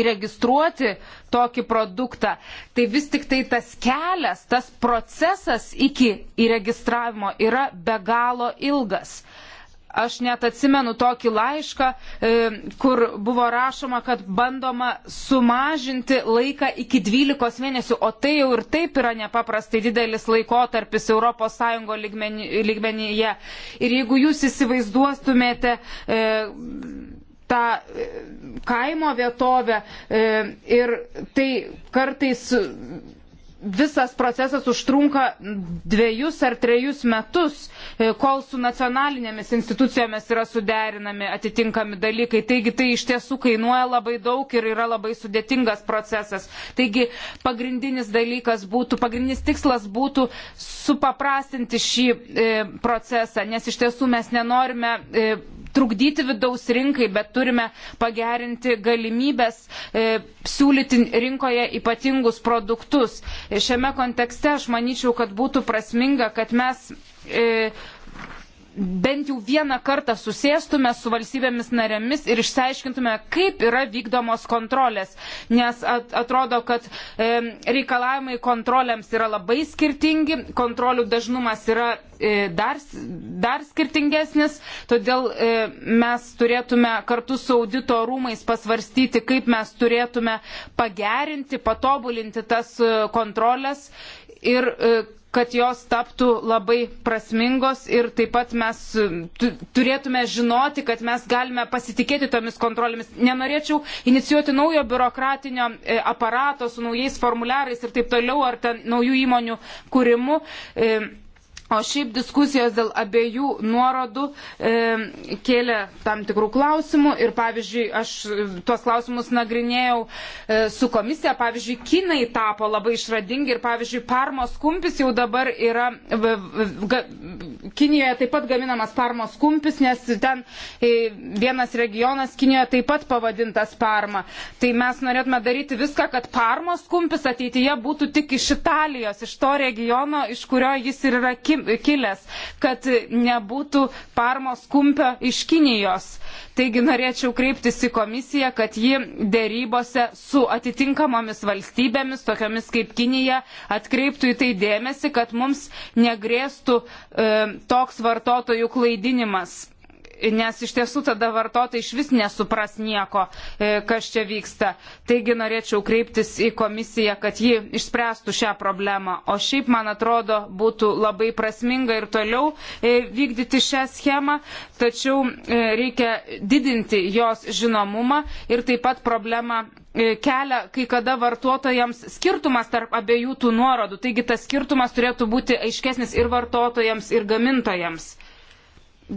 įregistruoti tokį produktą, tai vis tik tai tas kelias, tas procesas iki įregistravimo yra be galo ilgas. Aš net atsimenu tokį laišką, e, kur buvo rašoma, kad bandoma sumažinti laiką iki 12 mėnesių, o tai jau ir taip yra nepaprastai didelis laikotarpis ES lygmenyje. Ir jeigu jūs įsivaizduostumėte e, tą e, kaimo vietovę ir tai kartais visas procesas užtrunka dviejus ar trejus metus, e, kol su nacionalinėmis institucijomis yra suderinami atitinkami dalykai. Taigi tai iš tiesų kainuoja labai daug ir yra labai sudėtingas procesas. Taigi pagrindinis dalykas būtų, pagrindinis tikslas būtų supaprastinti šį e, procesą, nes iš tiesų mes nenorime e, trukdyti vidaus rinkai, bet turime pagerinti galimybės e, siūlyti rinkoje ypatingus produktus. E, šiame kontekste aš manyčiau, kad būtų prasminga, kad mes e, bent jau vieną kartą susėstume su valstybėmis narėmis ir išsiaiškintume, kaip yra vykdomos kontrolės. Nes at, atrodo, kad e, reikalavimai kontroliams yra labai skirtingi, kontrolių dažnumas yra e, dar, dar skirtingesnis, todėl e, mes turėtume kartu su audito rūmais pasvarstyti, kaip mes turėtume pagerinti, patobulinti tas e, kontrolės ir e, kad jos taptų labai prasmingos ir taip pat mes turėtume žinoti, kad mes galime pasitikėti tomis kontrolėmis. Nenorėčiau inicijuoti naujo biurokratinio e, aparato su naujais formuliarais ir taip toliau, ar ten naujų įmonių kūrimu. E, O šiaip diskusijos dėl abiejų nuorodų e, kėlė tam tikrų klausimų ir, pavyzdžiui, aš tuos klausimus nagrinėjau e, su komisija. Pavyzdžiui, kinai tapo labai išradingi ir, pavyzdžiui, parmos kumpis jau dabar yra. V, v, Kinijoje taip pat gaminamas parmos kumpis, nes ten e, vienas regionas Kinijoje taip pat pavadintas parma. Tai mes norėtume daryti viską, kad parmos kumpis ateityje būtų tik iš Italijos, iš to regiono, iš kurio jis ir yra Kinija kilęs, kad nebūtų parmos kumpio iš Kinijos. Taigi norėčiau kreiptis į komisiją, kad ji dėrybose su atitinkamomis valstybėmis, tokiamis kaip Kinija, atkreiptų į tai dėmesį, kad mums negrėstų e, toks vartotojų klaidinimas nes iš tiesų tada vartotojai iš vis nesupras nieko, e, kas čia vyksta. Taigi norėčiau kreiptis į komisiją, kad ji išspręstų šią problemą. O šiaip, man atrodo, būtų labai prasminga ir toliau e, vykdyti šią schemą, tačiau e, reikia didinti jos žinomumą ir taip pat problemą kelia kai kada vartotojams skirtumas tarp abiejų tų nuorodų. Taigi tas skirtumas turėtų būti aiškesnis ir vartotojams, ir gamintojams.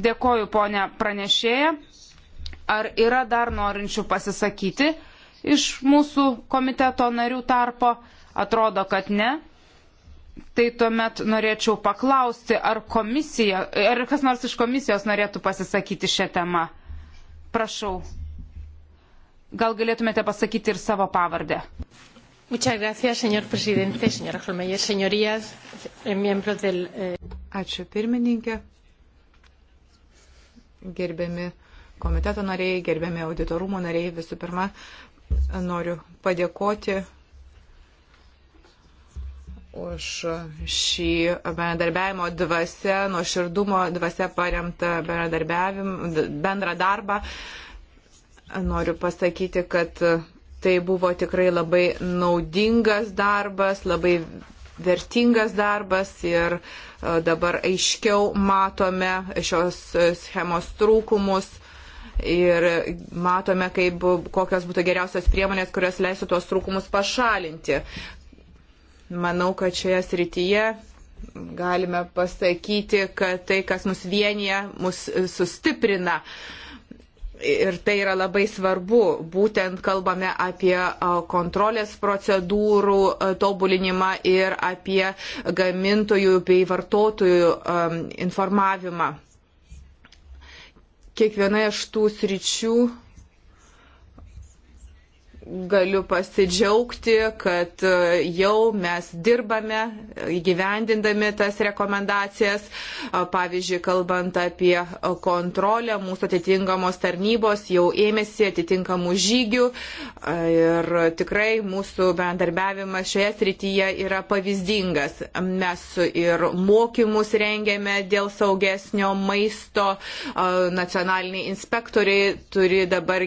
Dėkoju, ponė pranešėja. Ar yra dar norinčių pasisakyti iš mūsų komiteto narių tarpo? Atrodo, kad ne. Tai tuomet norėčiau paklausti, ar, komisija, ar kas nors iš komisijos norėtų pasisakyti šią temą. Prašau. Gal galėtumėte pasakyti ir savo pavardę? Muchas gracias, señor presidente, señora Holmeyer, señorías, eh, miembros del. Eh, Ačiū pirmininkė, gerbiami komiteto nariai, gerbiami auditorumo nariai. Visų pirma, noriu padėkoti už šį bendradarbiavimo dvasę, nuoširdumo dvasę paremtą bendrą darbą. Noriu pasakyti, kad tai buvo tikrai labai naudingas darbas, labai vertingas darbas ir e, dabar aiškiau matome šios e, schemos trūkumus ir matome, kaip, kokios būtų geriausios priemonės, kurios leistų tuos trūkumus pašalinti. Manau, kad šioje srityje galime pasakyti, kad tai, kas mus vienyje, mus sustiprina. Uh, Ir tai yra labai svarbu, būtent kalbame apie kontrolės procedūrų tobulinimą ir apie gamintojų bei vartotojų informavimą. Kiekviena iš tų sričių galiu pasidžiaugti, kad e, jau mes dirbame įgyvendindami tas rekomendacijas. Pavyzdžiui, kalbant apie e, kontrolę, mūsų atitinkamos tarnybos jau ėmėsi atitinkamų žygių ir tikrai mūsų bendarbiavimas šioje srityje yra pavyzdingas. Mes ir mokymus rengėme dėl saugesnio maisto. Nacionaliniai inspektoriai turi dabar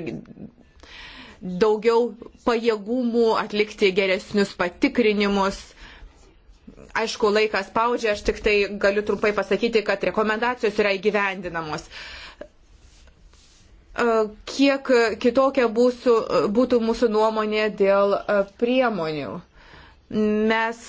daugiau pajėgumų atlikti geresnius patikrinimus. Aišku, laikas spaudžia, aš tik tai galiu trumpai pasakyti, kad rekomendacijos yra įgyvendinamos e, kiek kitokia būsų, būtų mūsų nuomonė dėl e, priemonių. Mes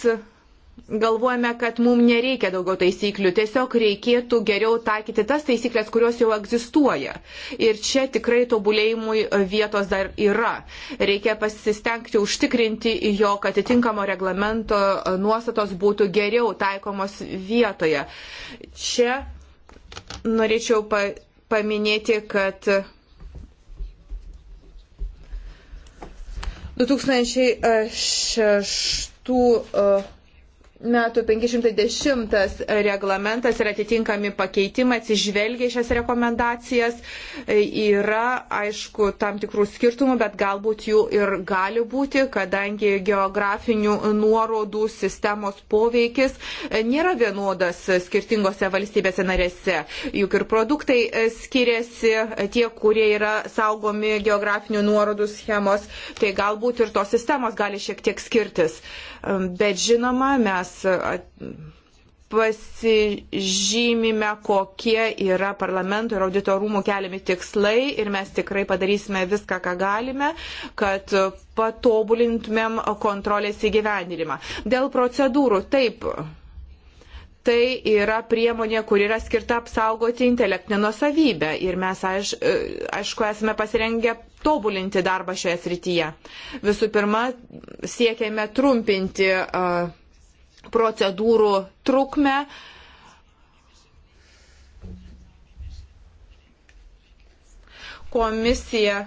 galvojame, kad mums nereikia daugiau taisyklių, tiesiog reikėtų geriau taikyti tas taisyklės, kurios jau egzistuoja. Ir čia tikrai tobulėjimui vietos dar yra. Reikia pasistengti užtikrinti, jog atitinkamo reglamento nuostatos būtų geriau taikomos vietoje. Čia norėčiau pa paminėti, kad 2006 metų 510 reglamentas ir atitinkami pakeitimai atsižvelgia šias rekomendacijas. E, yra, aišku, tam tikrų skirtumų, bet galbūt jų ir gali būti, kadangi geografinių nuorodų sistemos poveikis e, nėra vienodas skirtingose valstybėse narėse. Juk ir produktai e, skiriasi tie, kurie yra saugomi geografinių nuorodų schemos, tai galbūt ir tos sistemos gali šiek tiek skirtis. Uh, bet žinoma, mes pasižymime, kokie yra parlamento ir audito rūmų keliami tikslai ir mes tikrai padarysime viską, ką galime, kad patobulintumėm kontrolės įgyvendinimą. Dėl procedūrų taip tai yra priemonė, kur yra skirta apsaugoti intelektinę nuosavybę ir mes, aiš, e, aišku, esame pasirengę tobulinti darbą šioje srityje. Visų pirma, siekiame trumpinti e, procedūrų trukmę, komisija,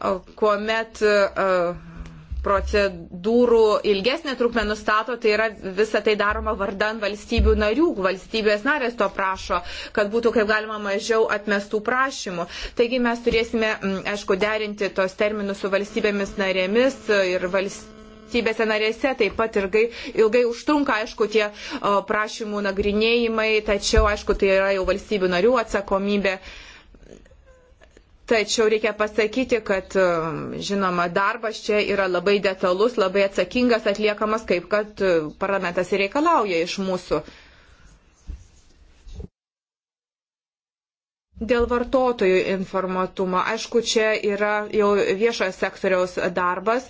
e, kuomet uh, procedūrų ilgesnė trukmė nustato, tai yra visa tai daroma vardan valstybių narių, valstybės narės to prašo, kad būtų kaip galima mažiau atmestų prašymų. Taigi mes turėsime, mm, aišku, derinti tos terminus su valstybėmis narėmis ir valstybėmis valstybėse narėse taip pat ilgai, ilgai užtrunka, aišku, tie prašymų nagrinėjimai, tačiau, aišku, tai yra jau valstybių narių atsakomybė. Uh, Tačiau reikia pasakyti, kad um, žinoma, darbas čia yra labai detalus, labai atsakingas, atliekamas kaip kad um, parlamentas ir reikalauja iš mūsų. Dėl vartotojų informatumo, aišku, čia yra jau viešojo sektoriaus darbas.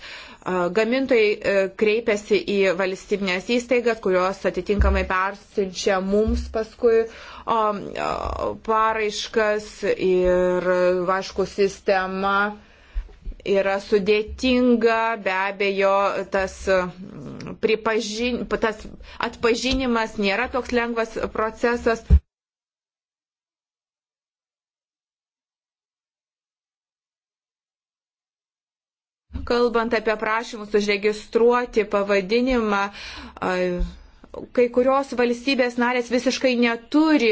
Gamintojai e, kreipiasi į valstybinės įstaigas, kurios atitinkamai persiunčia mums paskui o, paraiškas ir, aišku, sistema yra sudėtinga, be abejo, tas, pripažin, tas atpažinimas nėra toks lengvas procesas. kalbant apie prašymus užregistruoti pavadinimą, kai kurios valstybės narės visiškai neturi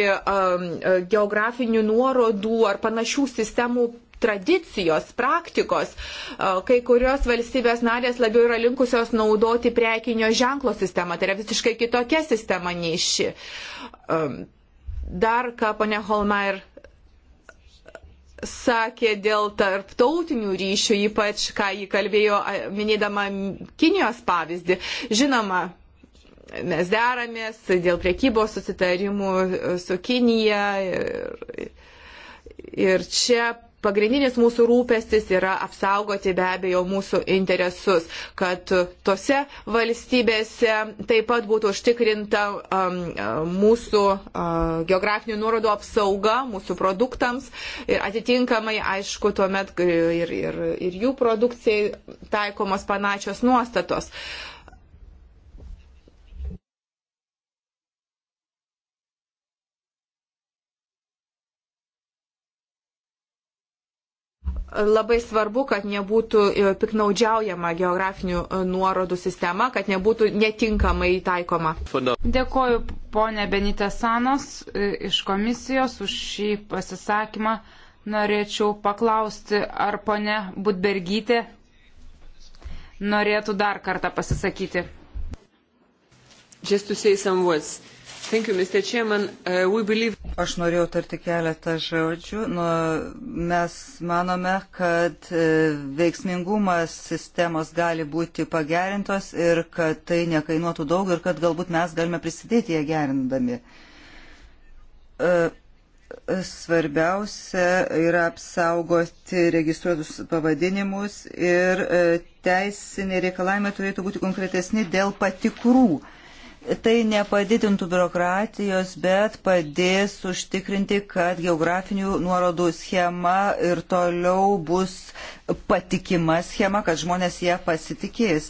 geografinių nuorodų ar panašių sistemų tradicijos, praktikos. Kai kurios valstybės narės labiau yra linkusios naudoti prekinio ženklo sistemą, tai yra visiškai kitokia sistema nei ši. Dar ką, ponė Holmeier, sakė dėl tarptautinių ryšių, ypač ką jį kalbėjo minėdama Kinijos pavyzdį. Žinoma, mes deramės dėl priekybos susitarimų su Kinija ir, ir čia pagrindinis mūsų rūpestis yra apsaugoti be abejo mūsų interesus, kad tose valstybėse taip pat būtų užtikrinta um, mūsų uh, geografinių nuorodų apsauga mūsų produktams ir atitinkamai, aišku, tuomet ir, ir, ir jų produkcijai taikomos panašios nuostatos. Uh, Labai svarbu, kad nebūtų e, piknaudžiaujama geografinių e, nuorodų sistema, kad nebūtų netinkamai taikoma. Dėkoju ponė Benita Sanos e, iš komisijos už šį pasisakymą. Norėčiau paklausti, ar ponė Budbergytė norėtų dar kartą pasisakyti. Just to say some words. Thank you, Mr. Chairman. Uh, we believe... Aš norėjau tarti keletą žodžių. Nu, mes manome, kad e, veiksmingumas sistemos gali būti pagerintos ir kad tai nekainuotų daug ir kad galbūt mes galime prisidėti ją gerindami. Uh, svarbiausia yra apsaugoti registruotus pavadinimus ir e, teisiniai reikalavimai turėtų būti konkretesni dėl patikrų. Uh, Tai nepadidintų biurokratijos, bet padės užtikrinti, kad geografinių nuorodų schema ir toliau bus patikima schema, kad žmonės ją pasitikės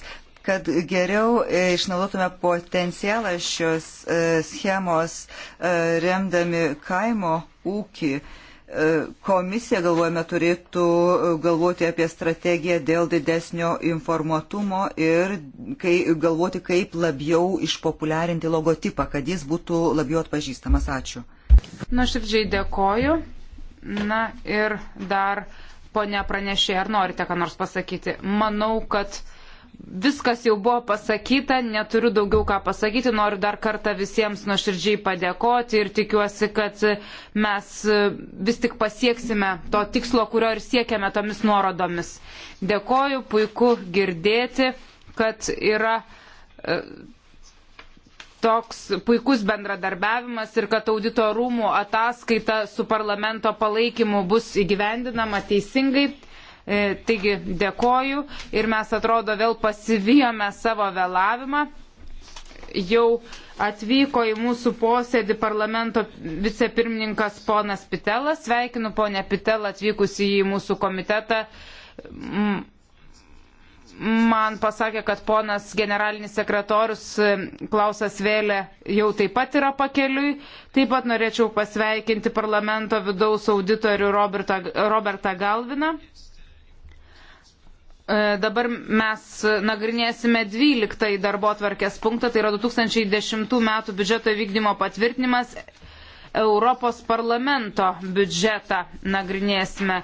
kad geriau e, išnaudotume potencialą šios e, schemos e, remdami kaimo ūkį. E, E, komisija, galvojame, turėtų e, galvoti apie strategiją dėl didesnio informuotumo ir kai, galvoti, kaip labiau išpopuliarinti logotipą, kad jis būtų labiau atpažįstamas. Ačiū. Nuoširdžiai dėkoju. Na ir dar, ponia pranešė, ar norite ką nors pasakyti? Manau, kad viskas jau buvo pasakyta, neturiu daugiau ką pasakyti, noriu dar kartą visiems nuoširdžiai padėkoti ir tikiuosi, kad mes vis tik pasieksime to tikslo, kurio ir siekiame tomis nuorodomis. Dėkoju, puiku girdėti, kad yra e, toks puikus bendradarbiavimas ir kad audito rūmų ataskaita su parlamento palaikymu bus įgyvendinama teisingai. E, taigi dėkoju ir mes atrodo vėl pasivijome savo vėlavimą. Jau atvyko į mūsų posėdį parlamento vicepirmininkas ponas Pitelas. Sveikinu ponę Pitelą atvykusi į mūsų komitetą. Man pasakė, kad ponas generalinis sekretorius e, Klausas Vėlė jau taip pat yra pakeliui. Taip pat norėčiau pasveikinti parlamento vidaus auditorių Robertą, Robertą Galviną. Yes E, dabar mes nagrinėsime 12 darbo tvarkės punktą, tai yra 2010 metų biudžeto vykdymo patvirtinimas, Europos parlamento biudžetą nagrinėsime.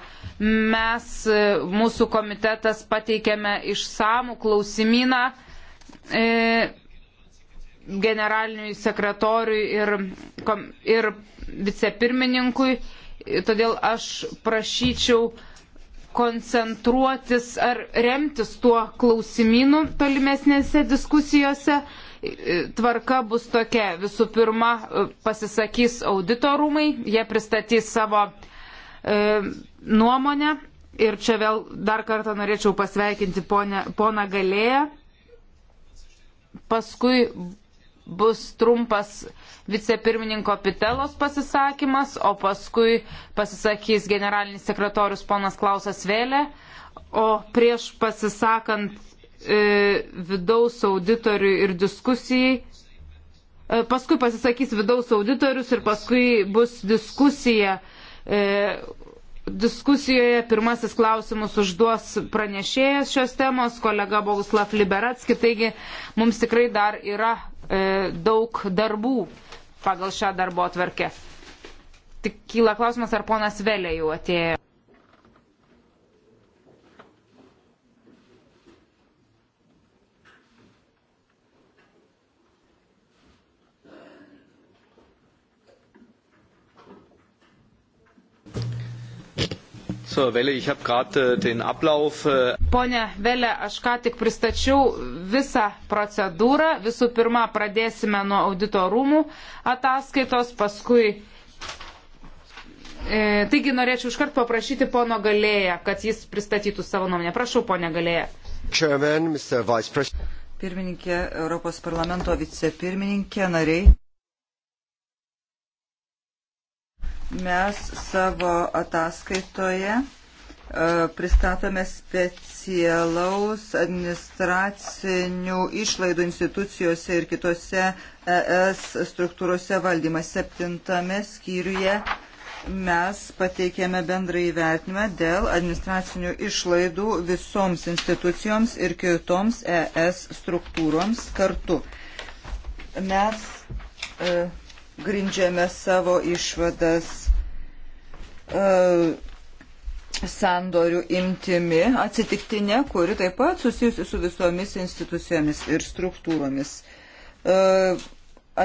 Mes, e, mūsų komitetas, pateikėme išsamų klausimyną e, generaliniui sekretoriui ir, kom, ir vicepirmininkui, todėl aš prašyčiau koncentruotis ar remtis tuo klausimynu tolimesnėse diskusijose. Tvarka bus tokia. Visų pirma, pasisakys auditorumai, jie pristatys savo e, nuomonę. Ir čia vėl dar kartą norėčiau pasveikinti ponę, poną Galėją. Paskui bus trumpas vicepirmininko Pitelos pasisakymas, o paskui pasisakys generalinis sekretorius ponas Klausas Vėlė, o prieš pasisakant e, vidaus auditoriui ir diskusijai. E, paskui pasisakys vidaus auditorius ir paskui bus diskusija, e, Diskusijoje pirmasis klausimus užduos pranešėjas šios temos, kolega Boguslav Liberatski, taigi mums tikrai dar yra e, daug darbų pagal šią darbo atvarkę. Tik kyla klausimas, ar ponas Velė jau atėjo. So, Vėlė, äh, äh, Pone Vėlė, aš ką tik pristačiau visą procedūrą. Visų pirma, pradėsime nuo audito rūmų ataskaitos, paskui. E, taigi norėčiau iškart paprašyti pono Galėją, kad jis pristatytų savo nuomonę. Prašau, pone Galėją. Chairman, Pirmininkė, Europos parlamento vicepirmininkė, nariai. Mes savo ataskaitoje e, pristatome specialaus administracinių išlaidų institucijose ir kitose ES struktūrose valdymą. Septintame skyriuje mes pateikėme bendrą įvertinimą dėl administracinių išlaidų visoms institucijoms ir kitoms ES struktūroms kartu. Mes e, grindžiame savo išvadas e, sandorių imtimi atsitiktinė, kuri taip pat susijusi su visomis institucijomis ir struktūromis. E,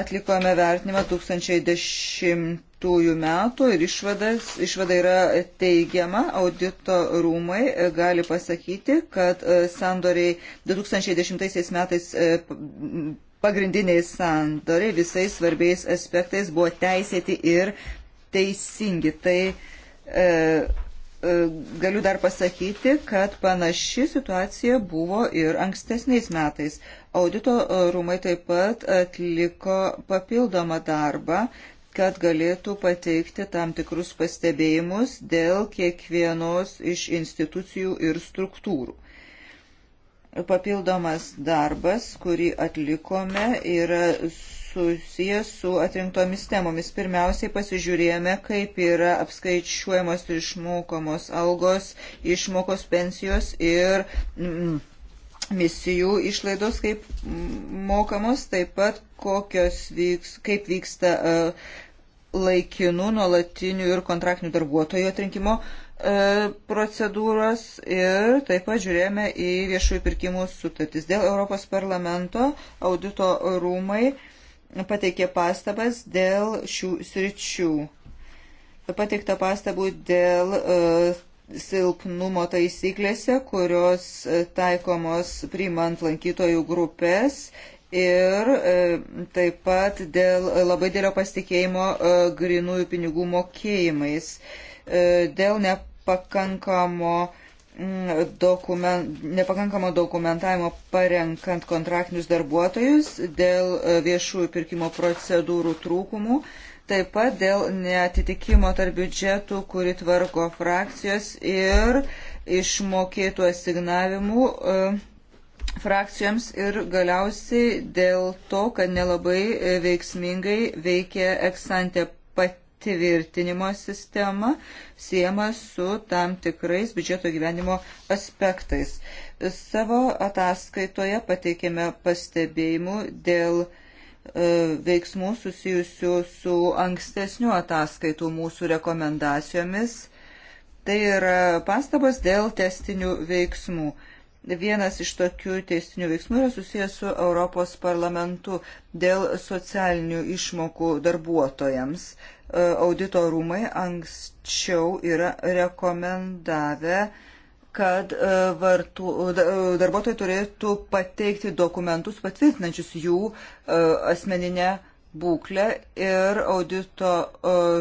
atlikome vertinimą 2010 metų ir išvadas, išvada yra teigiama, audito rūmai e, gali pasakyti, kad sandoriai 2010 metais pagrindiniai sandoriai visais svarbiais aspektais buvo teisėti ir teisingi. Tai e, e, galiu dar pasakyti, kad panaši situacija buvo ir ankstesniais metais. Audito rūmai taip pat atliko papildomą darbą kad galėtų pateikti tam tikrus pastebėjimus dėl kiekvienos iš institucijų ir struktūrų. Papildomas darbas, kurį atlikome, yra susijęs su atrinktomis temomis. Pirmiausiai pasižiūrėjome, kaip yra apskaičiuojamos ir išmokamos algos, išmokos pensijos ir mm, misijų išlaidos, kaip mm, mokamos, taip pat kokios vyks, kaip vyksta uh, laikinų, nuolatinių ir kontraktinių darbuotojų atrinkimo uh, E, procedūros ir taip pat žiūrėjome į viešųjų pirkimų sutartis. Dėl Europos parlamento audito rūmai pateikė pastabas dėl šių sričių. Pateikta pastabų dėl e, silpnumo taisyklėse, kurios taikomos priimant lankytojų grupės ir e, taip pat dėl labai dėlio pasitikėjimo grinųjų pinigų mokėjimais. E, E, dėl nepakankamo mm, dokument, nepakankamo dokumentavimo parenkant kontraktinius darbuotojus, dėl e, viešųjų pirkimo procedūrų trūkumų, taip pat dėl netitikimo tarp biudžetų, kuri tvarko frakcijos ir išmokėtų asignavimų e, frakcijoms ir galiausiai dėl to, kad nelabai veiksmingai veikia eksantė pat tvirtinimo sistema siema su tam tikrais biudžeto gyvenimo aspektais. Savo ataskaitoje pateikėme pastebėjimų dėl e, veiksmų susijusių su ankstesniu ataskaitų mūsų rekomendacijomis. Tai yra pastabos dėl testinių veiksmų. Vienas iš tokių teistinių veiksmų yra susijęs su Europos parlamentu dėl socialinių išmokų darbuotojams audito rūmai anksčiau yra rekomendavę, kad e, vartų, e, darbuotojai turėtų pateikti dokumentus patvirtinančius jų e, asmeninę būklę ir audito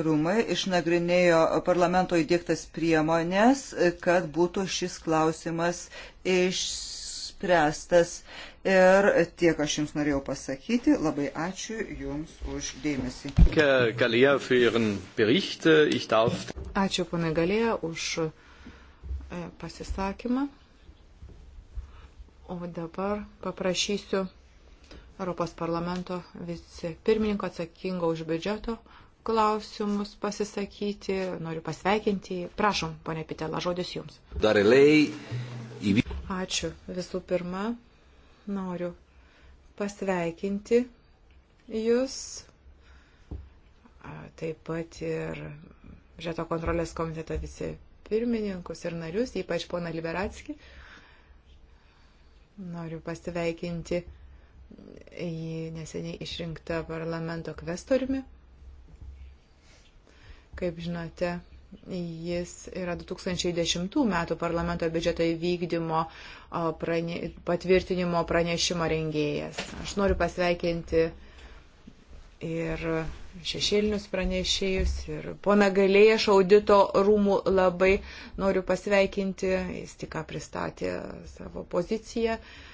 rūmai išnagrinėjo parlamento įdėktas priemonės, kad būtų šis klausimas išspręstas. Ir tiek aš Jums norėjau pasakyti. Labai ačiū Jums už dėmesį. Ačiū, pana Galėja, už pasisakymą. O dabar paprašysiu Europos parlamento vicepirmininko atsakingo už biudžeto klausimus pasisakyti. Noriu pasveikinti. Prašom, ponė Pitela, žodis Jums. Ačiū. Visų pirma, noriu pasveikinti jūs, taip pat ir Žeto kontrolės komiteto visi pirmininkus ir narius, ypač pona Liberatski. Noriu pasveikinti į neseniai išrinktą parlamento kvestoriumi. Kaip žinote, Jis yra 2010 metų parlamento biudžeto įvykdymo prane, patvirtinimo pranešimo rengėjas. Aš noriu pasveikinti ir šešėlinius pranešėjus, ir pona Galėja iš audito rūmų labai noriu pasveikinti, jis tik pristatė savo poziciją. Uh,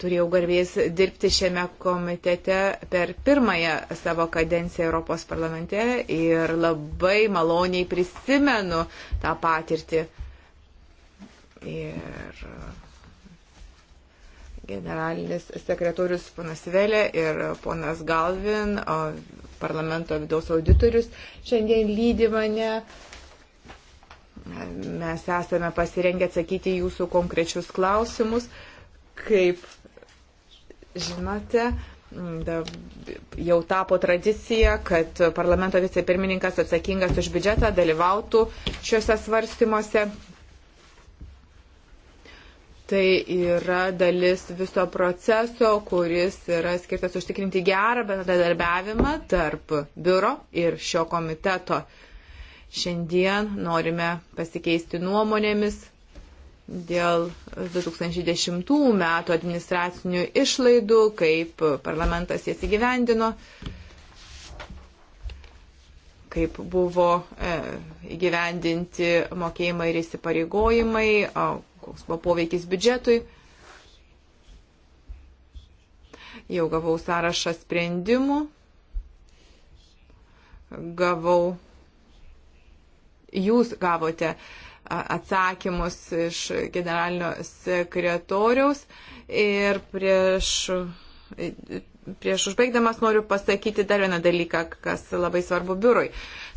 Turėjau garbės dirbti šiame komitete per pirmąją savo kadenciją Europos parlamente ir labai maloniai prisimenu tą patirtį. Ir e, generalinis sekretorius ponas Velė ir ponas Galvin, parlamento vidaus auditorius, šiandien lydi mane mes esame pasirengę atsakyti jūsų konkrečius klausimus. Kaip žinote, jau tapo tradicija, kad parlamento vicepirmininkas atsakingas už biudžetą dalyvautų šiuose svarstymuose. Tai yra dalis viso proceso, kuris yra skirtas užtikrinti gerą bendradarbiavimą tarp biuro ir šio komiteto. Šiandien norime pasikeisti nuomonėmis dėl 2010 metų administracinių išlaidų, kaip parlamentas jas įgyvendino, kaip buvo e, įgyvendinti mokėjimai ir įsipareigojimai, koks buvo poveikis biudžetui. Jau gavau sąrašą sprendimų, gavau, jūs gavote uh, atsakymus iš generalinio sekretoriaus. Ir prieš, prieš užbaigdamas noriu pasakyti dar vieną dalyką, kas labai svarbu biurui.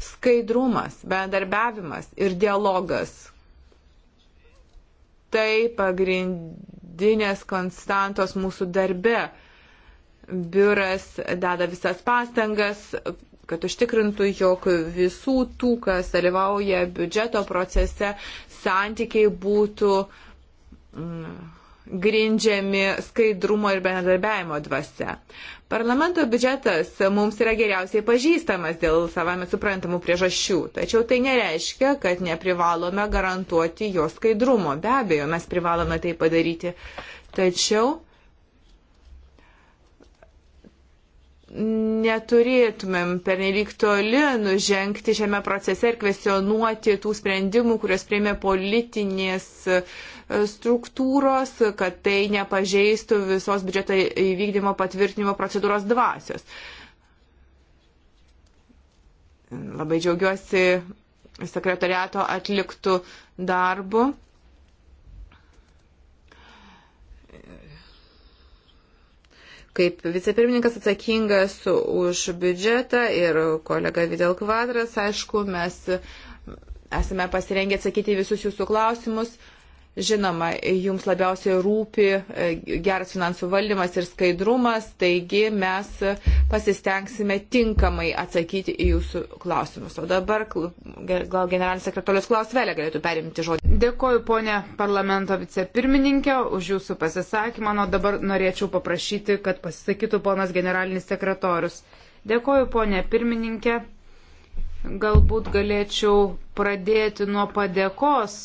Skaidrumas, bendarbiavimas ir dialogas. Tai pagrindinės konstantos mūsų darbe biuras deda visas pastangas, kad užtikrintų, jog visų tų, kas dalyvauja biudžeto procese, santykiai būtų mm, grindžiami skaidrumo ir bendradarbiavimo dvasia. Parlamento biudžetas mums yra geriausiai pažįstamas dėl savame suprantamų priežasčių, tačiau tai nereiškia, kad neprivalome garantuoti jo skaidrumo. Be abejo, mes privalome tai padaryti. Tačiau neturėtumėm pernelyg toli nužengti šiame procese ir kvestionuoti tų sprendimų, kurios prieimė politinės e, struktūros, kad tai nepažeistų visos biudžeto įvykdymo patvirtinimo procedūros dvasios. Labai džiaugiuosi sekretariato atliktų darbų. Kaip vicepirmininkas atsakingas už biudžetą ir kolega Videl Kvadras, aišku, mes esame pasirengę atsakyti visus jūsų klausimus. Žinoma, jums labiausiai rūpi e, geras finansų valdymas ir skaidrumas, taigi mes pasistengsime tinkamai atsakyti į jūsų klausimus. O dabar gal generalinis sekretorius Klaus Velė galėtų perimti žodį. Dėkoju, ponė parlamento vicepirmininkė, už jūsų pasisakymą. Na, dabar norėčiau paprašyti, kad pasisakytų ponas generalinis sekretorius. Dėkoju, ponė pirmininkė. Galbūt galėčiau pradėti nuo padėkos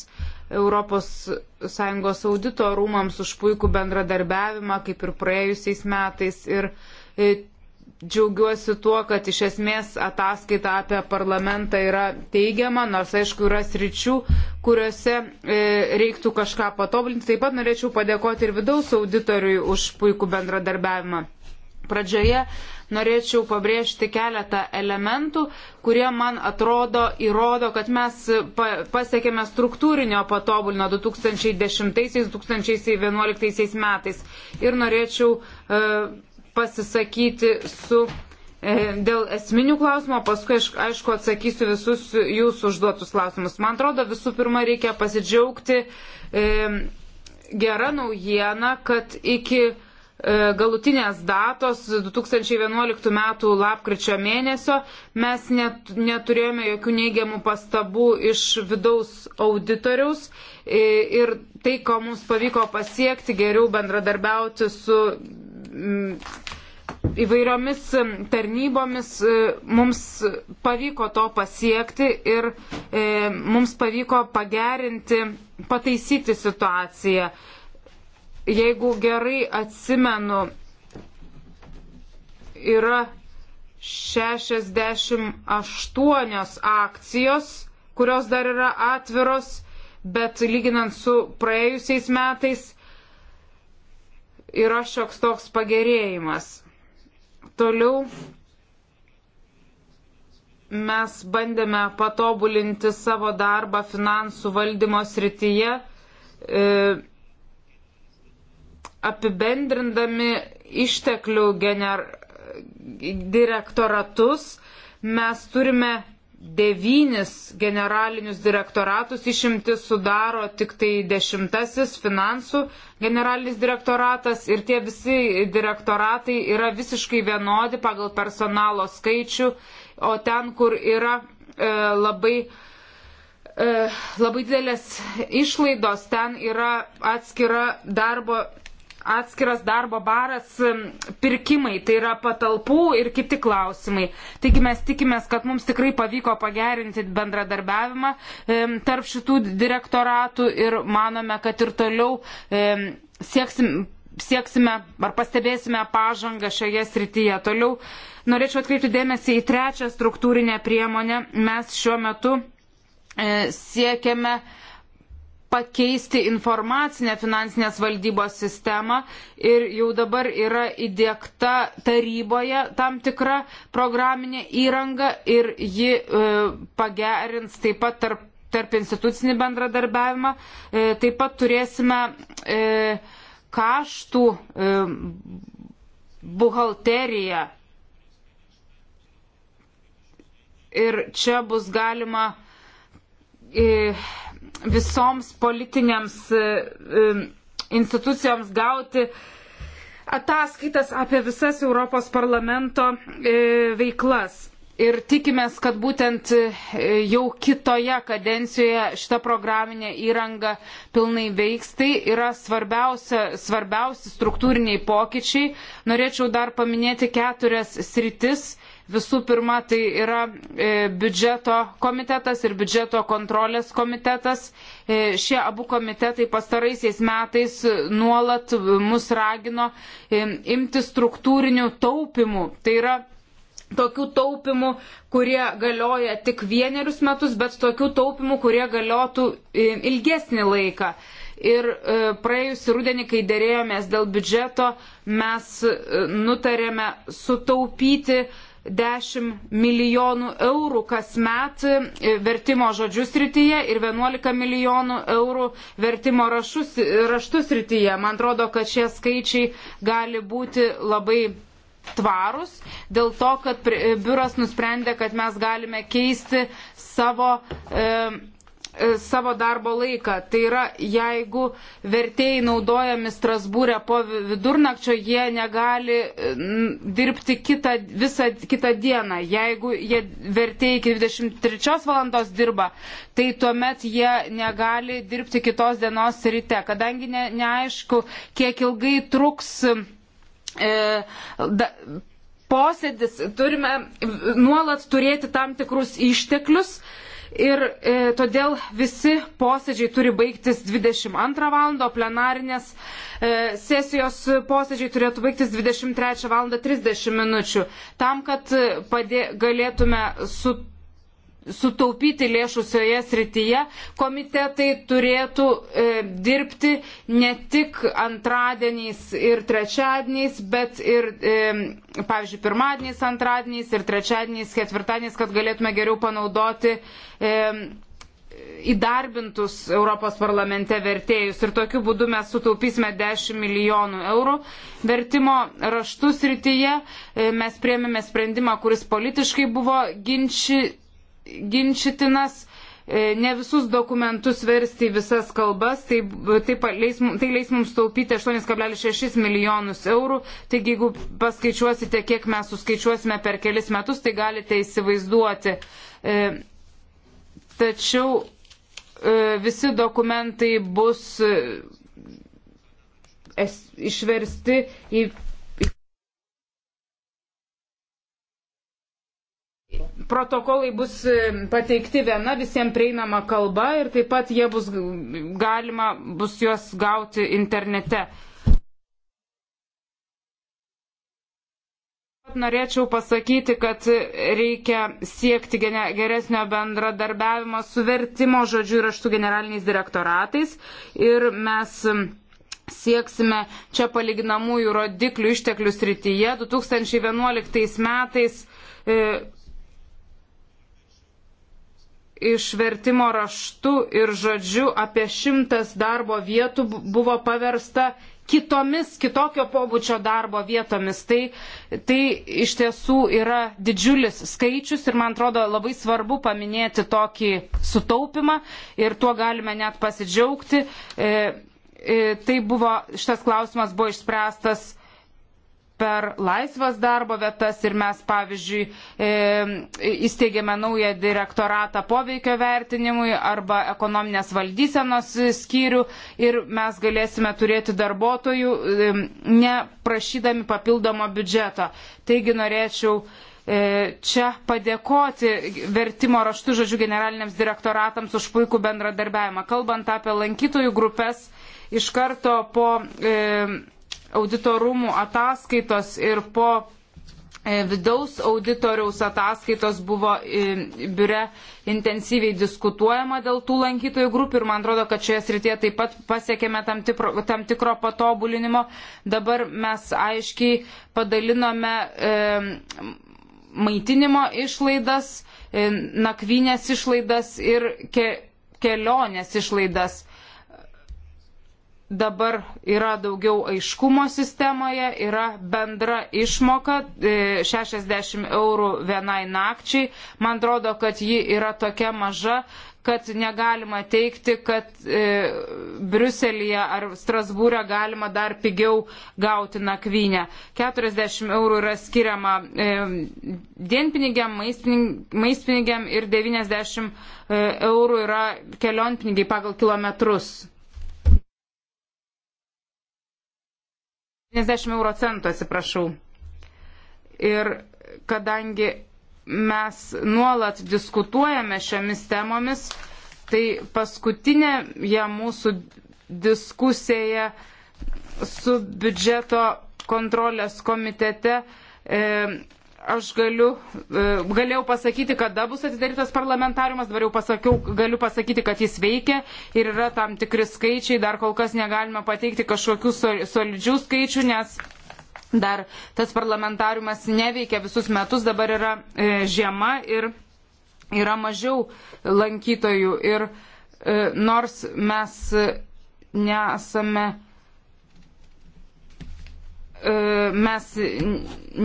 ES audito rūmams už puikų bendradarbiavimą, kaip ir praėjusiais metais. Ir e, džiaugiuosi tuo, kad iš esmės ataskaita apie parlamentą yra teigiama, nors aišku yra sričių, kuriuose e, reiktų kažką patobulinti. Taip pat norėčiau padėkoti ir vidaus auditoriui už puikų bendradarbiavimą. Pradžioje norėčiau pabrėžti keletą elementų, kurie man atrodo įrodo, kad mes pasiekėme struktūrinio patobulino 2010-2011 metais. Ir norėčiau e, pasisakyti su e, dėl esminių klausimų, paskui aš, aišku atsakysiu visus jūsų užduotus klausimus. Man atrodo, visų pirma, reikia pasidžiaugti e, gerą naujieną, kad iki E, galutinės datos 2011 m. lapkričio mėnesio mes net, neturėjome jokių neigiamų pastabų iš vidaus auditoriaus e, ir tai, ko mums pavyko pasiekti, geriau bendradarbiauti su mm, įvairiomis tarnybomis e, mums pavyko to pasiekti ir mums pavyko pagerinti, pataisyti situaciją jeigu gerai atsimenu, yra 68 akcijos, kurios dar yra atviros, bet lyginant su praėjusiais metais yra šioks toks pagerėjimas. Toliau mes bandėme patobulinti savo darbą finansų valdymo srityje. E, apibendrindami išteklių gener... direktoratus, mes turime devynis generalinius direktoratus, išimti sudaro tik tai dešimtasis finansų generalinis direktoratas ir tie visi direktoratai yra visiškai vienodi pagal personalo skaičių, o ten, kur yra e, labai, e, labai didelės išlaidos, ten yra atskira darbo atskiras darbo baras, pirkimai, tai yra patalpų ir kiti klausimai. Taigi mes tikimės, kad mums tikrai pavyko pagerinti bendradarbiavimą tarp šitų direktoratų ir manome, kad ir toliau sieksim, sieksime ar pastebėsime pažangą šioje srityje. Toliau norėčiau atkreipti dėmesį į trečią struktūrinę priemonę. Mes šiuo metu e, siekiame pakeisti informacinę finansinės valdybos sistemą ir jau dabar yra įdėkta taryboje tam tikra programinė įranga ir ji e, pagerins taip pat tarp, tarp institucinį bendradarbiavimą. E, taip pat turėsime e, kaštų e, buhalteriją. Ir čia bus galima e, visoms politinėms e, e, institucijoms gauti ataskaitas apie visas Europos parlamento e, veiklas. Ir tikimės, kad būtent jau kitoje kadencijoje šita programinė įranga pilnai veiks. Tai yra svarbiausi struktūriniai pokyčiai. Norėčiau dar paminėti keturias sritis, Visų pirma, tai yra e, biudžeto komitetas ir biudžeto kontrolės komitetas. E, šie abu komitetai pastaraisiais metais nuolat mus ragino e, imti struktūrinių taupimų. Tai yra tokių taupimų, kurie galioja tik vienerius metus, bet tokių taupimų, kurie galiotų ilgesnį laiką. Ir praėjusį rudenį, kai dėrėjomės dėl biudžeto, mes nutarėme sutaupyti 10 milijonų eurų kasmet e, vertimo žodžių srityje ir 11 milijonų eurų vertimo rašus, raštų srityje. Man atrodo, kad šie skaičiai gali būti labai tvarus dėl to, kad biuras nusprendė, kad mes galime keisti savo e, E, savo darbo laiką. Tai yra, jeigu vertėjai naudojami Strasbūrė po vidurnakčio, jie negali e, dirbti kitą, visą kitą dieną. Jeigu jie vertėjai iki 23 valandos dirba, tai tuomet jie negali dirbti kitos dienos ryte, kadangi ne, neaišku, kiek ilgai truks. E, da, posėdis, turime nuolat turėti tam tikrus išteklius, e, ir e, todėl visi posėdžiai turi baigtis 22 val. o plenarinės e, sesijos posėdžiai turėtų baigtis 23 val. 30 minučių. Tam, kad e, padė, galėtume su sutaupyti lėšų šioje srityje, komitetai turėtų e, dirbti ne tik antradieniais ir trečiadieniais, bet ir, e, pavyzdžiui, pirmadieniais, antradieniais ir trečiadieniais, ketvirtadieniais, kad galėtume geriau panaudoti. E, įdarbintus Europos parlamente vertėjus ir tokiu būdu mes sutaupysime 10 milijonų eurų. Vertimo raštus rytyje e, mes priemėme sprendimą, kuris politiškai buvo ginči, ginčytinas. E, ne visus dokumentus versti į visas kalbas, tai, tai, leis, tai leis mums taupyti 8,6 milijonus eurų. Taigi, jeigu paskaičiuosite, kiek mes suskaičiuosime per kelis metus, tai galite įsivaizduoti. E, tačiau e, visi dokumentai bus. E, išversti į protokolai bus e, pateikti viena visiems prieinama kalba ir taip pat jie bus galima bus juos gauti internete. Norėčiau pasakyti, kad reikia siekti geresnio bendradarbiavimo su vertimo žodžių ir aštų generaliniais direktoratais ir mes sieksime čia palyginamųjų rodiklių išteklių srityje 2011 metais. E, iš vertimo raštu ir žodžiu apie šimtas darbo vietų buvo paversta kitomis, kitokio pobūdžio darbo vietomis. Tai, tai iš tiesų yra didžiulis skaičius ir man atrodo labai svarbu paminėti tokį sutaupimą ir tuo galime net pasidžiaugti. E, e, tai buvo, šitas klausimas buvo išspręstas per laisvas darbo vietas ir mes, pavyzdžiui, e, įsteigėme naują direktoratą poveikio vertinimui arba ekonominės valdysenos skyrių ir mes galėsime turėti darbuotojų, e, neprašydami papildomo biudžeto. Taigi norėčiau e, čia padėkoti vertimo raštų žodžių generaliniams direktoratams už puikų bendradarbiavimą. Kalbant apie lankytojų grupės, iš karto po e, auditorumų ataskaitos ir po e, vidaus auditoriaus ataskaitos buvo e, biure intensyviai diskutuojama dėl tų lankytojų grupių ir man atrodo, kad šioje srityje taip pat pasiekėme tam tikro, tam tikro patobulinimo. Dabar mes aiškiai padalinome e, maitinimo išlaidas, e, nakvynės išlaidas ir ke, kelionės išlaidas dabar yra daugiau aiškumo sistemoje, yra bendra išmoka 60 e, eurų vienai nakčiai. Man atrodo, kad ji yra tokia maža, kad negalima teikti, kad e, Briuselėje ar Strasbūrė galima dar pigiau gauti nakvynę. 40 eurų yra skiriama e, dienpinigiam, maistpinigiam ir 90 e, eurų yra kelionpinigiai pagal kilometrus. 90 euro centų, atsiprašau. Ir kadangi mes nuolat diskutuojame šiomis temomis, tai paskutinėje mūsų diskusijoje su biudžeto kontrolės komitete e, aš galiu, e, galėjau pasakyti, kada bus atidarytas parlamentariumas, dabar jau pasakiau, galiu pasakyti, kad jis veikia ir yra tam tikri skaičiai, dar kol kas negalima pateikti kažkokių solidžių skaičių, nes dar tas parlamentariumas neveikia visus metus, dabar yra e, žiema ir yra mažiau lankytojų ir e, nors mes nesame. E, E, mes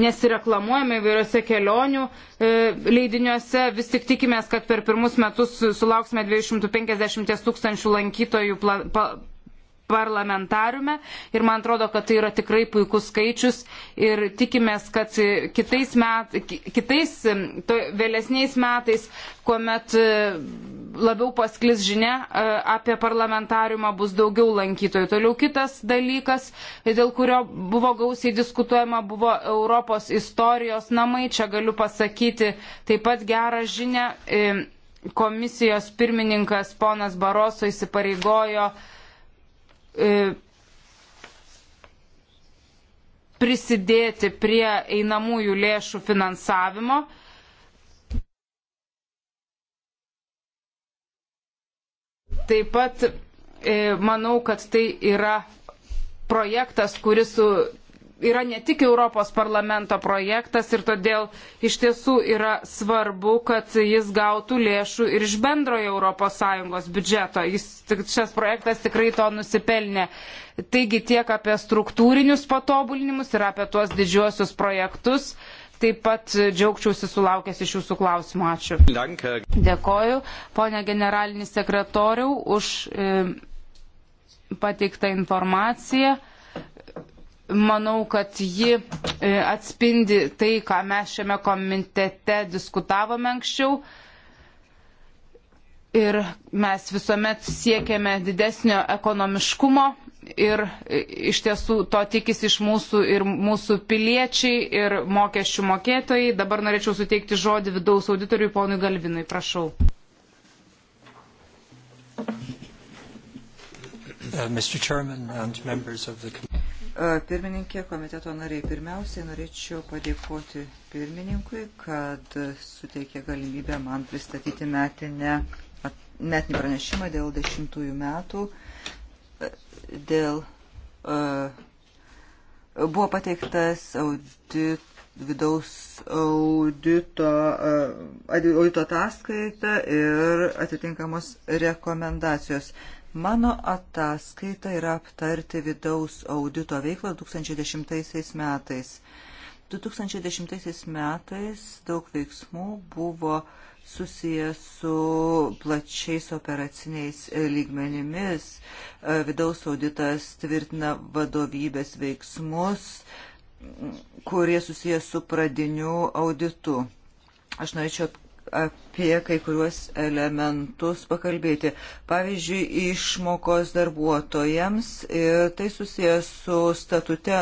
nesireklamuojame įvairiose kelionių e, leidiniuose, vis tik tikimės, kad per pirmus metus sulauksime 250 tūkstančių lankytojų parlamentariume ir man atrodo, kad tai yra tikrai puikus skaičius ir tikimės, kad kitais, met, kitais to, vėlesniais metais, kuomet labiau pasklis žinia e, apie parlamentariumą, bus daugiau lankytojų. Toliau kitas dalykas, dėl kurio buvo gausiai diskutuojama, buvo Europos istorijos namai. Čia galiu pasakyti taip pat gerą žinę. E, komisijos pirmininkas ponas Baroso įsipareigojo e, prisidėti prie einamųjų lėšų finansavimo. Taip pat e, manau, kad tai yra projektas, kuris su, yra ne tik Europos parlamento projektas ir todėl iš tiesų yra svarbu, kad jis gautų lėšų ir iš bendrojo ES biudžeto. Jis, šis projektas tikrai to nusipelnė. Taigi tiek apie struktūrinius patobulinimus ir apie tuos didžiuosius projektus. E, taip pat džiaugčiausi sulaukęs iš jūsų klausimų. Ačiū. Danke. Dėkoju, ponė generalinis sekretoriau, už e, pateiktą informaciją. Manau, kad ji e, atspindi tai, ką mes šiame komitete diskutavome anksčiau. Ir mes visuomet siekiame didesnio ekonomiškumo ir iš tiesų to tikisi iš mūsų ir mūsų piliečiai ir mokesčių mokėtojai. Dabar norėčiau suteikti žodį vidaus auditoriui ponui Galvinui, prašau. Uh, uh, pirmininkė, komiteto nariai, pirmiausiai norėčiau padėkoti pirmininkui, kad suteikė galimybę man pristatyti metinę, metinį pranešimą dėl dešimtųjų metų. Uh, dėl e, buvo pateiktas audit, vidaus audito, e, audito ataskaita ir atitinkamos rekomendacijos. Mano ataskaita yra aptarti vidaus audito veiklą 2010 metais. 2010 metais daug veiksmų buvo susijęs su plačiais operaciniais e, lygmenimis. E, vidaus auditas tvirtina vadovybės veiksmus, kurie susijęs su pradiniu auditu. Aš norėčiau apie kai kuriuos elementus pakalbėti. Pavyzdžiui, išmokos darbuotojams ir tai susijęs su statute,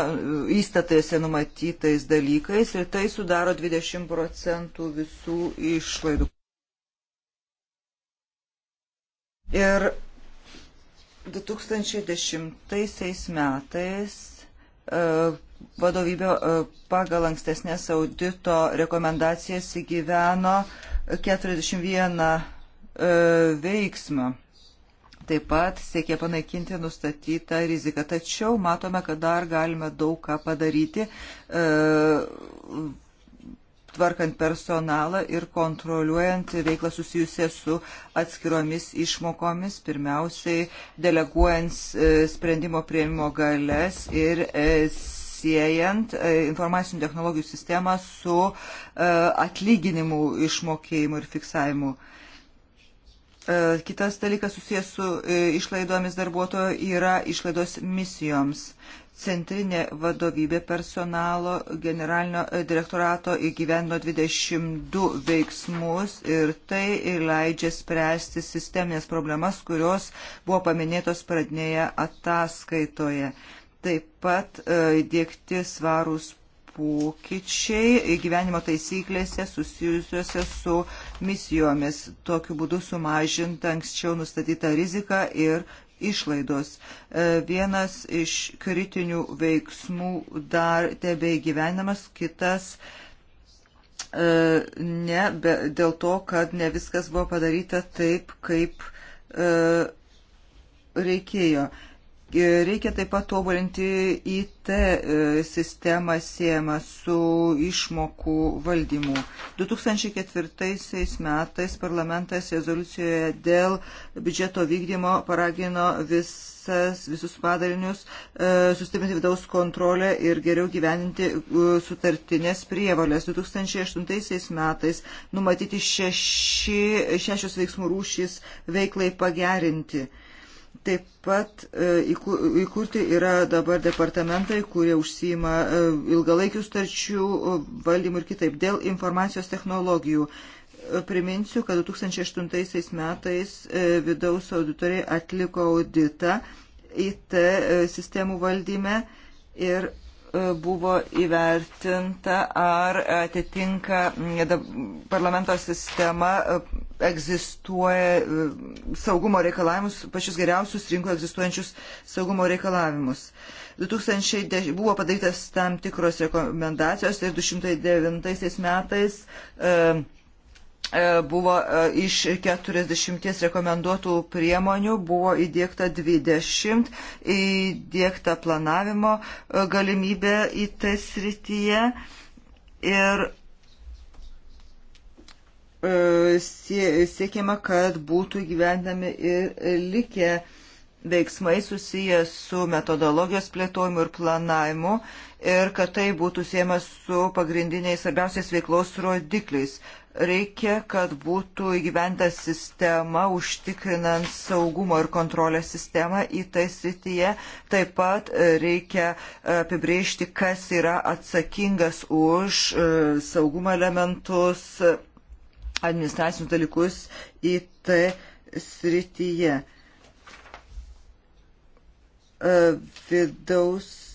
įstatėse numatytais dalykais ir tai sudaro 20 procentų visų išlaidų. Ir 2010 metais e, vadovybė e, pagal ankstesnės audito rekomendacijas įgyveno 41 e, veiksmą. Taip pat siekia panaikinti nustatytą riziką. Tačiau matome, kad dar galime daug ką padaryti tvarkant personalą ir kontroliuojant veiklą susijusią su atskiromis išmokomis, pirmiausiai deleguojant e, sprendimo prieimimo galės ir e, siejant e, informacinių technologijų sistemą su atlyginimų išmokėjimu ir fiksavimu. Kitas dalykas susijęs su išlaidomis darbuotojo yra išlaidos misijoms centrinė vadovybė personalo generalinio direktorato įgyvendino 22 veiksmus ir tai ir leidžia spręsti sisteminės problemas, kurios buvo paminėtos pradinėje ataskaitoje. Taip pat e, įdėkti svarūs pokyčiai gyvenimo taisyklėse susijusiuose su misijomis. Tokiu būdu sumažinta anksčiau nustatyta rizika ir išlaidos. E, vienas iš kritinių veiksmų dar tebe įgyvenamas, kitas e, ne, be, dėl to, kad ne viskas buvo padaryta taip, kaip e, reikėjo. Reikia taip pat tobulinti IT e, sistemą siejamą su išmokų valdymu. 2004 metais parlamentas rezoliucijoje dėl biudžeto vykdymo paragino visas, visus padarinius e, sustiprinti vidaus kontrolę ir geriau gyveninti e, sutartinės prievalės. 2008 metais numatyti šeši, šešios veiksmų rūšys veiklai pagerinti Taip pat e, įkurti yra dabar departamentai, kurie užsima e, ilgalaikių starčių e, valdymų ir kitaip dėl informacijos technologijų. Priminsiu, kad 2008 metais vidaus auditoriai atliko auditą IT sistemų valdyme ir buvo įvertinta, ar atitinka parlamento sistema egzistuoja e, saugumo reikalavimus, pačius geriausius rinkoje egzistuojančius saugumo reikalavimus. 2010 buvo padarytas tam tikros rekomendacijos ir 209 metais e, e, buvo e, iš 40 rekomenduotų priemonių buvo įdėkta 20, įdėkta planavimo e, galimybė į tai srityje ir E, siekiama, kad būtų gyvendami ir likę veiksmai susiję su metodologijos plėtojimu ir planavimu ir kad tai būtų siejama su pagrindiniais svarbiausiais veiklos rodikliais. Reikia, kad būtų įgyventa sistema, užtikrinant saugumo ir kontrolės sistemą į tai srityje. Taip pat e, reikia e, apibriežti, kas yra atsakingas už saugumą elementus, administracinius dalykus IT srityje. E, vidaus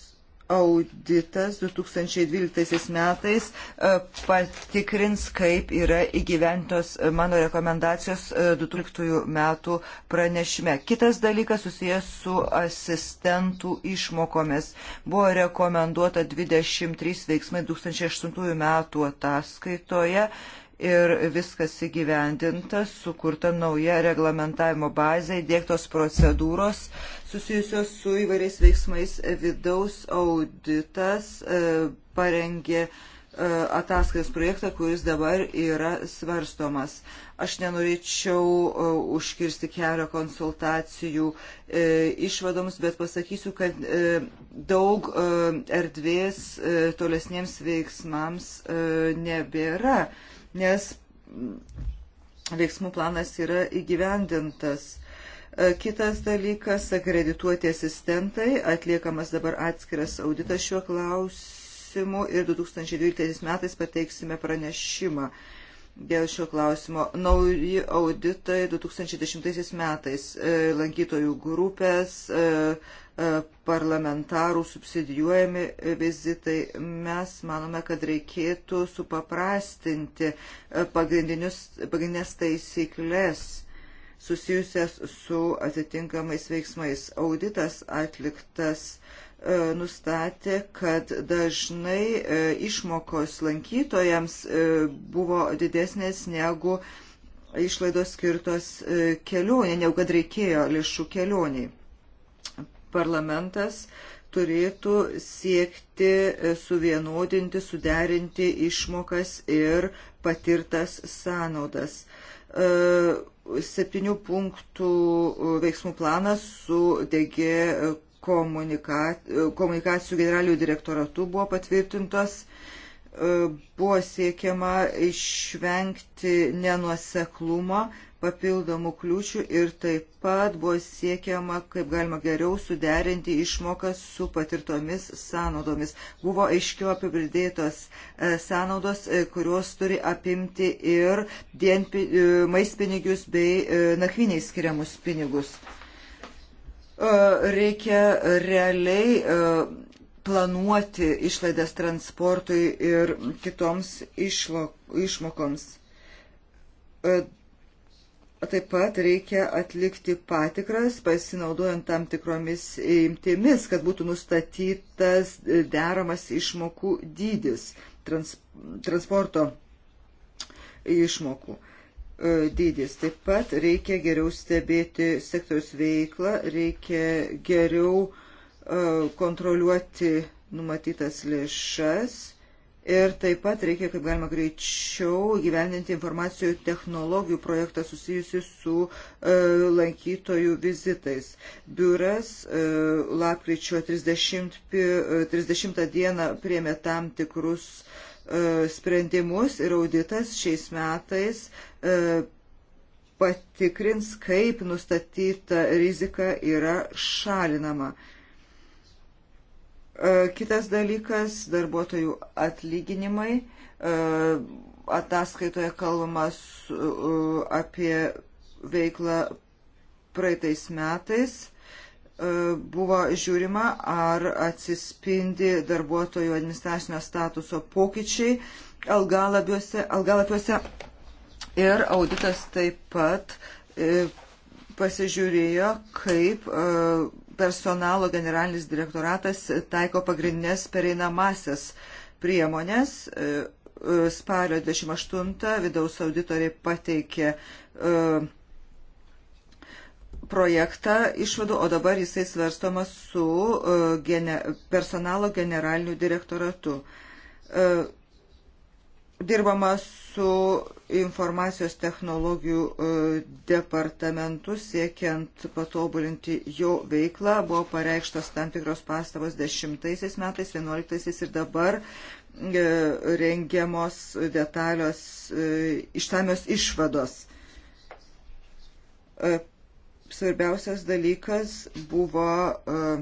auditas 2012 metais e, patikrins, kaip yra įgyventos mano rekomendacijos 2012 e, metų pranešime. Kitas dalykas susijęs su asistentų išmokomis. Buvo rekomenduota 23 veiksmai 2008 metų ataskaitoje ir viskas įgyvendinta, sukurta nauja reglamentavimo bazė, dėktos procedūros susijusios su įvairiais veiksmais. Vidaus auditas e, parengė e, ataskaitos projektą, kuris dabar yra svarstomas. Aš nenorėčiau e, užkirsti kelio konsultacijų išvadoms, bet pasakysiu, kad daug erdvės tolesniems veiksmams nebėra nes veiksmų planas yra įgyvendintas. E, kitas dalykas - akredituoti asistentai. Atliekamas dabar atskiras auditas šiuo klausimu ir 2012 metais pateiksime pranešimą dėl šio klausimo. Nauji auditai 2010 metais. E, lankytojų grupės, e, E, parlamentarų subsidijuojami vizitai. Mes manome, kad reikėtų supaprastinti e, pagrindinės taisyklės susijusias su atitinkamais veiksmais. Auditas atliktas e, nustatė, kad dažnai išmokos lankytojams buvo didesnės negu išlaidos skirtos kelionė, negu kad reikėjo lėšų kelioniai parlamentas turėtų siekti suvienodinti, suderinti išmokas ir patirtas sąnaudas. E, Septinių punktų veiksmų planas su DG komunika, komunikacijų generalinių direktoratu buvo patvirtintos. E, buvo siekiama išvengti nenuoseklumo papildomų kliūčių ir taip pat buvo siekiama, kaip galima geriau suderinti išmokas su patirtomis sąnaudomis. Buvo aiškiau apibridėtos e, sąnaudos, e, kurios turi apimti ir dienpi, e, maispinigius bei nakviniai skiriamus pinigus. Reikia realiai planuoti išlaidas transportui ir kitoms išlo, išmokoms Taip pat reikia atlikti patikras, pasinaudojant tam tikromis imtimis, kad būtų nustatytas deramas išmokų dydis, trans, transporto išmokų e, dydis. Taip pat reikia geriau stebėti sektoriaus veiklą, reikia geriau e, kontroliuoti numatytas lėšas Ir taip pat reikia, kaip galima greičiau, gyveninti informacijų technologijų projektą susijusi su e, lankytojų vizitais. Biuras e, lapkričio 30, 30 e, dieną priemė tam tikrus e, sprendimus ir auditas šiais metais e, patikrins, kaip nustatyta rizika yra šalinama. E, E, kitas dalykas - darbuotojų atlyginimai. E, ataskaitoje kalbamas e, apie veiklą praeitais metais. Buvo žiūrima, ar atsispindi darbuotojų administracinio statuso pokyčiai algalapiuose, algalapiuose. Ir auditas taip pat pasižiūrėjo, kaip personalo generalinis direktoratas taiko pagrindinės pereinamasias priemonės. E, e, Spalio 28 vidaus auditoriai pateikė e, projektą išvadų, o dabar jisai svarstomas su personalo generaliniu direktoratu dirbama su informacijos technologijų e, departamentu siekiant patobulinti jo veiklą. Buvo pareikštos tam tikros pastabos 10 metais, 11 ir dabar e, rengiamos detalios e, ištamios išvados. Svarbiausias dalykas buvo uh,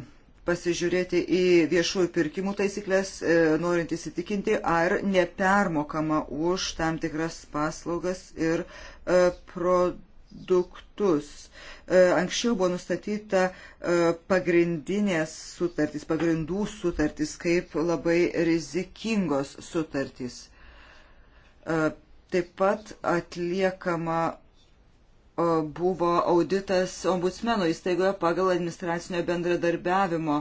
pasižiūrėti į viešųjų pirkimų taisyklės, e, norint įsitikinti, ar nepermokama už tam tikras paslaugas ir e, produktus. E, anksčiau buvo nustatyta pagrindinės sutartys, pagrindų sutartys kaip labai rizikingos sutartys. Taip pat atliekama buvo auditas ombudsmeno įstaigoje pagal administracinio bendradarbiavimo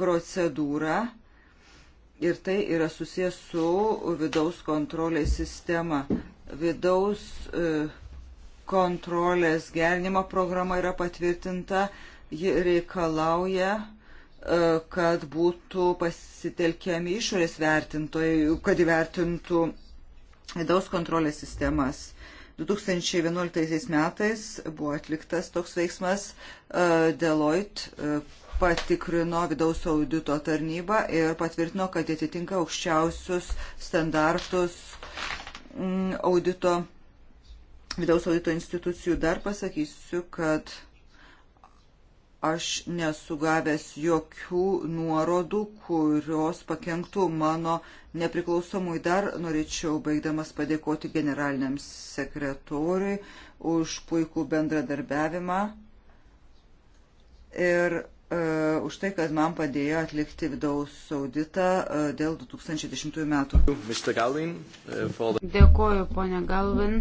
procedūrą ir tai yra susijęs su vidaus kontrolės sistema. Vidaus e, kontrolės gerinimo programa yra patvirtinta, ji reikalauja e, kad būtų pasitelkiami išorės vertintojai, kad įvertintų vidaus kontrolės sistemas. 2011 metais buvo atliktas toks veiksmas. E, Deloitte e, patikrino vidaus audito tarnybą ir patvirtino, kad atitinka aukščiausius standartus mm, audito, vidaus audito institucijų. Dar pasakysiu, kad aš nesu gavęs jokių nuorodų, kurios pakenktų mano nepriklausomui dar norėčiau baigdamas padėkoti generaliniam sekretoriui už puikų bendradarbiavimą ir uh, už tai, kad man padėjo atlikti vidaus auditą uh, dėl 2010 metų. E, Dėkoju, ponia Galvin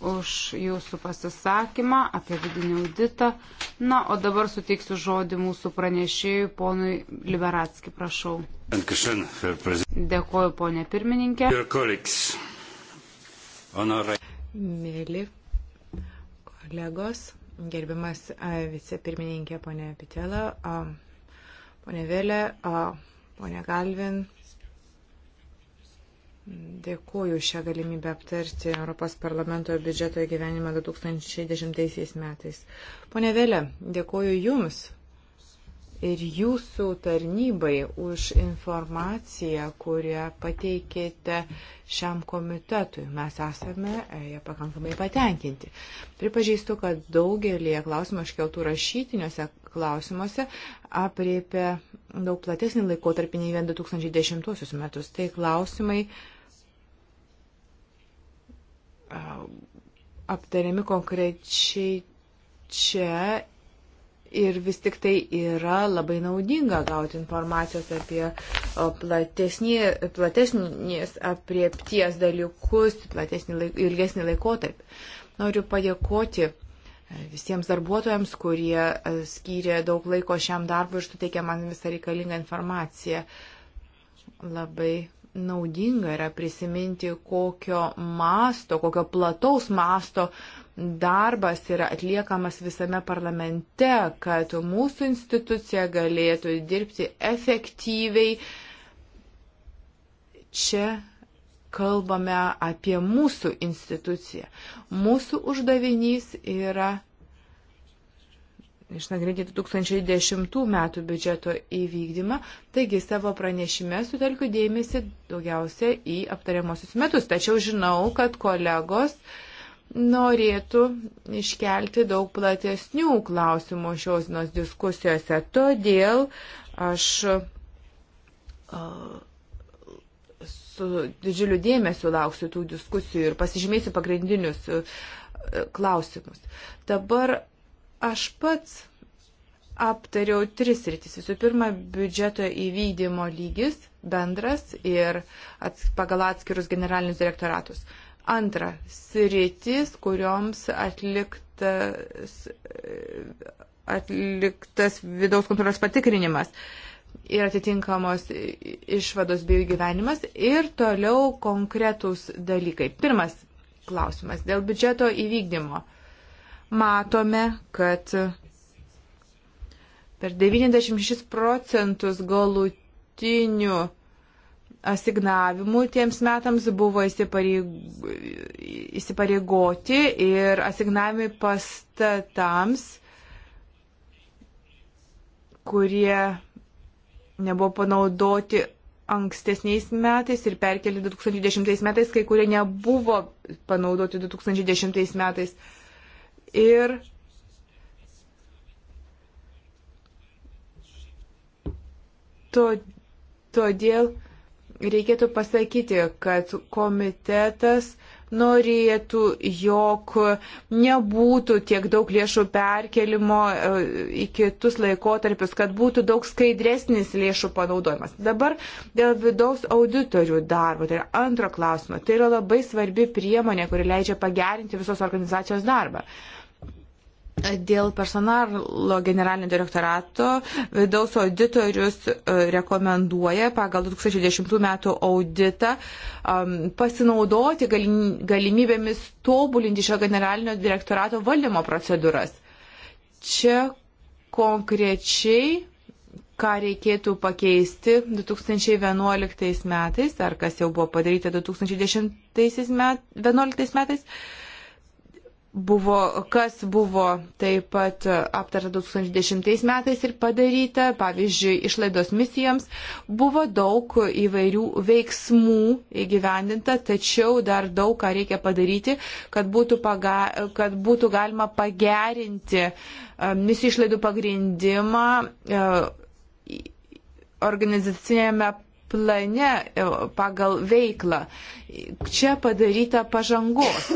už jūsų pasisakymą apie vidinį auditą. Na, o dabar suteiksiu žodį mūsų pranešėjui, ponui Liberatski, prašau. Dėkoju, ponė pirmininkė. Mėly kolegos, gerbiamas vicepirmininkė ponė Pitela, ponė Vėlė, ponė Galvin, Dėkuoju šią galimybę aptarti Europos parlamento biudžeto įgyvenimą 2010 metais. Pone Vėlė, dėkuoju Jums ir jūsų tarnybai už informaciją, kurią pateikėte šiam komitetui. Mes esame e, ją pakankamai patenkinti. Pripažįstu, kad daugelį klausimų iškeltų rašytiniuose klausimuose apriepia daug platesnį laikotarpį nei vien 2010 metus. Tai klausimai e, aptariami konkrečiai čia Ir vis tik tai yra labai naudinga gauti informacijos apie platesnį, platesnės apriepties dalykus, platesnį, laik, ilgesnį laikotarpį. Noriu padėkoti e, visiems darbuotojams, kurie e, skyrė daug laiko šiam darbui ir suteikė man visą reikalingą informaciją. Labai naudinga yra prisiminti, kokio masto, kokio plataus masto uh, darbas yra atliekamas visame parlamente, kad mūsų institucija galėtų dirbti efektyviai. Čia kalbame apie mūsų instituciją. Mūsų uždavinys yra išnagrinėti 2010 metų biudžeto įvykdymą, taigi savo pranešime sutelkiu dėmesį daugiausia į aptariamosius metus. Tačiau žinau, kad kolegos uh, norėtų iškelti daug platesnių klausimų šios dienos diskusijose. Todėl aš su didžiuliu dėmesiu lauksiu tų diskusijų ir pasižymėsiu pagrindinius klausimus. Dabar aš pats aptariau tris rytis. Visų pirma, biudžeto įvykdymo lygis bendras ir ats, pagal atskirus generalinius direktoratus. Antra, sritis, kurioms atliktas, atliktas vidaus kontrolės patikrinimas ir atitinkamos išvados bei gyvenimas. Ir toliau konkretūs dalykai. Pirmas klausimas dėl biudžeto įvykdymo. Matome, kad per 96 procentus galutinių asignavimų tiems metams buvo įsipareigoti ir asignavimai pastatams, kurie nebuvo panaudoti ankstesniais metais ir perkeli 2010 metais, kai kurie nebuvo panaudoti 2010 metais. Ir to, todėl reikėtų pasakyti, kad komitetas norėtų, jog nebūtų tiek daug lėšų perkelimo e, į kitus laikotarpius, kad būtų daug skaidresnis lėšų panaudojimas. Dabar dėl vidaus auditorių darbo, tai yra antro klausimo, tai yra labai svarbi priemonė, kuri leidžia pagerinti visos organizacijos darbą. Dėl personalo generalinio direktorato vidaus auditorius e, rekomenduoja pagal 2010 metų auditą pasinaudoti galimybėmis tobulinti šio generalinio direktorato valdymo procedūras. Čia konkrečiai, ką reikėtų pakeisti 2011 metais, ar kas jau buvo padaryta 2010 metais, metais buvo, kas buvo taip pat aptarta 2010 metais ir padaryta, pavyzdžiui, išlaidos misijoms, buvo daug įvairių veiksmų įgyvendinta, tačiau dar daug ką reikia padaryti, kad būtų, paga, kad būtų galima pagerinti e, misijų išlaidų pagrindimą e, organizacinėme plane e, pagal veiklą. Čia padaryta pažangos.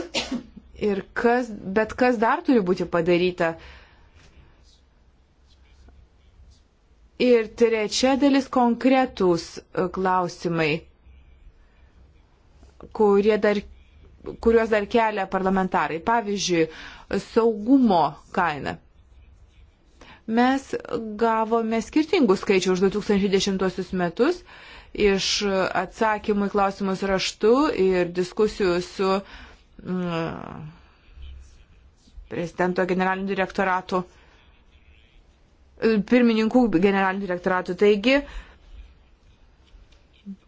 Ir kas, bet kas dar turi būti padaryta? Ir trečia dalis konkretūs e, klausimai, dar, kuriuos dar kelia parlamentarai. Pavyzdžiui, saugumo kaina. Mes gavome skirtingų skaičių už 2010 metus iš atsakymų į klausimus raštu ir diskusijų su uh, prezidento generalinių direktoratų, pirmininkų generalinių direktoratų. Taigi,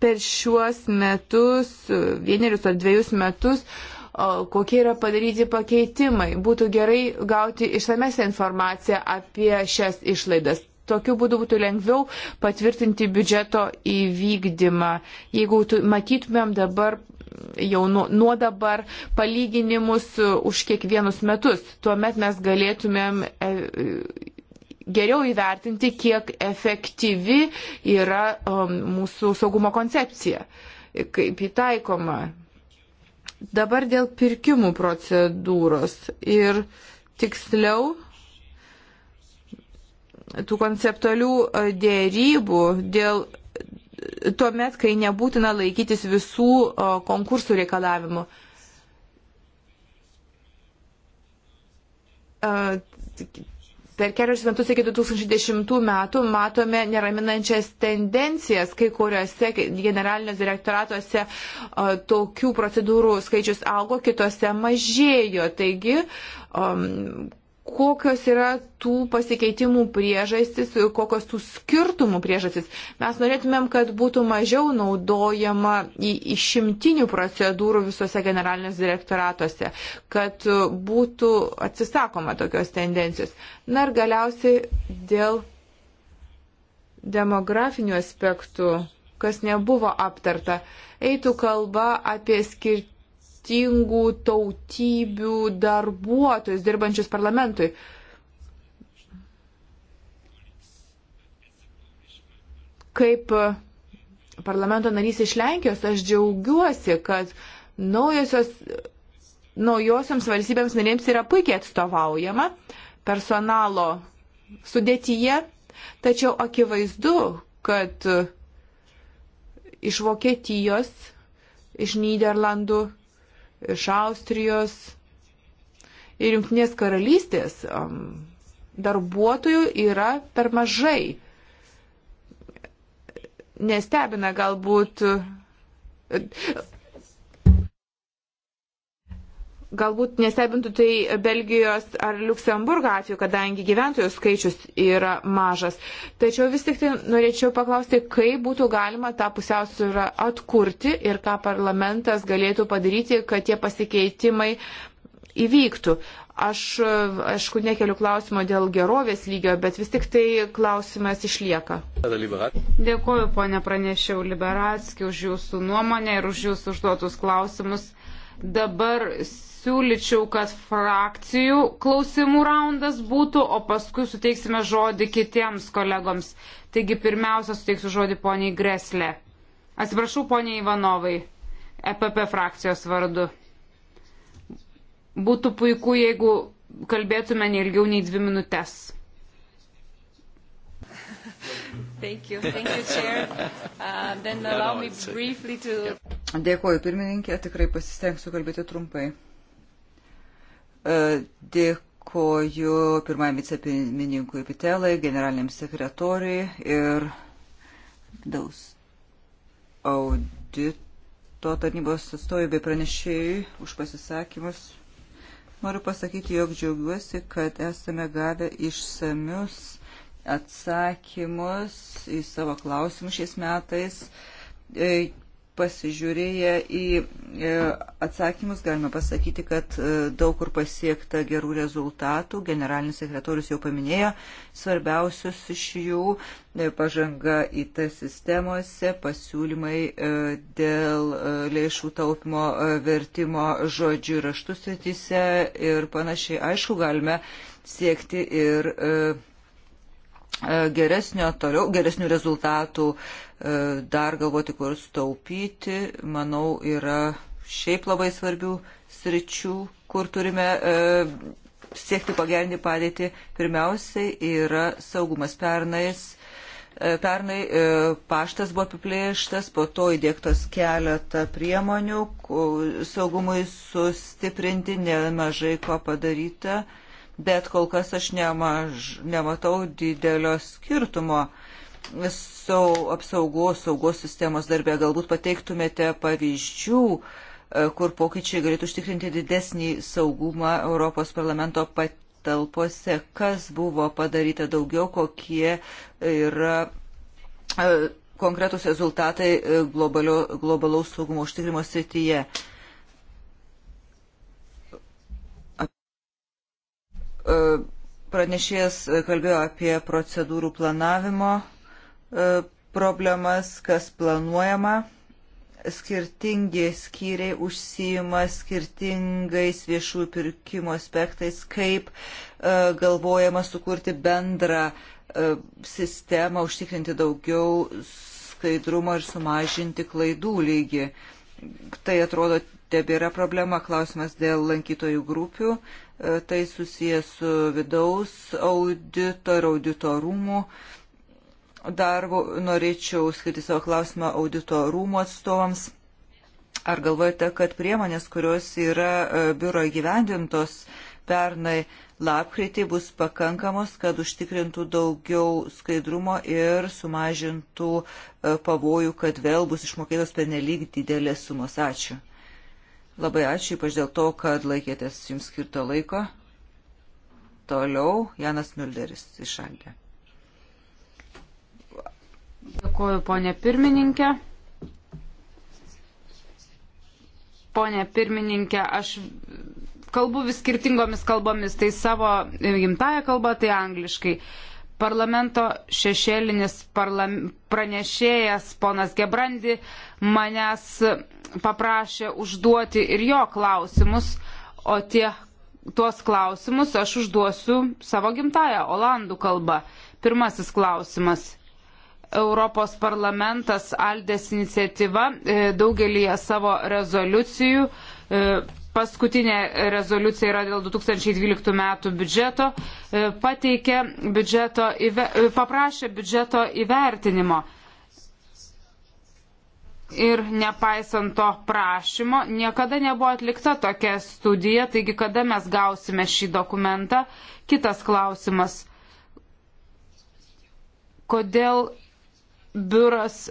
per šiuos metus, vienerius ar dviejus metus, kokie yra padaryti pakeitimai. Būtų gerai gauti išsamesę informaciją apie šias išlaidas. Tokiu būdu būtų lengviau patvirtinti biudžeto įvykdymą. Jeigu matytumėm dabar jau nuo, nuo dabar palyginimus e, už kiekvienus metus. Tuomet mes galėtumėm e, geriau įvertinti, kiek efektyvi yra um, mūsų saugumo koncepcija, kaip įtaikoma. Dabar dėl pirkimų procedūros ir tiksliau tų konceptualių e, dėrybų dėl tuomet, kai nebūtina laikytis visų konkursų reikalavimų. Per kelius metus iki 2010 metų matome neraminančias tendencijas, kai kuriuose generalinės direktoratuose tokių procedūrų skaičius augo, kitose mažėjo. Taigi, kokios yra tų pasikeitimų priežastys, kokios tų skirtumų priežastys. Mes norėtumėm, kad būtų mažiau naudojama išimtinių procedūrų visose generalinės direktoratuose, kad būtų atsisakoma tokios tendencijos. Na ir galiausiai dėl demografinių aspektų, kas nebuvo aptarta, eitų kalba apie skirtingų skirtingų tautybių darbuotojus dirbančius parlamentui. Kaip parlamento narys iš Lenkijos, aš džiaugiuosi, kad naujosios, naujosioms valstybėms narėms yra puikiai atstovaujama personalo sudėtyje, tačiau akivaizdu, kad iš Vokietijos, iš Niderlandų, iš Austrijos ir Junktinės karalystės darbuotojų yra per mažai. Nestebina galbūt Galbūt nestebintų tai Belgijos ar Luksemburgo atveju, kadangi gyventojų skaičius yra mažas. Tačiau vis tik tai norėčiau paklausti, kaip būtų galima tą pusiausvyrą atkurti ir ką parlamentas galėtų padaryti, kad tie pasikeitimai įvyktų. Aš, aišku, nekeliu klausimo dėl gerovės lygio, bet vis tik tai klausimas išlieka. Dėkuoju, ponė pranešiau Liberatski, už jūsų nuomonę ir už jūsų užduotus klausimus. Dabar siūlyčiau, kad frakcijų klausimų raundas būtų, o paskui suteiksime žodį kitiems kolegoms. Taigi pirmiausia suteiksiu žodį poniai Greslė. Atsiprašau, poniai Ivanovai, EPP frakcijos vardu. Būtų puiku, jeigu kalbėtume neilgiau nei dvi minutės. Thank you. Thank you, Chair. Uh, then allow me briefly to... Dėkuoju, pirmininkė, tikrai pasistengsiu kalbėti trumpai. Uh, Dėkuoju pirmajam vicepirmininkui Pitelai, generaliniam sekretoriui ir daus audito tarnybos atstovui bei pranešėjui už pasisakymus. Noriu pasakyti, jog džiaugiuosi, kad esame gavę išsamius atsakymus į savo klausimus šiais metais. E, pasižiūrėję į e, atsakymus galime pasakyti, kad e, daug kur pasiekta gerų rezultatų. Generalinis sekretorius jau paminėjo svarbiausius iš jų - pažanga IT sistemose, pasiūlymai dėl lėšų taupimo vertimo žodžių raštų srityse ir panašiai. Aišku, galime siekti ir E, geresnio, toliau geresnių rezultatų, e, dar galvoti, kur staupyti, manau, yra šiaip labai svarbių sričių, kur turime e, siekti pagerinti padėtį. Pirmiausiai yra saugumas pernais. Pernai paštas buvo apiplėštas, po to įdėktos keletą priemonių saugumui sustiprinti, nemažai ko padaryta bet kol kas aš nemaž, nematau didelio skirtumo sau, apsaugos, saugos sistemos darbė. Galbūt pateiktumėte pavyzdžių, e, kur pokyčiai galėtų užtikrinti didesnį saugumą Europos parlamento patalpose, kas buvo padaryta daugiau, kokie yra e, konkretus rezultatai e, globalio, globalaus saugumo užtikrimo srityje. E, pranešėjas kalbėjo apie procedūrų planavimo e, problemas, kas planuojama. Skirtingi skyriai užsijima skirtingais viešųjų pirkimo aspektais, kaip e, galvojama sukurti bendrą sistemą, užtikrinti daugiau skaidrumo ir sumažinti klaidų lygį. Tai atrodo tebėra problema. Klausimas dėl lankytojų grupių. E, tai susijęs su vidaus audito ir audito rūmų darbu. Norėčiau skaityti savo klausimą audito rūmų atstovams. Ar galvojate, kad priemonės, kurios yra e, biuro įgyvendintos pernai lapkritį, bus pakankamos, kad užtikrintų daugiau skaidrumo ir sumažintų e, pavojų, kad vėl bus išmokėtos pernelyg didelės sumos? Ačiū. Labai ačiū, ypač dėl to, kad laikėtės jums skirto laiko. Toliau Janas Mülderis išaldė. Dėkuoju, ponė pirmininkė. Pone pirmininkė, aš kalbu vis skirtingomis kalbomis, tai savo gimtają kalbą, tai angliškai. Uh, Parlamento šešėlinis parlam, pranešėjas ponas Gebrandi manęs paprašė užduoti ir jo klausimus, o tie, tuos klausimus aš užduosiu savo gimtają olandų kalbą. Pirmasis klausimas. Europos parlamentas Aldės iniciatyva e, daugelį savo rezoliucijų e, paskutinė rezoliucija yra dėl 2012 metų biudžeto, e, pateikė biudžeto, e, paprašė biudžeto įvertinimo. Ir nepaisant to prašymo, niekada nebuvo atlikta tokia studija, taigi kada mes gausime šį dokumentą. Kitas klausimas. Kodėl biuras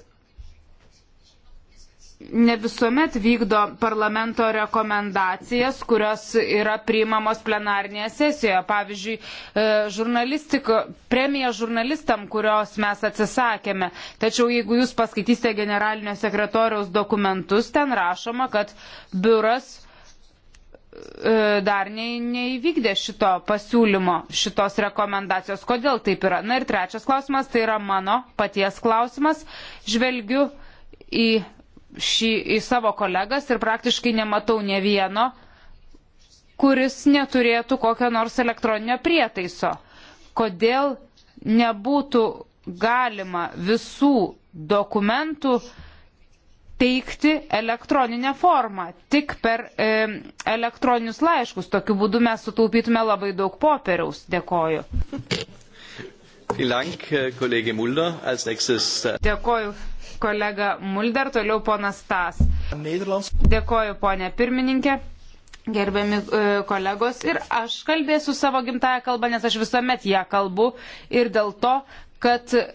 ne visuomet vykdo parlamento rekomendacijas, kurios yra priimamos plenarnėje sesijoje. Pavyzdžiui, e, premija žurnalistam, kurios mes atsisakėme. Tačiau jeigu jūs paskaitysite generalinio sekretoriaus dokumentus, ten rašoma, kad biuras e, dar ne, neįvykdė šito pasiūlymo, šitos rekomendacijos. Kodėl taip yra? Na ir trečias klausimas, tai yra mano paties klausimas. Žvelgiu į šį, į savo kolegas ir praktiškai nematau ne vieno, kuris neturėtų kokio nors elektroninio prietaiso. Kodėl nebūtų galima visų dokumentų teikti elektroninę formą, tik per e, elektroninius laiškus. Tokiu būdu mes sutaupytume labai daug popieriaus. Dėkoju. Äh, Dėkoju kolega Mulder, toliau ponas Tas. Dėkoju, ponė pirmininkė. Gerbiami e, kolegos ir aš kalbėsiu savo gimtają kalbą, nes aš visuomet ją kalbu ir dėl to, kad e,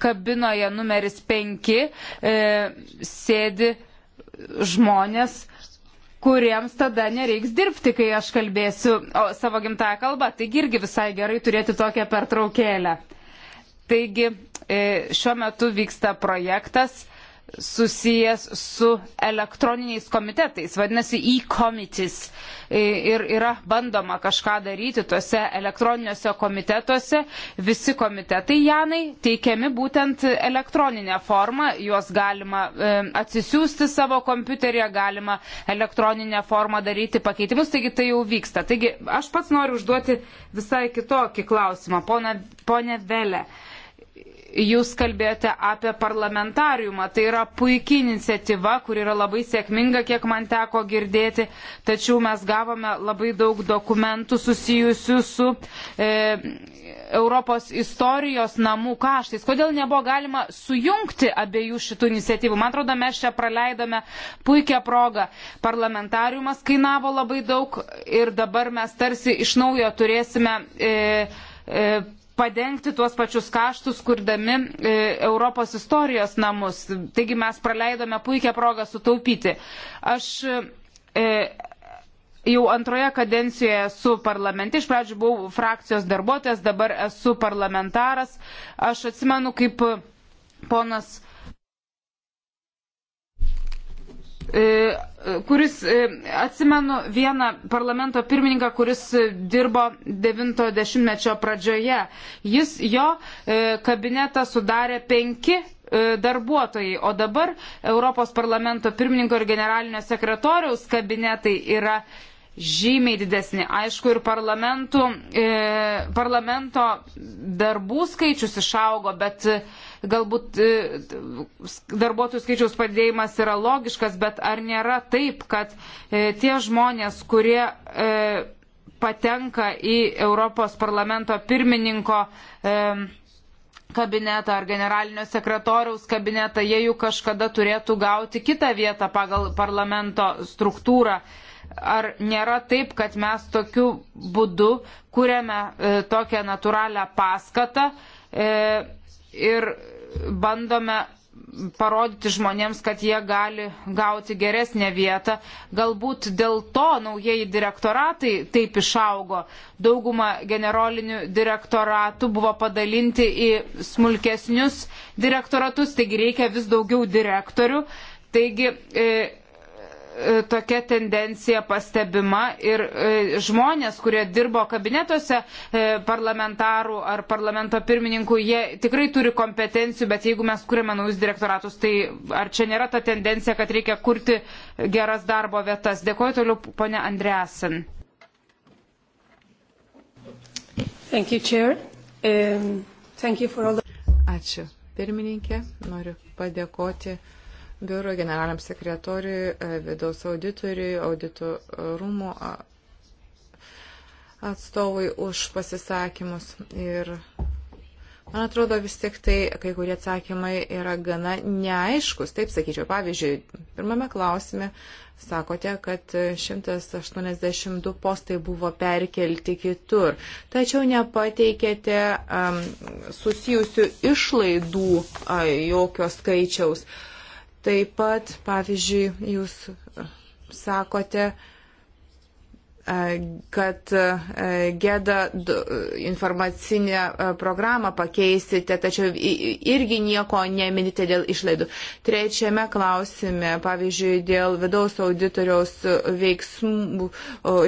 kabinoje numeris 5 e, sėdi žmonės, kuriems tada nereiks dirbti, kai aš kalbėsiu o, savo gimtąją kalbą. Taigi irgi visai gerai turėti tokią pertraukėlę. Taigi e, šiuo metu vyksta projektas susijęs su elektroniniais komitetais, vadinasi e-komitis. E, ir yra bandoma kažką daryti tuose elektroniniuose komitetuose. Visi komitetai, Janai, teikiami būtent elektroninė forma. Juos galima e, atsisiųsti savo kompiuteryje, galima elektroninę formą daryti pakeitimus, taigi tai jau vyksta. Taigi aš pats noriu užduoti visai kitokį klausimą, ponė Vele. Pone jūs kalbėjote apie parlamentariumą. Tai yra puikiai iniciatyva, kur yra labai sėkminga, kiek man teko girdėti, tačiau mes gavome labai daug dokumentų susijusių su e, Europos istorijos namų kaštais. Kodėl nebuvo galima sujungti abiejų šitų iniciatyvų? Man atrodo, mes čia praleidome puikią progą. Parlamentariumas kainavo labai daug ir dabar mes tarsi iš naujo turėsime. E, e, padengti tuos pačius kaštus, kurdami e, Europos istorijos namus. Taigi mes praleidome puikią progą sutaupyti. Aš e, jau antroje kadencijoje esu parlamente, iš pradžių buvau frakcijos darbuotojas, dabar esu parlamentaras. Aš atsimenu, kaip ponas E, kuris, e, atsimenu, vieną parlamento pirmininką, kuris dirbo 90-mečio pradžioje. Jis, jo e, kabinetą sudarė penki darbuotojai, o dabar Europos parlamento pirmininko ir generalinio sekretoriaus kabinetai yra žymiai didesni. Aišku, ir e, parlamento darbų skaičius išaugo, bet galbūt e, darbuotojų skaičiaus padėjimas yra logiškas, bet ar nėra taip, kad e, tie žmonės, kurie e, patenka į Europos parlamento pirmininko kabinetą ar generalinio sekretoriaus kabinetą, jie jų kažkada turėtų gauti kitą vietą pagal parlamento struktūrą. Ar nėra taip, kad mes tokiu būdu kuriame e, tokią natūralią paskatą e, ir bandome parodyti žmonėms, kad jie gali gauti geresnę vietą. Galbūt dėl to naujieji direktoratai taip išaugo. Dauguma generolinių direktoratų buvo padalinti į smulkesnius direktoratus, taigi reikia vis daugiau direktorių. Taigi, e, E, tokia tendencija pastebima ir e, žmonės, kurie dirbo kabinetuose e, parlamentarų ar parlamento pirmininkų, jie tikrai turi kompetencijų, bet jeigu mes kūrėme naujus direktoratus, tai ar čia nėra ta tendencija, kad reikia kurti geras darbo vietas? Dėkuoju toliau, ponė Andreasen. Thank you, Chair. Um, thank you for all the... Ačiū. Pirmininkė, noriu padėkoti uh, biurui, generaliniam sekretoriui, e, vidaus auditoriui, audito rūmų atstovui už pasisakymus. Ir man atrodo vis tik tai kai kurie atsakymai yra gana neaiškus. Taip sakyčiau, pavyzdžiui, pirmame klausime sakote, kad 182 postai buvo perkelti kitur, tačiau nepateikėte um, susijusių išlaidų uh, jokio skaičiaus. Uh, Taip pat, pavyzdžiui, jūs sakote, E, kad e, gėda e, informacinę programą pakeisite, tačiau irgi nieko neminite dėl išlaidų. Trečiame klausime, pavyzdžiui, dėl vidaus auditoriaus veiksmų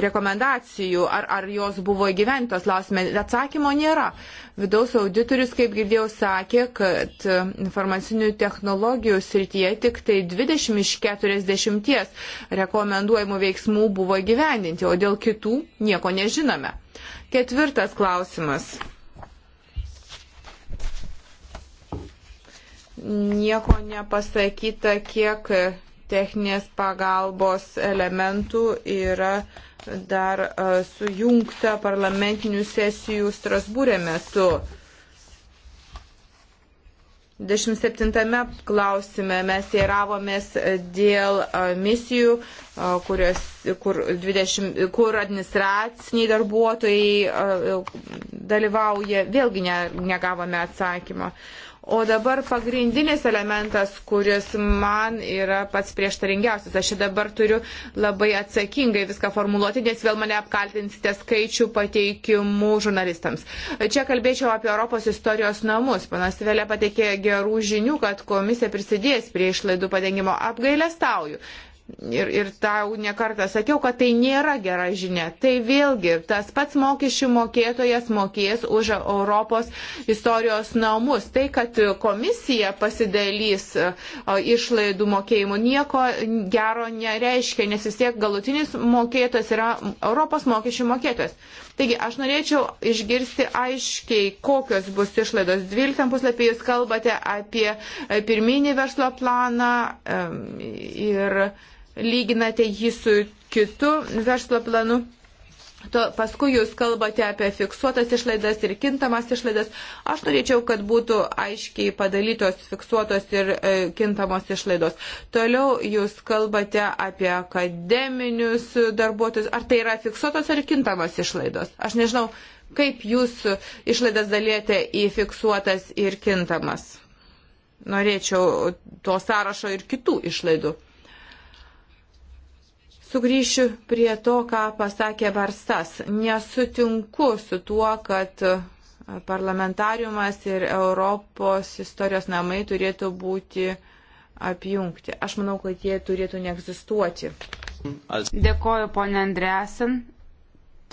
rekomendacijų, ar, ar jos buvo gyventos, klausime, atsakymo nėra. Vidaus auditorius, kaip girdėjau, sakė, kad informacinių technologijų srityje tik tai 20 iš 40 rekomenduojamų veiksmų buvo gyveninti, o dėl dėl kitų nieko nežinome. Ketvirtas klausimas. Nieko nepasakyta, kiek techninės pagalbos elementų yra dar e, sujungta parlamentinių sesijų Strasbūrė metu. 27 klausime mes teiravomės dėl e, misijų, e, kurios, kur, 20, kur administraciniai darbuotojai e, dalyvauja. Vėlgi ne, negavome atsakymą. O dabar pagrindinis elementas, kuris man yra pats prieštaringiausias. Aš dabar turiu labai atsakingai viską formuluoti, nes vėl mane apkaltinsite skaičių pateikimų žurnalistams. Čia kalbėčiau apie Europos istorijos namus. Panas Vėlė pateikė gerų žinių, kad komisija prisidės prie išlaidų padengimo apgailę stauju ir, ir tau nekartą sakiau, kad tai nėra gera žinia. Tai vėlgi tas pats mokesčių mokėtojas mokės už Europos istorijos namus. Tai, kad komisija pasidalys išlaidų mokėjimų, nieko gero nereiškia, nes vis tiek galutinis mokėtojas yra Europos mokesčių mokėtojas. Taigi, aš norėčiau išgirsti aiškiai, kokios bus išlaidos. 12 puslapį jūs kalbate apie pirminį verslo planą ir lyginate jį su kitu verslo planu. To, paskui jūs kalbate apie fiksuotas išlaidas ir kintamas išlaidas. Aš norėčiau, kad būtų aiškiai padalytos fiksuotos ir e, kintamos išlaidos. Toliau jūs kalbate apie akademinius darbuotojus. Ar tai yra fiksuotos ar kintamos išlaidos? Aš nežinau, kaip jūs išlaidas dalėte į fiksuotas ir kintamas. Norėčiau to sąrašo ir kitų išlaidų. Sugryšiu prie to, ką pasakė Barstas. Nesutinku su tuo, kad parlamentariumas ir Europos istorijos namai turėtų būti apjungti. Aš manau, kad jie turėtų neegzistuoti. Dėkoju, ponė Andreasen.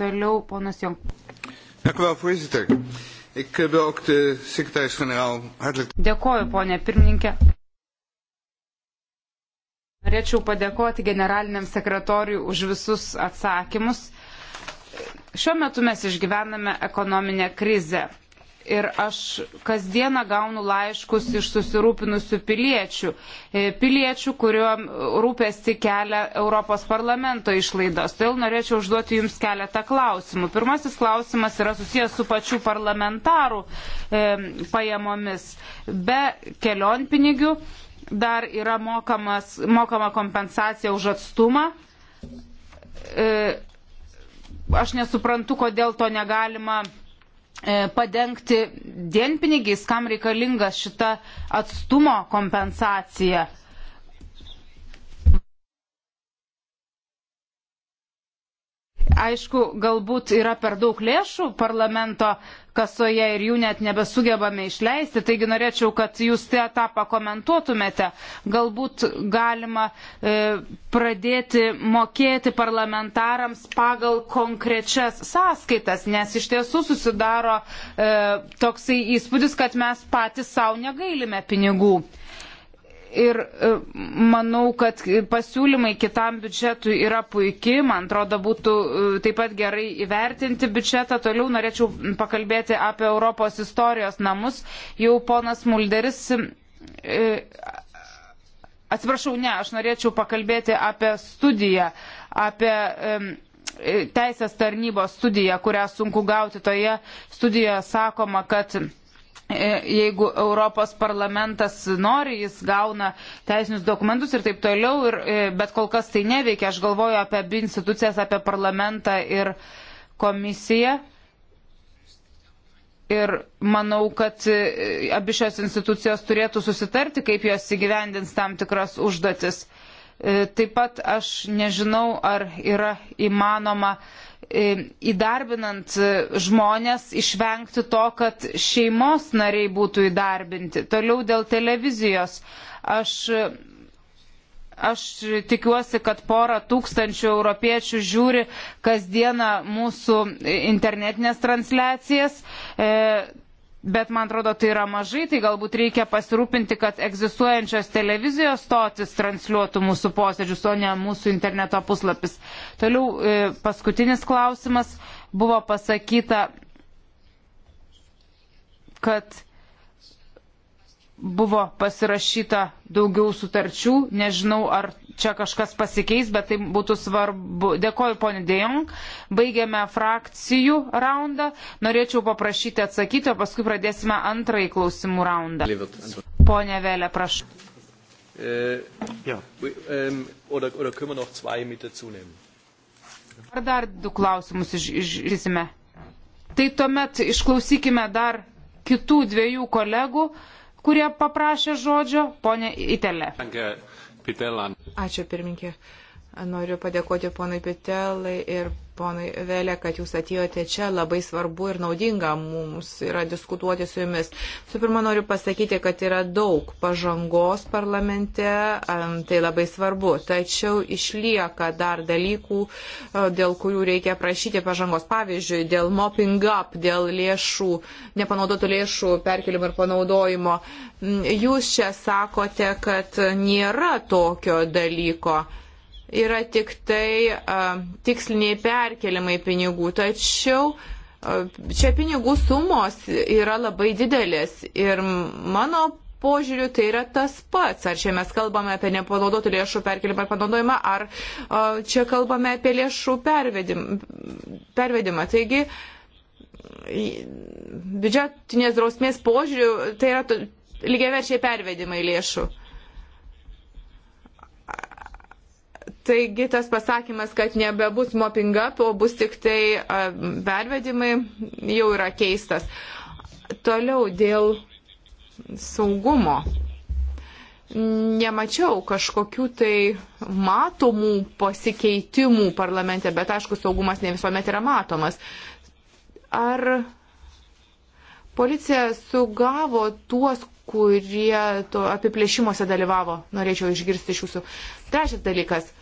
Toliau, ponas Jong. Eh, Dėkoju, ponė pirmininkė. Norėčiau padėkoti generaliniam sekretoriui už visus atsakymus. Šiuo metu mes išgyvename ekonominę krizę. Ir aš kasdieną gaunu laiškus iš susirūpinusių piliečių. E, piliečių, kuriuom rūpesti kelia Europos parlamento išlaidos. Todėl norėčiau užduoti Jums keletą klausimų. Pirmasis klausimas yra susijęs su pačių parlamentarų e, pajamomis. Be kelionpinigių dar yra mokamas, mokama kompensacija už atstumą. E, aš nesuprantu, kodėl to negalima e, padengti dienpinigiais, kam reikalinga šita atstumo kompensacija. Aišku, galbūt yra per daug lėšų parlamento kasoje ir jų net nebesugebame išleisti, taigi norėčiau, kad jūs te tą pakomentuotumėte. Galbūt galima e, pradėti mokėti parlamentarams pagal konkrečias sąskaitas, nes iš tiesų susidaro e, toksai įspūdis, kad mes patys savo negailime pinigų. Ir e, manau, kad pasiūlymai kitam biudžetui yra puikiai. Man atrodo, būtų e, taip pat gerai įvertinti biudžetą. Toliau norėčiau pakalbėti apie Europos istorijos namus. Jau ponas Mulderis. E, atsiprašau, ne, aš norėčiau pakalbėti apie studiją, apie teisės tarnybos studiją, kurią sunku gauti. Toje studijoje sakoma, kad E, jeigu Europos parlamentas nori, jis gauna teisinius dokumentus ir taip toliau, ir, e, bet kol kas tai neveikia. Aš galvoju apie abi institucijas, apie parlamentą ir komisiją. Ir manau, kad e, abi šios institucijos turėtų susitarti, kaip jos įgyvendins tam tikras užduotis. Taip pat aš nežinau, ar yra įmanoma E, įdarbinant žmonės išvengti to, kad šeimos nariai būtų įdarbinti. Toliau dėl televizijos. Aš, aš tikiuosi, kad pora tūkstančių europiečių žiūri kasdieną mūsų internetinės transliacijas. E, bet man atrodo tai yra mažai, tai galbūt reikia pasirūpinti, kad egzistuojančios televizijos stotis transliuotų mūsų posėdžius, o ne mūsų interneto puslapis. Toliau e, paskutinis klausimas buvo pasakyta, kad buvo pasirašyta daugiau sutarčių, nežinau ar čia kažkas pasikeis, bet tai būtų svarbu. Dėkoju, ponė Dejong. Baigiame frakcijų raundą. Norėčiau paprašyti atsakyti, o paskui pradėsime antrąjį klausimų raundą. Pone Vėlė, prašau. Äh, ähm, Ar dar du klausimus išgirsime? Tai tuomet išklausykime dar kitų dviejų kolegų, kurie paprašė žodžio, ponė Itelė. Danke. Pitelan. Ačiū pirminkė. Noriu padėkoti ponui Pitelai ir ponai Vėlė, kad jūs atėjote čia. Labai svarbu ir naudinga mums yra diskutuoti su jumis. Su pirma, noriu pasakyti, kad yra daug pažangos parlamente, tai labai svarbu. Tačiau išlieka dar dalykų, e, dėl kurių reikia prašyti pažangos. Pavyzdžiui, dėl mopping up, dėl lėšų, nepanaudotų lėšų perkelimo ir panaudojimo. Jūs čia sakote, kad nėra tokio dalyko yra tik tai a, tiksliniai perkelimai pinigų, tačiau a, čia pinigų sumos yra labai didelės ir mano požiūriu tai yra tas pats. Ar čia mes kalbame apie nepanaudotų lėšų perkelimą ar panaudojimą, ar a, čia kalbame apie lėšų pervedim, pervedimą. Taigi, biudžetinės drausmės požiūriu tai yra lygiaverčiai pervedimai lėšų. Taigi tas pasakymas, kad nebebus mopping up, o bus tik tai pervedimai, jau yra keistas. Toliau dėl saugumo. Nemačiau kažkokių tai matomų pasikeitimų parlamente, bet aišku, saugumas ne visuomet yra matomas. Ar policija sugavo tuos, kurie apiplėšimuose dalyvavo? Norėčiau išgirsti iš jūsų. Trečias dalykas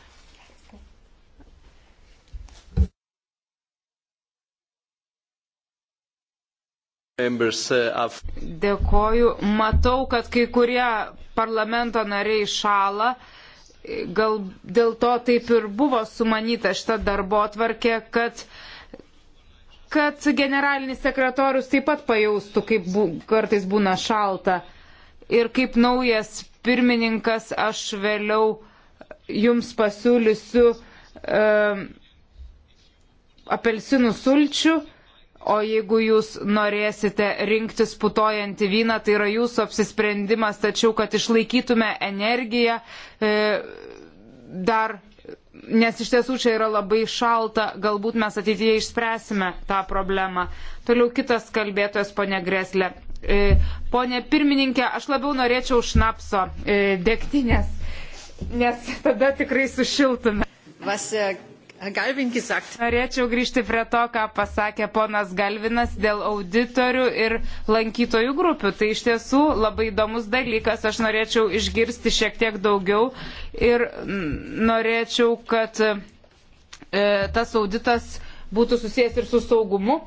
Uh, Dėkoju. Matau, kad kai kurie parlamento nariai šala. Gal dėl to taip ir buvo sumanyta šita darbo atvarkė, kad kad generalinis sekretorius taip pat pajaustų, kaip bu, kartais būna šalta. Ir kaip naujas pirmininkas aš vėliau jums pasiūlysiu e, apelsinų sulčių. E, O jeigu jūs norėsite rinktis putojantį vyną, tai yra jūsų apsisprendimas, tačiau kad išlaikytume energiją e, dar, nes iš tiesų čia yra labai šalta, galbūt mes ateityje išspręsime tą problemą. Toliau kitas kalbėtojas, ponė Greslė. E, ponė pirmininkė, aš labiau norėčiau šnapso e, dėktinės, nes tada tikrai sušiltume. Vasek Norėčiau grįžti prie to, ką pasakė ponas Galvinas dėl auditorių ir lankytojų grupių. Tai iš tiesų labai įdomus dalykas, aš norėčiau išgirsti šiek tiek daugiau ir norėčiau, kad e, tas auditas būtų susijęs ir su saugumu.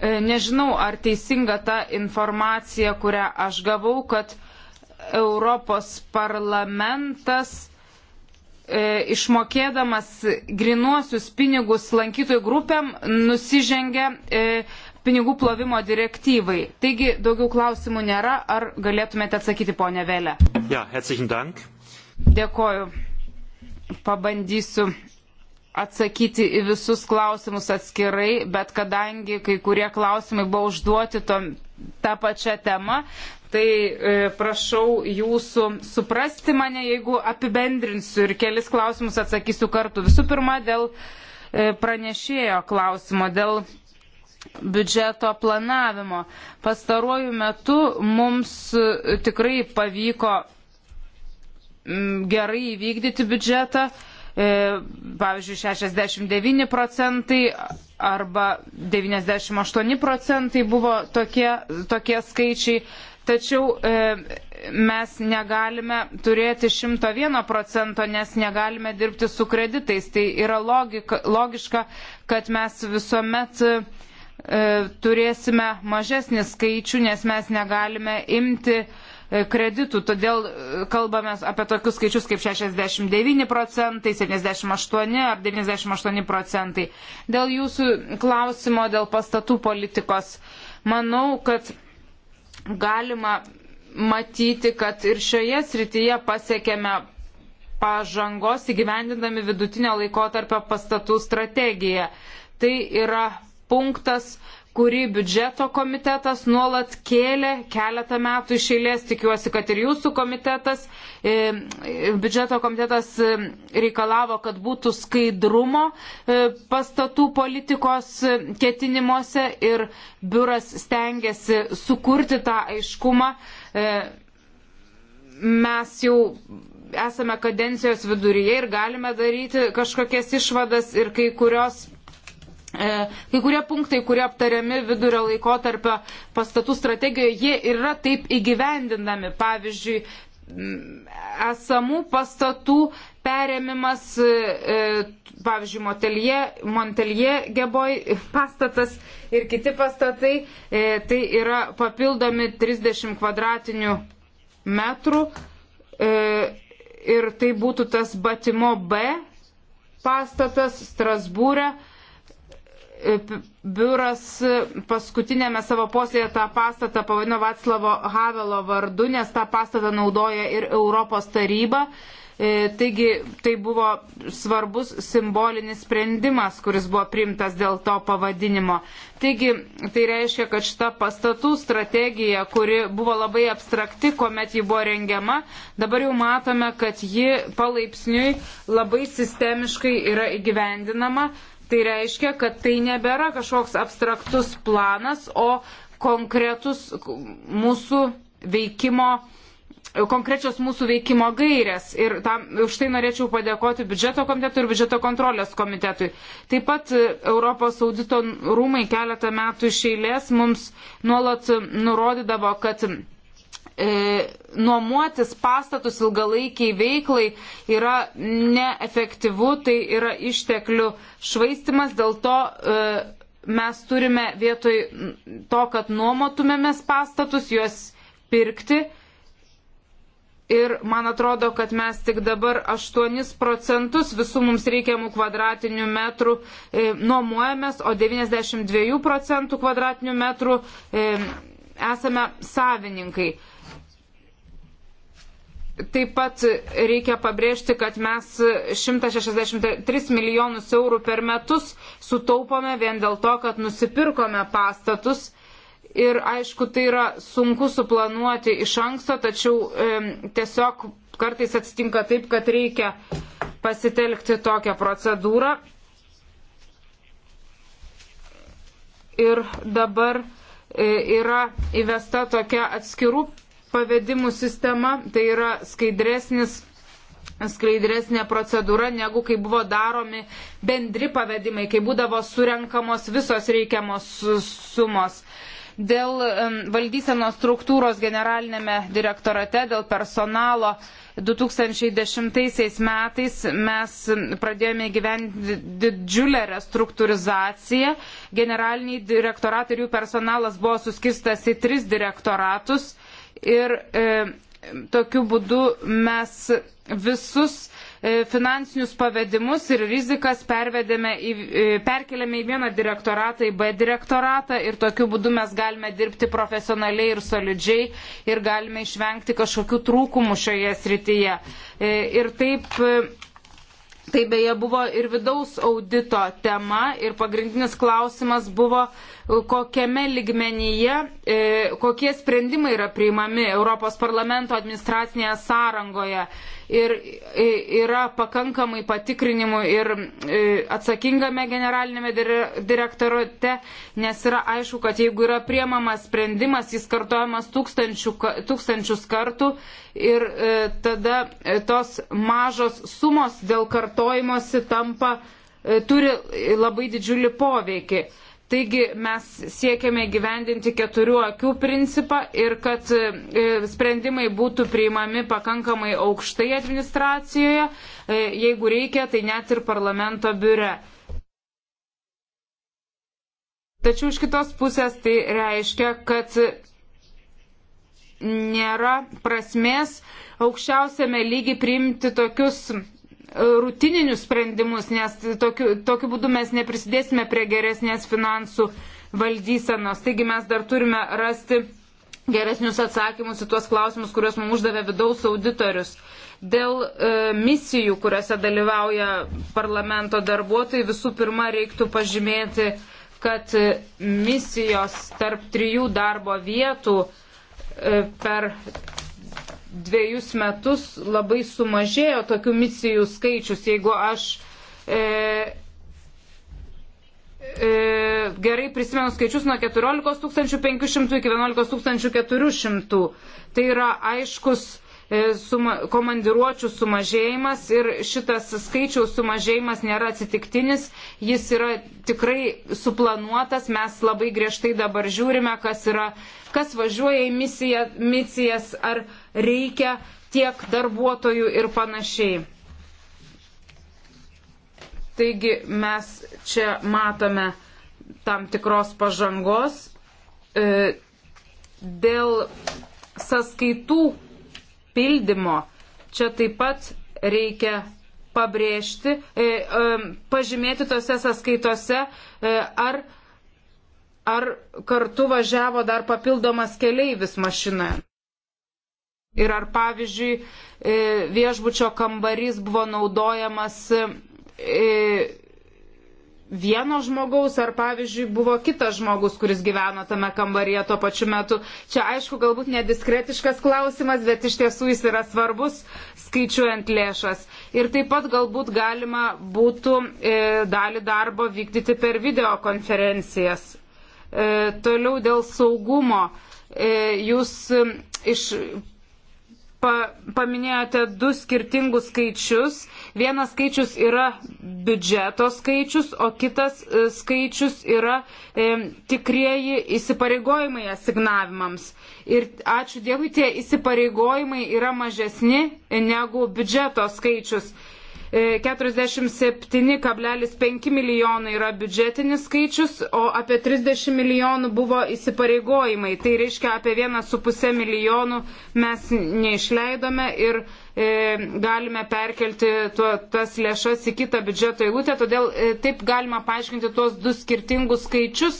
E, nežinau, ar teisinga ta informacija, kurią aš gavau, kad Europos parlamentas e, išmokėdamas grinuosius pinigus lankytojų grupėm nusižengia e, pinigų plovimo direktyvai. Taigi daugiau klausimų nėra. Ar galėtumėte atsakyti, ponė Vėlė? Ja, dank. Dėkoju. Pabandysiu atsakyti į visus klausimus atskirai, bet kadangi kai kurie klausimai buvo užduoti tom, tą pačią temą, Tai e, prašau jūsų suprasti mane, jeigu apibendrinsiu ir kelis klausimus atsakysiu kartu. Visų pirma, dėl e, pranešėjo klausimo, dėl biudžeto planavimo. Pastaruoju metu mums e, tikrai pavyko gerai įvykdyti biudžetą, e, pavyzdžiui, 69 procentai arba 98 procentai buvo tokie, tokie skaičiai tačiau e, mes negalime turėti 101 procento, nes negalime dirbti su kreditais. Tai yra logika, logiška, kad mes visuomet e, turėsime mažesnį skaičių, nes mes negalime imti e, kreditų. Todėl kalbame apie tokius skaičius kaip 69 procentai, 78 ar 98 procentai. Dėl jūsų klausimo dėl pastatų politikos, manau, kad galima matyti, kad ir šioje srityje pasiekėme pažangos įgyvendindami vidutinio laiko tarp pastatų strategiją. Tai yra punktas, kurį biudžeto komitetas nuolat kėlė keletą metų iš eilės. Tikiuosi, kad ir jūsų komitetas, e, biudžeto komitetas e, reikalavo, kad būtų skaidrumo e, pastatų politikos ketinimuose ir biuras stengiasi sukurti tą aiškumą. Mes jau esame kadencijos viduryje ir galime daryti kažkokias išvadas ir kai kurios E, kai kurie punktai, kurie aptariami vidurio laikotarpio pastatų strategijoje, jie yra taip įgyvendinami. Pavyzdžiui, esamų pastatų perėmimas, e, e, pavyzdžiui, Montelie, Montelie geboj pastatas ir kiti pastatai, tai yra papildomi 30 kvadratinių metrų ir tai būtų tas Batimo B pastatas Strasbūre. E biuras paskutinėme savo posėje tą pastatą pavadino Vaclavo Havelo vardu, nes tą pastatą naudoja ir Europos taryba. E, taigi tai buvo svarbus simbolinis sprendimas, kuris buvo priimtas dėl to pavadinimo. Taigi tai reiškia, kad šita pastatų strategija, kuri buvo labai abstrakti, kuomet ji buvo rengiama, dabar jau matome, kad ji palaipsniui labai sistemiškai yra įgyvendinama. Tai reiškia, kad tai nebėra kažkoks abstraktus planas, o konkretus mūsų veikimo konkrečios mūsų veikimo gairės ir tam, už tai norėčiau padėkoti biudžeto komitetui ir biudžeto kontrolės komitetui. Taip pat e, Europos audito rūmai keletą metų iš eilės mums nuolat nurodydavo, kad E, nuomuotis pastatus ilgalaikiai veiklai yra neefektyvu, tai yra išteklių švaistimas, dėl to e, mes turime vietoj to, kad nuomotumėmės pastatus, juos pirkti. Ir man atrodo, kad mes tik dabar 8 procentus visų mums reikiamų kvadratinių metrų e, nuomojamės, o 92 procentų kvadratinių metrų e, esame savininkai. E, Taip pat reikia pabrėžti, kad mes 163 milijonus eurų per metus sutaupome vien dėl to, kad nusipirkome pastatus. Ir aišku, tai yra sunku suplanuoti iš anksto, tačiau e, tiesiog kartais atsitinka taip, kad reikia pasitelkti tokią procedūrą. Ir dabar e, yra įvesta tokia atskirų pavedimų sistema, tai yra skaidresnis skaidresnė procedūra, negu kai buvo daromi bendri pavedimai, kai būdavo surenkamos visos reikiamos sumos. Dėl valdysenos struktūros generalinėme direktorate, dėl personalo 2010 metais mes pradėjome gyventi didžiulę restruktūrizaciją. Generaliniai direktoratai ir jų personalas buvo suskirstas į tris direktoratus ir e, tokiu būdu mes visus e, finansinius pavedimus ir rizikas pervedėme į, e, perkeliame į vieną direktoratą, į B direktoratą ir tokiu būdu mes galime dirbti profesionaliai ir solidžiai ir galime išvengti kažkokių trūkumų šioje srityje. E, ir taip e, Tai beje buvo ir vidaus audito tema ir pagrindinis klausimas buvo, e, kokiame ligmenyje, e, kokie sprendimai yra priimami Europos parlamento administracinėje sąrangoje ir yra pakankamai patikrinimų ir atsakingame generalinėme direktorate, nes yra aišku, kad jeigu yra priemamas sprendimas, jis kartojamas tūkstančių, tūkstančius kartų ir e, tada e, tos mažos sumos dėl kartojimosi tampa, e, turi labai didžiulį poveikį. Taigi mes siekiame gyvendinti keturių akių principą ir kad e, sprendimai būtų priimami pakankamai aukštai administracijoje, e, jeigu reikia, tai net ir parlamento biure. Tačiau iš kitos pusės tai reiškia, kad nėra prasmės aukščiausiame lygi priimti tokius rutininius sprendimus, nes tokiu, tokiu būdu mes neprisidėsime prie geresnės finansų valdysenos. Taigi mes dar turime rasti geresnius atsakymus į tuos klausimus, kuriuos mums uždavė vidaus auditorius. Dėl e, misijų, kuriuose dalyvauja parlamento darbuotojai, visų pirma reiktų pažymėti, kad e, misijos tarp trijų darbo vietų e, per dviejus metus labai sumažėjo tokių misijų skaičius. Jeigu aš e, e, gerai prisimenu skaičius nuo 14 500 iki 11 400, tai yra aiškus e, suma, komandiruočių sumažėjimas ir šitas skaičiaus sumažėjimas nėra atsitiktinis, jis yra tikrai suplanuotas, mes labai griežtai dabar žiūrime, kas, yra, kas važiuoja į misiją, misijas ar reikia, tiek darbuotojų ir panašiai. Taigi mes čia matome tam tikros pažangos. E, dėl sąskaitų pildymo čia taip pat reikia pabrėžti, e, e, pažymėti tose sąskaitose, ar, ar kartu važiavo dar papildomas keleivis mašinoje ir ar pavyzdžiui e, viešbučio kambarys buvo naudojamas e, vieno žmogaus, ar pavyzdžiui buvo kitas žmogus, kuris gyveno tame kambaryje tuo pačiu metu. Čia aišku, galbūt nediskretiškas klausimas, bet iš tiesų jis yra svarbus skaičiuojant lėšas. Ir taip pat galbūt galima būtų e, dalį darbo vykdyti per videokonferencijas. E, toliau dėl saugumo. E, jūs e, iš pa, paminėjote du skirtingus skaičius. Vienas skaičius yra biudžeto skaičius, o kitas e, skaičius yra e, tikrieji įsipareigojimai asignavimams. Ir ačiū Dievui, tie įsipareigojimai yra mažesni negu biudžeto skaičius. 47,5 e, milijonai yra biudžetinis skaičius, o apie 30 milijonų buvo įsipareigojimai. Tai reiškia apie 1,5 milijonų mes neišleidome ir e, galime perkelti tuo, tas lėšas į kitą biudžeto eilutę. Todėl e, taip galima paaiškinti tuos du skirtingus skaičius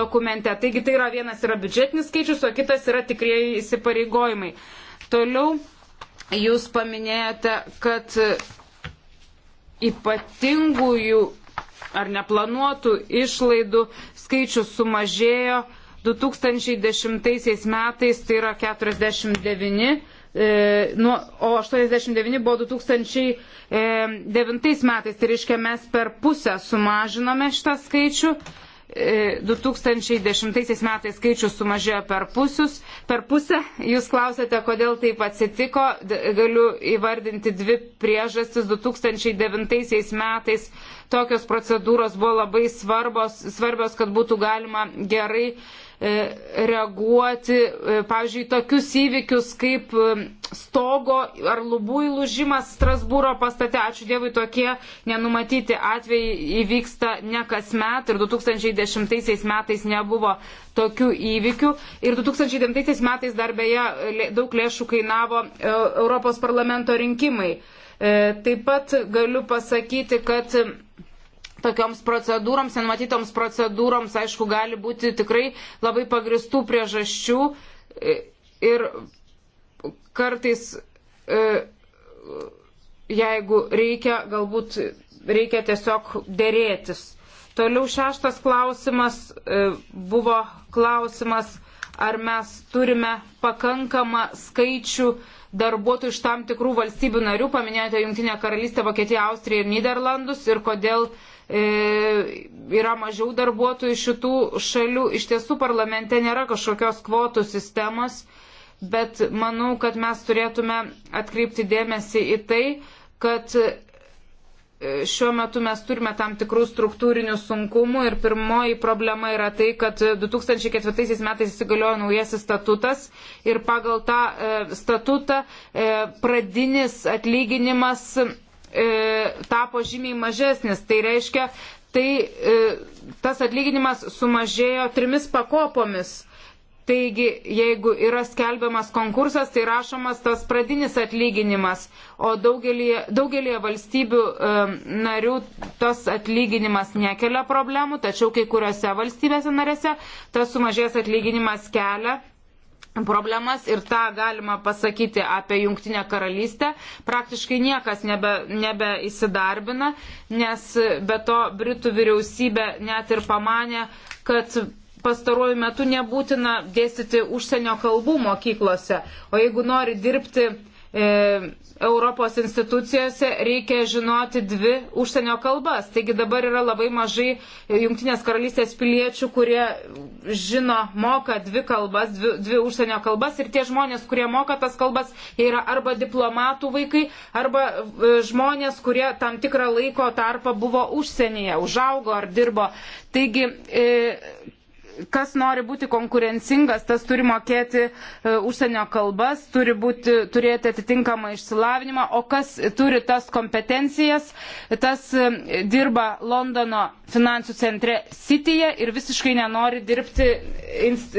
dokumente. Taigi tai yra vienas yra biudžetinis skaičius, o kitas yra tikrieji įsipareigojimai. Toliau jūs paminėjote, kad ypatingųjų ar neplanuotų išlaidų skaičius sumažėjo 2010 metais, tai yra 49, e, o 89 buvo 2009 e, metais, tai reiškia mes per pusę sumažinome šitą skaičių. 2010 metais skaičius sumažėjo per, pusius, per pusę. Jūs klausėte, kodėl taip atsitiko. Galiu įvardinti dvi priežastis. 2009 metais tokios procedūros buvo labai svarbos, svarbios, kad būtų galima gerai E, reaguoti, e, pavyzdžiui, tokius įvykius kaip e, stogo ar lubų įlūžimas Strasbūro pastate. Ačiū Dievui, tokie nenumatyti atvejai įvyksta ne kas met ir 2010 metais nebuvo tokių įvykių. Ir 2009 metais dar beje daug lėšų kainavo Europos parlamento rinkimai. Taip pat galiu pasakyti, kad tokioms procedūroms, nematytoms procedūroms, aišku, gali būti tikrai labai pagristų priežasčių e, ir kartais, e, jeigu reikia, galbūt reikia tiesiog dėrėtis. Toliau šeštas klausimas e, buvo klausimas, ar mes turime pakankamą skaičių darbuotojų iš tam tikrų valstybių narių, paminėjote Junktinę karalystę, Vokietiją, Austriją ir Niderlandus ir kodėl uh, E, yra mažiau darbuotojų iš šitų šalių. Iš tiesų parlamente nėra kažkokios kvotų sistemos, bet manau, kad mes turėtume atkreipti dėmesį į tai, kad e, šiuo metu mes turime tam tikrų struktūrinių sunkumų ir pirmoji problema yra tai, kad 2004 metais įsigaliojo naujasis statutas ir pagal tą e, statutą e, pradinis atlyginimas E, tapo žymiai mažesnis. Tai reiškia, tai e, tas atlyginimas sumažėjo trimis pakopomis. Taigi, jeigu yra skelbiamas konkursas, tai rašomas tas pradinis atlyginimas, o daugelį, daugelį valstybių e, narių tas atlyginimas nekelia problemų, tačiau kai kuriuose valstybėse narėse tas sumažėjęs atlyginimas kelia problemas ir tą galima pasakyti apie Jungtinę karalystę. Praktiškai niekas nebe, nebe įsidarbina, nes be to Britų vyriausybė net ir pamanė, kad pastaruoju metu nebūtina dėstyti užsienio kalbų mokyklose. O jeigu nori dirbti e, Europos institucijose reikia žinoti dvi užsienio kalbas. Taigi dabar yra labai mažai Junktinės karalystės piliečių, kurie žino, moka dvi kalbas, dvi, dvi užsienio kalbas ir tie žmonės, kurie moka tas kalbas, jie yra arba diplomatų vaikai, arba e, žmonės, kurie tam tikrą laiko tarpą buvo užsienyje, užaugo ar dirbo. Taigi e, kas nori būti konkurencingas, tas turi mokėti e, užsienio kalbas, turi būti, turėti atitinkamą išsilavinimą, o kas turi tas kompetencijas, tas e, dirba Londono finansų centre Cityje ir visiškai nenori dirbti ES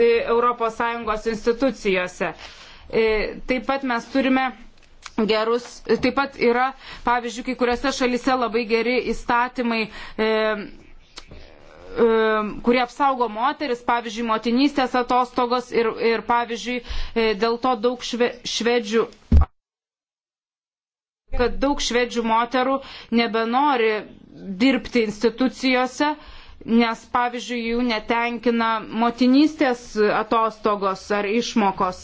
institucijose. E, taip pat mes turime gerus, taip pat yra, pavyzdžiui, kai kuriuose šalise labai geri įstatymai. E, Um, kurie apsaugo moteris, pavyzdžiui, motinystės atostogos ir, ir pavyzdžiui, e, dėl to daug šve, švedžių kad daug švedžių moterų nebenori dirbti institucijose, nes, pavyzdžiui, jų netenkina motinystės atostogos ar išmokos.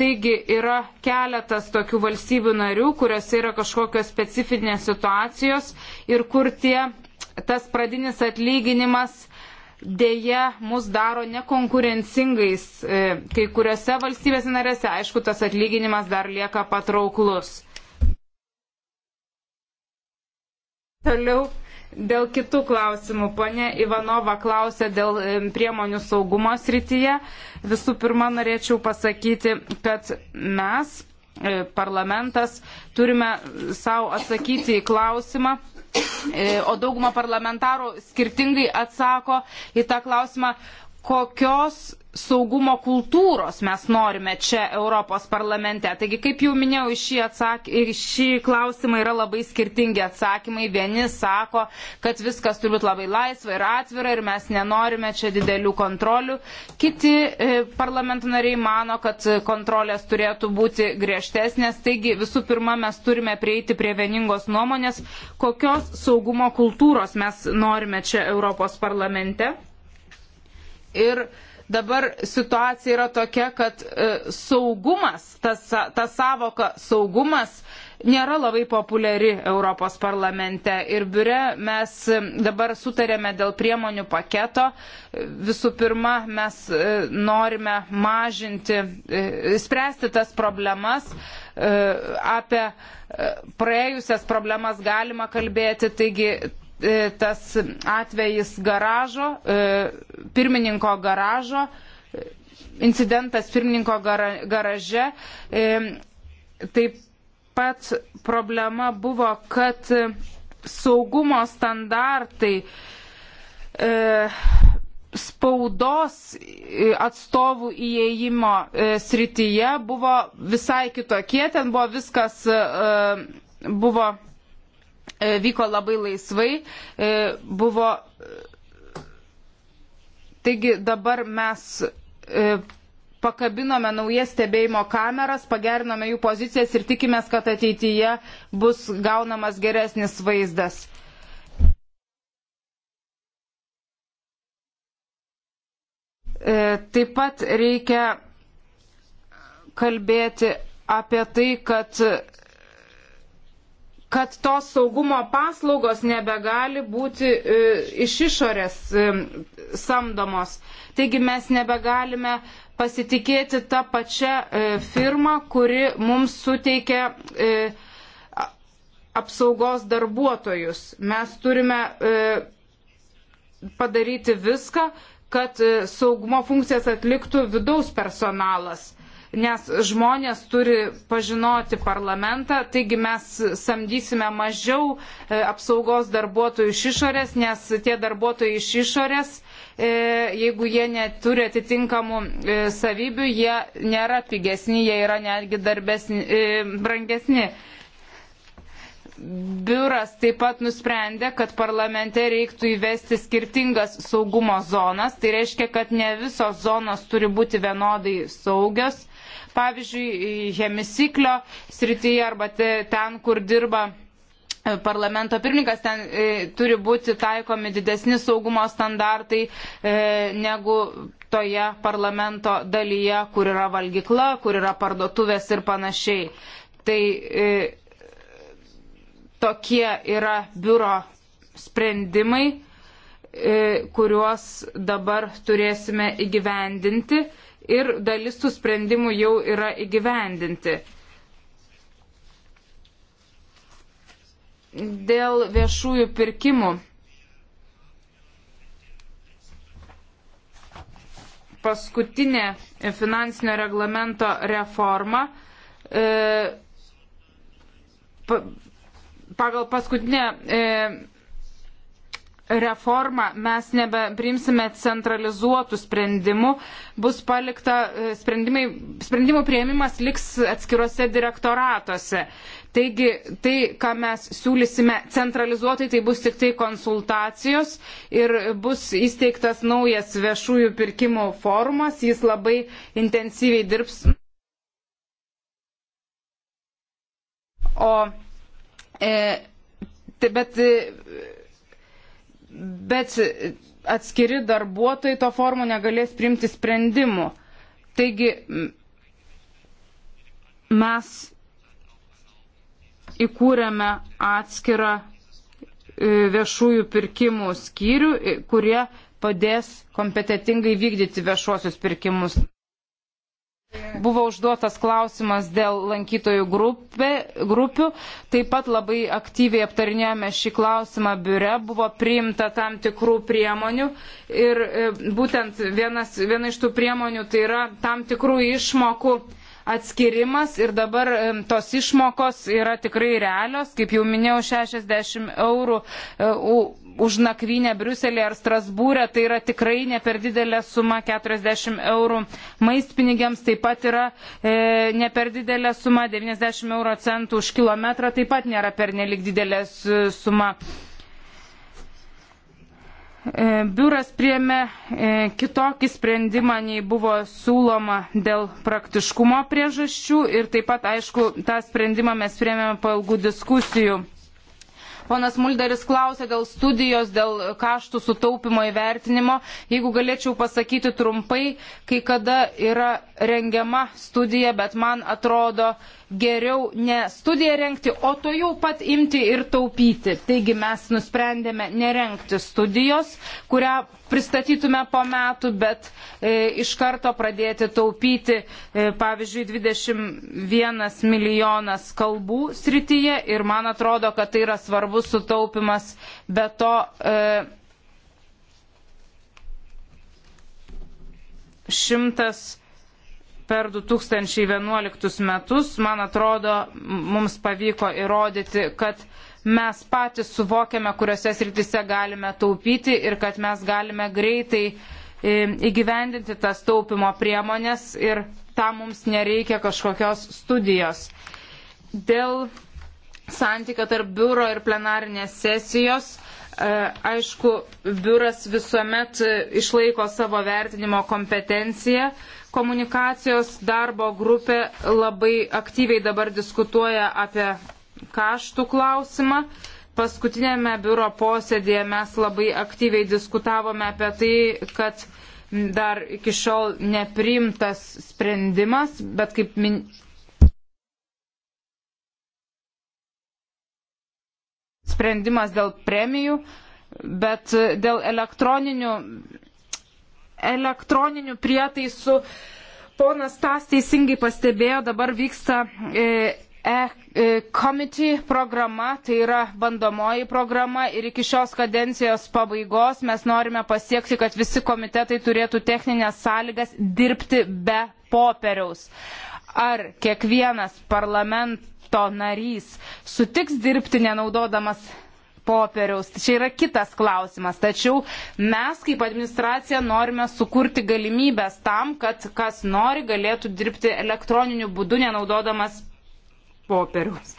Taigi yra keletas tokių valstybių narių, kuriuose yra kažkokios specifinės situacijos ir kur tie, tas pradinis atlyginimas dėja mus daro nekonkurencingais e, kai kuriuose valstybės narėse. Aišku, tas atlyginimas dar lieka patrauklus. Toliau dėl kitų klausimų. Pone Ivanova klausė dėl e, priemonių saugumo srityje. Visų pirma, norėčiau pasakyti, kad mes, e, parlamentas, turime savo atsakyti į klausimą E, o dauguma parlamentarų skirtingai atsako į tą klausimą kokios saugumo kultūros mes norime čia Europos parlamente. Taigi, kaip jau minėjau, į šį, atsak... į šį klausimą yra labai skirtingi atsakymai. Vieni sako, kad viskas turi būti labai laisva ir atvira ir mes nenorime čia didelių kontrolių. Kiti e, parlamento nariai mano, kad kontrolės turėtų būti griežtesnės. Taigi, visų pirma, mes turime prieiti prie vieningos nuomonės, kokios saugumo kultūros mes norime čia Europos parlamente ir dabar situacija yra tokia, kad e, saugumas, ta, ta savoka saugumas nėra labai populiari Europos parlamente. Ir biure mes e, dabar sutarėme dėl priemonių paketo. Visų pirma, mes e, norime mažinti, spręsti tas problemas. Apie praėjusias problemas galima kalbėti, taigi E, tas atvejis garažo, e, pirmininko garažo, e, incidentas pirmininko garaže. Taip pat problema buvo, kad saugumo standartai spaudos atstovų įėjimo srityje buvo visai kitokie, ten buvo viskas buvo E, vyko labai laisvai, e, buvo. Taigi dabar mes e, pakabinome naujas stebėjimo kameras, pagerinome jų pozicijas ir tikimės, kad ateityje bus gaunamas geresnis vaizdas. Taip pat reikia kalbėti apie tai, kad kad tos saugumo paslaugos nebegali būti e, iš išorės e, samdomos. Taigi mes nebegalime pasitikėti tą pačią e, firmą, kuri mums suteikia e, apsaugos darbuotojus. Mes turime e, padaryti viską, kad e, saugumo funkcijas atliktų vidaus personalas nes žmonės turi pažinoti parlamentą, taigi mes samdysime mažiau e, apsaugos darbuotojų iš išorės, nes tie darbuotojai iš išorės, e, jeigu jie neturi atitinkamų e, savybių, jie nėra pigesni, jie yra netgi darbesni, brangesni. Biuras taip pat nusprendė, kad parlamente reiktų įvesti skirtingas saugumo zonas, tai reiškia, kad ne visos zonos turi būti vienodai saugios pavyzdžiui, žemisiklio srityje arba ten, kur dirba e, parlamento pirmininkas, ten e, turi būti taikomi didesni saugumo standartai e, negu toje parlamento dalyje, kur yra valgykla, kur yra parduotuvės ir panašiai. Tai e, tokie yra biuro sprendimai, e, kuriuos dabar turėsime įgyvendinti ir dalis tų sprendimų jau yra įgyvendinti. Dėl viešųjų pirkimų paskutinė finansinio reglamento reforma e, pagal paskutinę e, reformą mes nebeprimsime centralizuotų sprendimų, bus palikta e, sprendimų prieimimas liks atskiruose direktoratuose. Taigi tai, ką mes siūlysime centralizuotai, tai bus tik tai konsultacijos ir bus įsteigtas naujas viešųjų pirkimų forumas, jis labai intensyviai dirbs. O, e, bet e, bet atskiri darbuotojai to formų negalės priimti sprendimų. Taigi mes įkūrėme atskirą e, viešųjų pirkimų skyrių, e, kurie padės kompetitingai vykdyti viešuosius pirkimus. Buvo užduotas klausimas dėl lankytojų grupė, grupių. Taip pat labai aktyviai aptarinėjome šį klausimą biure. Buvo priimta tam tikrų priemonių. Ir e, būtent vienas, viena iš tų priemonių tai yra tam tikrų išmokų atskirimas ir dabar e, tos išmokos yra tikrai realios, kaip jau minėjau, 60 eurų e, už nakvynę Briuselėje ar Strasbūrė, tai yra tikrai ne per didelė suma 40 eurų. Maistpinigiams taip pat yra e, ne per didelė suma, 90 euro centų už kilometrą taip pat nėra per nelik didelė suma. E, biuras priemė e, kitokį sprendimą, nei buvo siūloma dėl praktiškumo priežasčių ir taip pat, aišku, tą sprendimą mes priemėme po ilgų diskusijų. Ponas Mulderis klausė dėl studijos, dėl kaštų sutaupimo įvertinimo. Jeigu galėčiau pasakyti trumpai, kai kada yra rengiama studija, bet man atrodo, geriau ne studiją renkti, o to jau pat imti ir taupyti. Taigi mes nusprendėme nerenkti studijos, kurią pristatytume po metų, bet e, iš karto pradėti taupyti, e, pavyzdžiui, 21 milijonas kalbų srityje ir man atrodo, kad tai yra svarbus sutaupimas, bet to. E, 100 per 2011 metus, man atrodo, mums pavyko įrodyti, kad mes patys suvokiame, kuriuose srityse galime taupyti ir kad mes galime greitai e, įgyvendinti tas taupimo priemonės ir tam mums nereikia kažkokios studijos. Dėl santykio tarp biuro ir plenarinės sesijos e, Aišku, biuras visuomet e, išlaiko savo vertinimo kompetenciją, Komunikacijos darbo grupė labai aktyviai dabar diskutuoja apie kaštų klausimą. Paskutinėme biuro posėdėje mes labai aktyviai diskutavome apie tai, kad dar iki šiol nepriimtas sprendimas, bet kaip min... sprendimas dėl premijų, bet dėl elektroninių elektroninių prietaisų. Ponas Tas teisingai pastebėjo, dabar vyksta e-committee e, e, programa, tai yra bandomoji programa ir iki šios kadencijos pabaigos mes norime pasiekti, kad visi komitetai turėtų techninės sąlygas dirbti be popieriaus. Ar kiekvienas parlamento narys sutiks dirbti nenaudodamas popieriaus. Tai čia yra kitas klausimas. Tačiau mes kaip administracija norime sukurti galimybės tam, kad kas nori galėtų dirbti elektroniniu būdu, nenaudodamas popieriaus.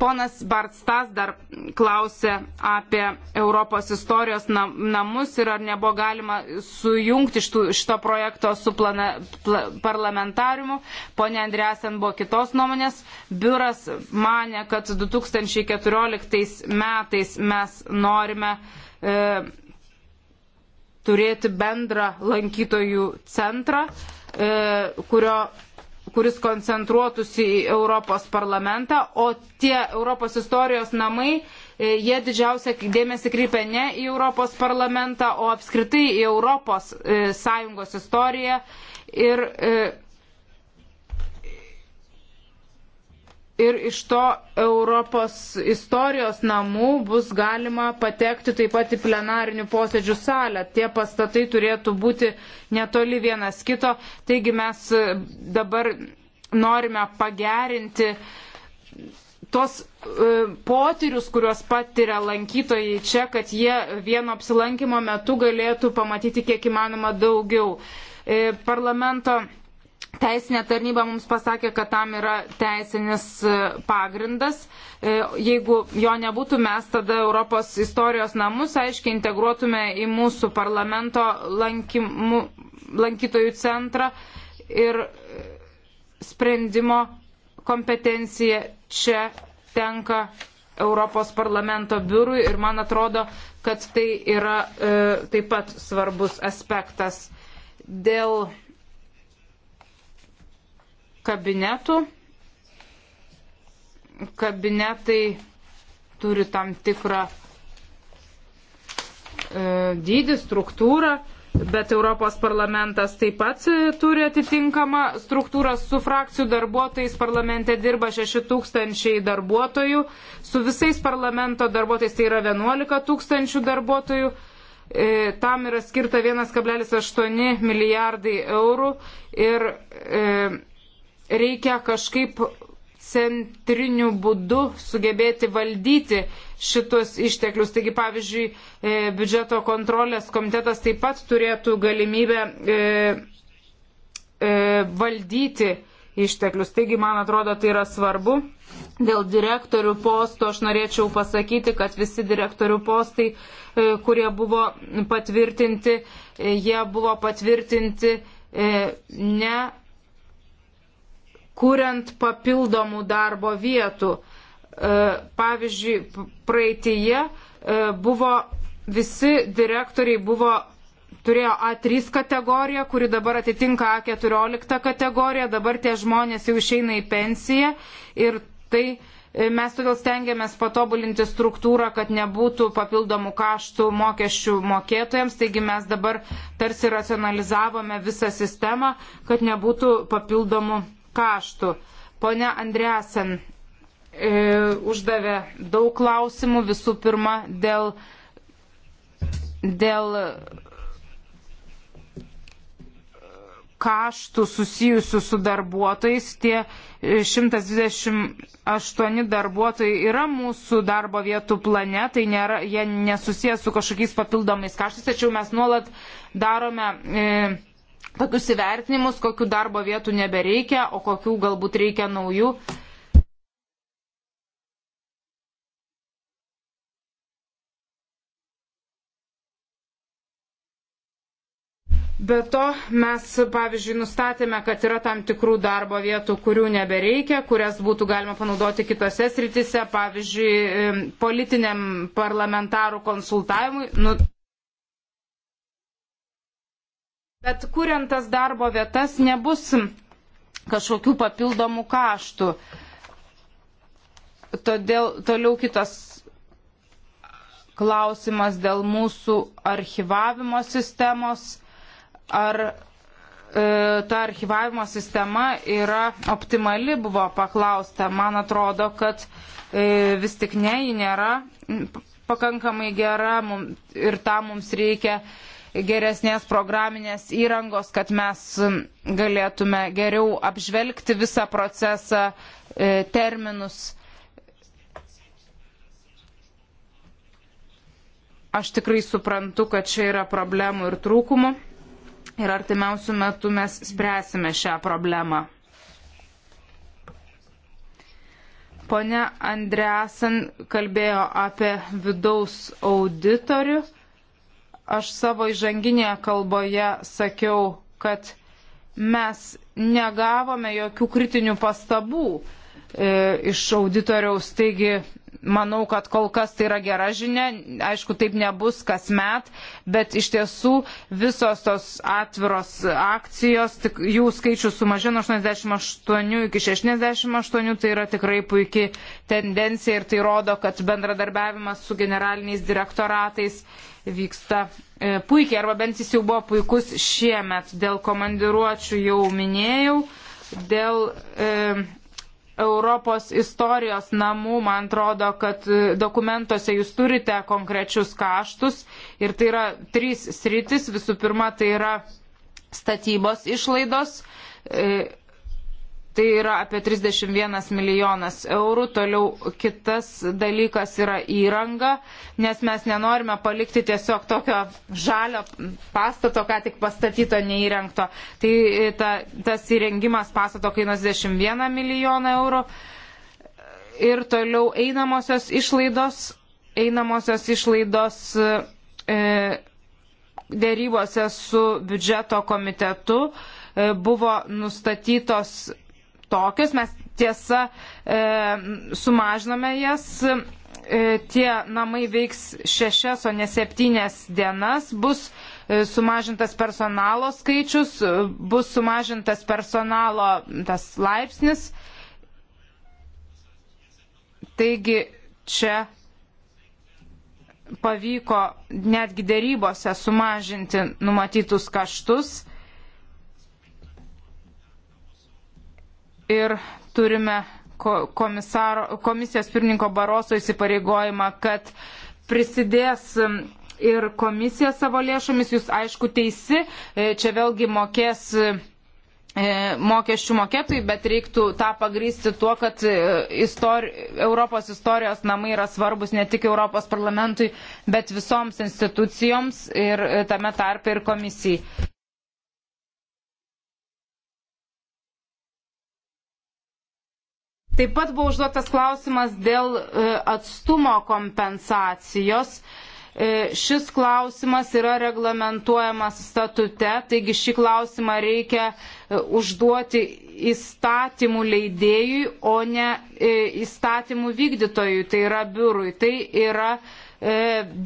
Ponas Bartstas dar klausė apie Europos istorijos namus ir ar nebuvo galima sujungti štų, šito projekto su plana, pla, parlamentariumu. Pone Andresen buvo kitos nuomonės. Biuras mane, kad 2014 metais mes norime e, turėti bendrą lankytojų centrą, e, kurio kuris koncentruotųsi į Europos parlamentą, o tie Europos istorijos namai, e, jie didžiausia dėmesį krypia ne į Europos parlamentą, o apskritai į Europos e, Sąjungos istoriją. Ir, e, ir iš to Europos istorijos namų bus galima patekti taip pat į plenarinių posėdžių salę. Tie pastatai turėtų būti netoli vienas kito, taigi mes e, dabar norime pagerinti tos e, potyrius, kuriuos patiria lankytojai čia, kad jie vieno apsilankimo metu galėtų pamatyti kiek įmanoma daugiau. E, parlamento Teisinė tarnyba mums pasakė, kad tam yra teisinis e, pagrindas. E, jeigu jo nebūtų, mes tada Europos istorijos namus aiškiai integruotume į mūsų parlamento lankimų, lankytojų centrą ir e, sprendimo kompetencija čia tenka Europos parlamento biurui ir man atrodo, kad tai yra e, taip pat svarbus aspektas. Dėl kabinetų. Kabinetai turi tam tikrą e, dydį, struktūrą, bet Europos parlamentas taip pat e, turi atitinkamą struktūrą su frakcijų darbuotojais. Parlamente dirba 6000 darbuotojų, su visais parlamento darbuotojais tai yra 11 tūkstančių darbuotojų e, tam yra skirta 1,8 milijardai eurų ir e, reikia kažkaip centriniu būdu sugebėti valdyti šitus išteklius. Taigi, pavyzdžiui, e, biudžeto kontrolės komitetas taip pat turėtų galimybę e, e, valdyti išteklius. Taigi, man atrodo, tai yra svarbu. Dėl direktorių posto aš norėčiau pasakyti, kad visi direktorių postai, e, kurie buvo patvirtinti, e, jie buvo patvirtinti e, ne kuriant papildomų darbo vietų. E, pavyzdžiui, praeitėje e, buvo visi direktoriai buvo turėjo A3 kategoriją, kuri dabar atitinka A14 kategoriją, dabar tie žmonės jau išeina į pensiją ir tai e, mes todėl stengiamės patobulinti struktūrą, kad nebūtų papildomų kaštų mokesčių mokėtojams, taigi mes dabar tarsi racionalizavome visą sistemą, kad nebūtų papildomų kaštų. Pone Andresen e, uždavė daug klausimų, visų pirma, dėl, dėl kaštų susijusių su darbuotojais. Tie 128 darbuotojai yra mūsų darbo vietų plane, tai nėra, jie nesusijęs su kažkokiais papildomais kaštais, tačiau mes nuolat darome. E, tokius įvertinimus, kokių darbo vietų nebereikia, o kokių galbūt reikia naujų. Be to, mes, pavyzdžiui, nustatėme, kad yra tam tikrų darbo vietų, kurių nebereikia, kurias būtų galima panaudoti kitose sritise, pavyzdžiui, politiniam parlamentarų konsultavimui. Nu, Bet kuriant tas darbo vietas nebus kažkokių papildomų kaštų. Todėl toliau kitas klausimas dėl mūsų archivavimo sistemos. Ar e, ta archivavimo sistema yra optimali, buvo paklausta. Man atrodo, kad e, vis tik ne, ji nėra pakankamai gera mum, ir tą mums reikia geresnės programinės įrangos, kad mes galėtume geriau apžvelgti visą procesą, e, terminus. Aš tikrai suprantu, kad čia yra problemų ir trūkumų ir artimiausių metų mes spręsime šią problemą. Pone Andreasen kalbėjo apie vidaus auditorių Aš savo įžanginėje kalboje sakiau, kad mes negavome jokių kritinių pastabų e, iš auditoriaus, taigi manau, kad kol kas tai yra gera žinia, aišku, taip nebus kasmet, bet iš tiesų visos tos atviros akcijos, tik, jų skaičius sumažino 88 iki 68, tai yra tikrai puikia tendencija ir tai rodo, kad bendradarbiavimas su generaliniais direktoratais vyksta e, puikiai, arba bent jis jau buvo puikus šiemet. Dėl komandiruočių jau minėjau, dėl e, Europos istorijos namų, man atrodo, kad e, dokumentuose jūs turite konkrečius kaštus ir tai yra trys sritis. Visų pirma, tai yra statybos išlaidos. E, Tai yra apie 31 milijonas eurų. Toliau kitas dalykas yra įranga, nes mes nenorime palikti tiesiog tokio žalio pastato, ką tik pastatyto neįrengto. Tai e, ta, tas įrengimas pastato kainuos 21 milijoną eurų. Ir toliau einamosios išlaidos. Einamosios išlaidos. E, dėrybose su biudžeto komitetu e, buvo nustatytos tokios. Mes tiesa e, sumažiname jas. E, tie namai veiks šešias, o ne septynias dienas. Bus e, sumažintas personalo skaičius, e, bus sumažintas personalo tas laipsnis. Taigi čia pavyko netgi dėrybose sumažinti numatytus kaštus. ir turime komisaro, komisijos pirmininko Baroso įsipareigojimą, kad prisidės ir komisija savo lėšomis, jūs aišku teisi, e, čia vėlgi mokės e, mokesčių mokėtojai, bet reiktų tą pagrysti tuo, kad e, istori Europos istorijos namai yra svarbus ne tik Europos parlamentui, bet visoms institucijoms ir tame tarpe ir komisijai. Taip pat buvo užduotas klausimas dėl e, atstumo kompensacijos. E, šis klausimas yra reglamentuojamas statute, taigi šį klausimą reikia e, užduoti įstatymų leidėjui, o ne įstatymų vykdytojui, tai yra biurui. Tai yra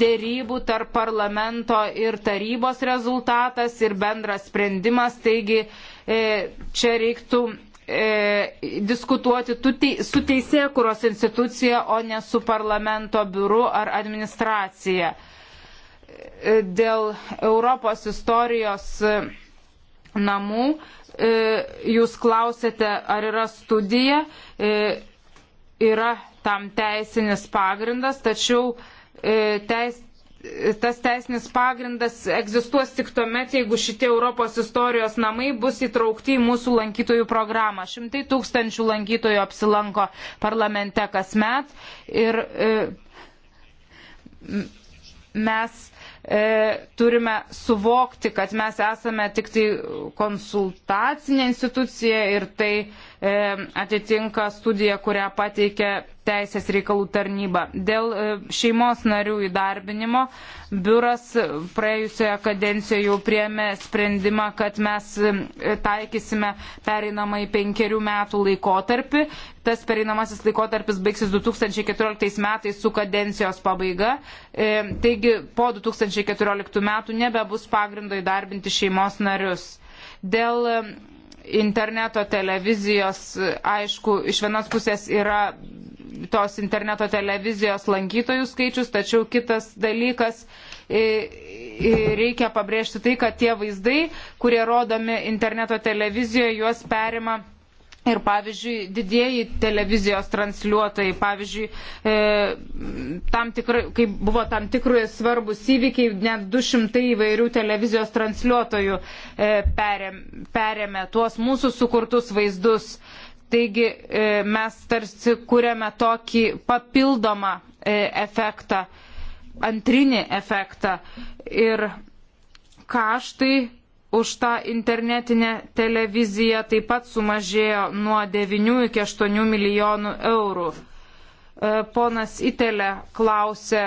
dėrybų tarp parlamento ir tarybos rezultatas ir bendras sprendimas, taigi čia reiktų e, diskutuoti tei, su teisė, kurios institucija, o ne su parlamento biuru ar administracija. E, dėl Europos istorijos e, namų e, jūs klausėte, ar yra studija, e, yra tam teisinis pagrindas, tačiau e, teis, tas teisinis pagrindas egzistuos tik tuomet, jeigu šitie Europos istorijos namai bus įtraukti į mūsų lankytojų programą. Šimtai tūkstančių lankytojų apsilanko parlamente kasmet ir e, mes e, turime suvokti, kad mes esame tik tai konsultacinė institucija ir tai e, E, atitinka studiją, kurią pateikė Teisės reikalų tarnyba. Dėl e, šeimos narių įdarbinimo biuras praėjusioje kadencijoje jau priemė sprendimą, kad mes e, taikysime pereinamą į penkerių metų laikotarpį. Tas pereinamasis laikotarpis baigsis 2014 metais su kadencijos pabaiga. Taigi po 2014 metų nebebus pagrindo įdarbinti šeimos narius. Dėl interneto televizijos, aišku, iš vienos pusės yra tos interneto televizijos lankytojų skaičius, tačiau kitas dalykas reikia pabrėžti tai, kad tie vaizdai, kurie rodomi interneto televizijoje, juos perima Ir pavyzdžiui, didieji televizijos transliuotojai, pavyzdžiui, e, tam tikrai, kai buvo tam tikrai svarbus įvykiai, net 200 įvairių televizijos transliuotojų e, perėm, perėmė tuos mūsų sukurtus vaizdus. Taigi e, mes tarsi kūrėme tokį papildomą e, efektą, antrinį efektą. Ir kaštai už tą internetinę televiziją taip pat sumažėjo nuo 9 iki 8 milijonų eurų. E, ponas Itelė klausė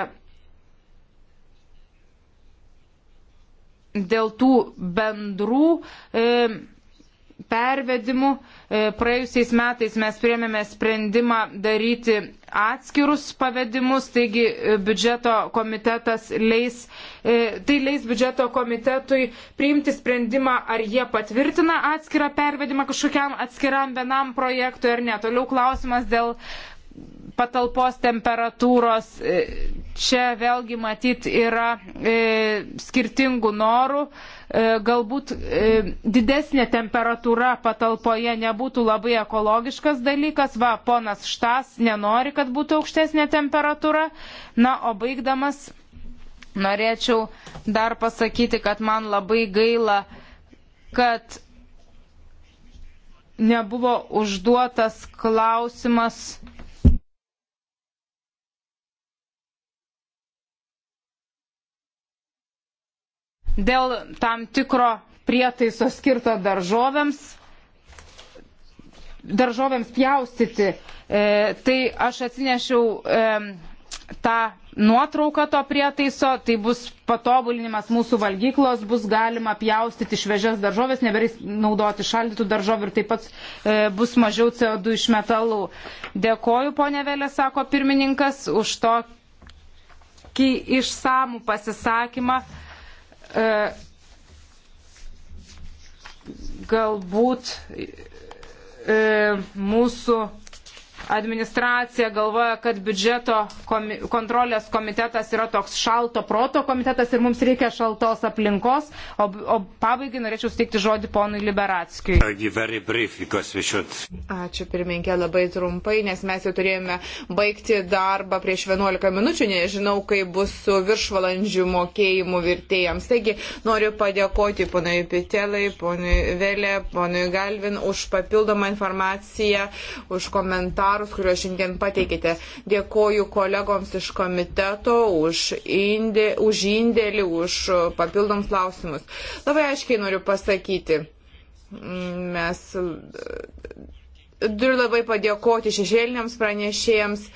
dėl tų bendrų e, pervedimų. E, praėjusiais metais mes priemėme sprendimą daryti atskirus pavedimus, taigi e, biudžeto komitetas leis, e, tai leis biudžeto komitetui priimti sprendimą, ar jie patvirtina atskirą pervedimą kažkokiam atskiram vienam projektui ar ne. Toliau klausimas dėl patalpos temperatūros. E, čia vėlgi matyt yra e, skirtingų norų. E, galbūt e, didesnė temperatūra patalpoje nebūtų labai ekologiškas dalykas. Va, ponas Štas nenori, kad būtų aukštesnė temperatūra. Na, o baigdamas norėčiau dar pasakyti, kad man labai gaila, kad nebuvo užduotas klausimas dėl tam tikro prietaiso skirto daržovėms, daržovėms pjaustyti. E, tai aš atsinešiau e, tą nuotrauką to prietaiso, tai bus patobulinimas mūsų valgyklos, bus galima pjaustyti šviežias daržovės, nebereis naudoti šaldytų daržovių ir taip pat e, bus mažiau CO2 iš metalų. Dėkoju, ponė Vėlė, sako pirmininkas, už tokį išsamų pasisakymą. E, galbūt e, mūsų administracija galvoja, kad biudžeto komi kontrolės komitetas yra toks šalto proto komitetas ir mums reikia šaltos aplinkos. O, o pabaigai norėčiau steikti žodį ponui Liberatskijui. Ačiū pirmininkė, labai trumpai, nes mes jau turėjome baigti darbą prieš 11 minučių, nežinau, kaip bus su viršvalandžių mokėjimu virtėjams. Taigi noriu padėkoti ponui Pitelai, ponui Velė, ponui Galvin už papildomą informaciją, už komentarą komentarus, kuriuos šiandien pateikite. Dėkoju kolegoms iš komiteto už, indė, už indėlį, už papildomus klausimus. Labai aiškiai noriu pasakyti. Mm, mes e, turiu labai padėkoti šešėliniams pranešėjams.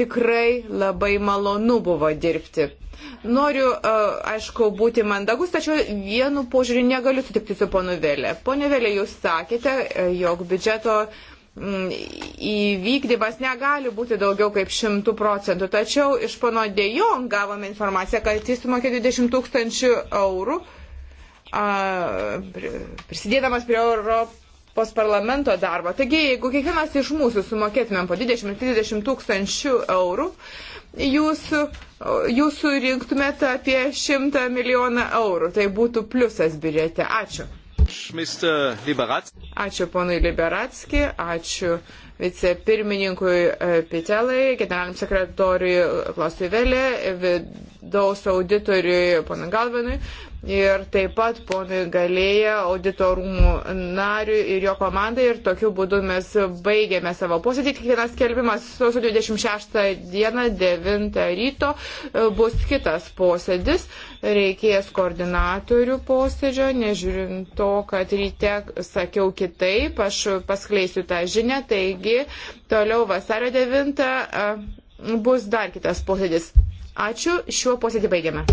Tikrai labai malonu buvo dirbti. Noriu, e, aišku, būti mandagus, tačiau vienu požiūriu negaliu sutikti su ponu Vėlė. Pone Vėlė, jūs sakėte, e, jog biudžeto įvykdymas negali būti daugiau kaip 100 procentų. Tačiau iš pono Dejong gavome informaciją, kad jis sumokė 20 tūkstančių eurų prisidėdamas prie Europos parlamento darbo. Taigi, jeigu kiekvienas iš mūsų sumokėtumėm po 20-30 tūkstančių eurų, jūs, jūs surinktumėte apie 100 milijoną eurų. Tai būtų pliusas biudžete. Ačiū. Ačiū ponui Liberatski, ačiū vicepirmininkui e, Pitelai, generaliniam sekretoriui Klausui Velė, vidaus auditoriui ponui Galvinui, ir taip pat ponui galėja auditorumų nariui ir jo komandai ir tokiu būdu mes baigėme savo posėdį. Kiekvienas skelbimas sausio 26 dieną 9 ryto e, bus kitas posėdis. Reikės koordinatorių posėdžio, nežiūrint to, kad ryte sakiau kitaip, aš paskleisiu tą žinią. Taigi toliau vasario 9 e, bus dar kitas posėdis. Ačiū, šiuo posėdį baigiame.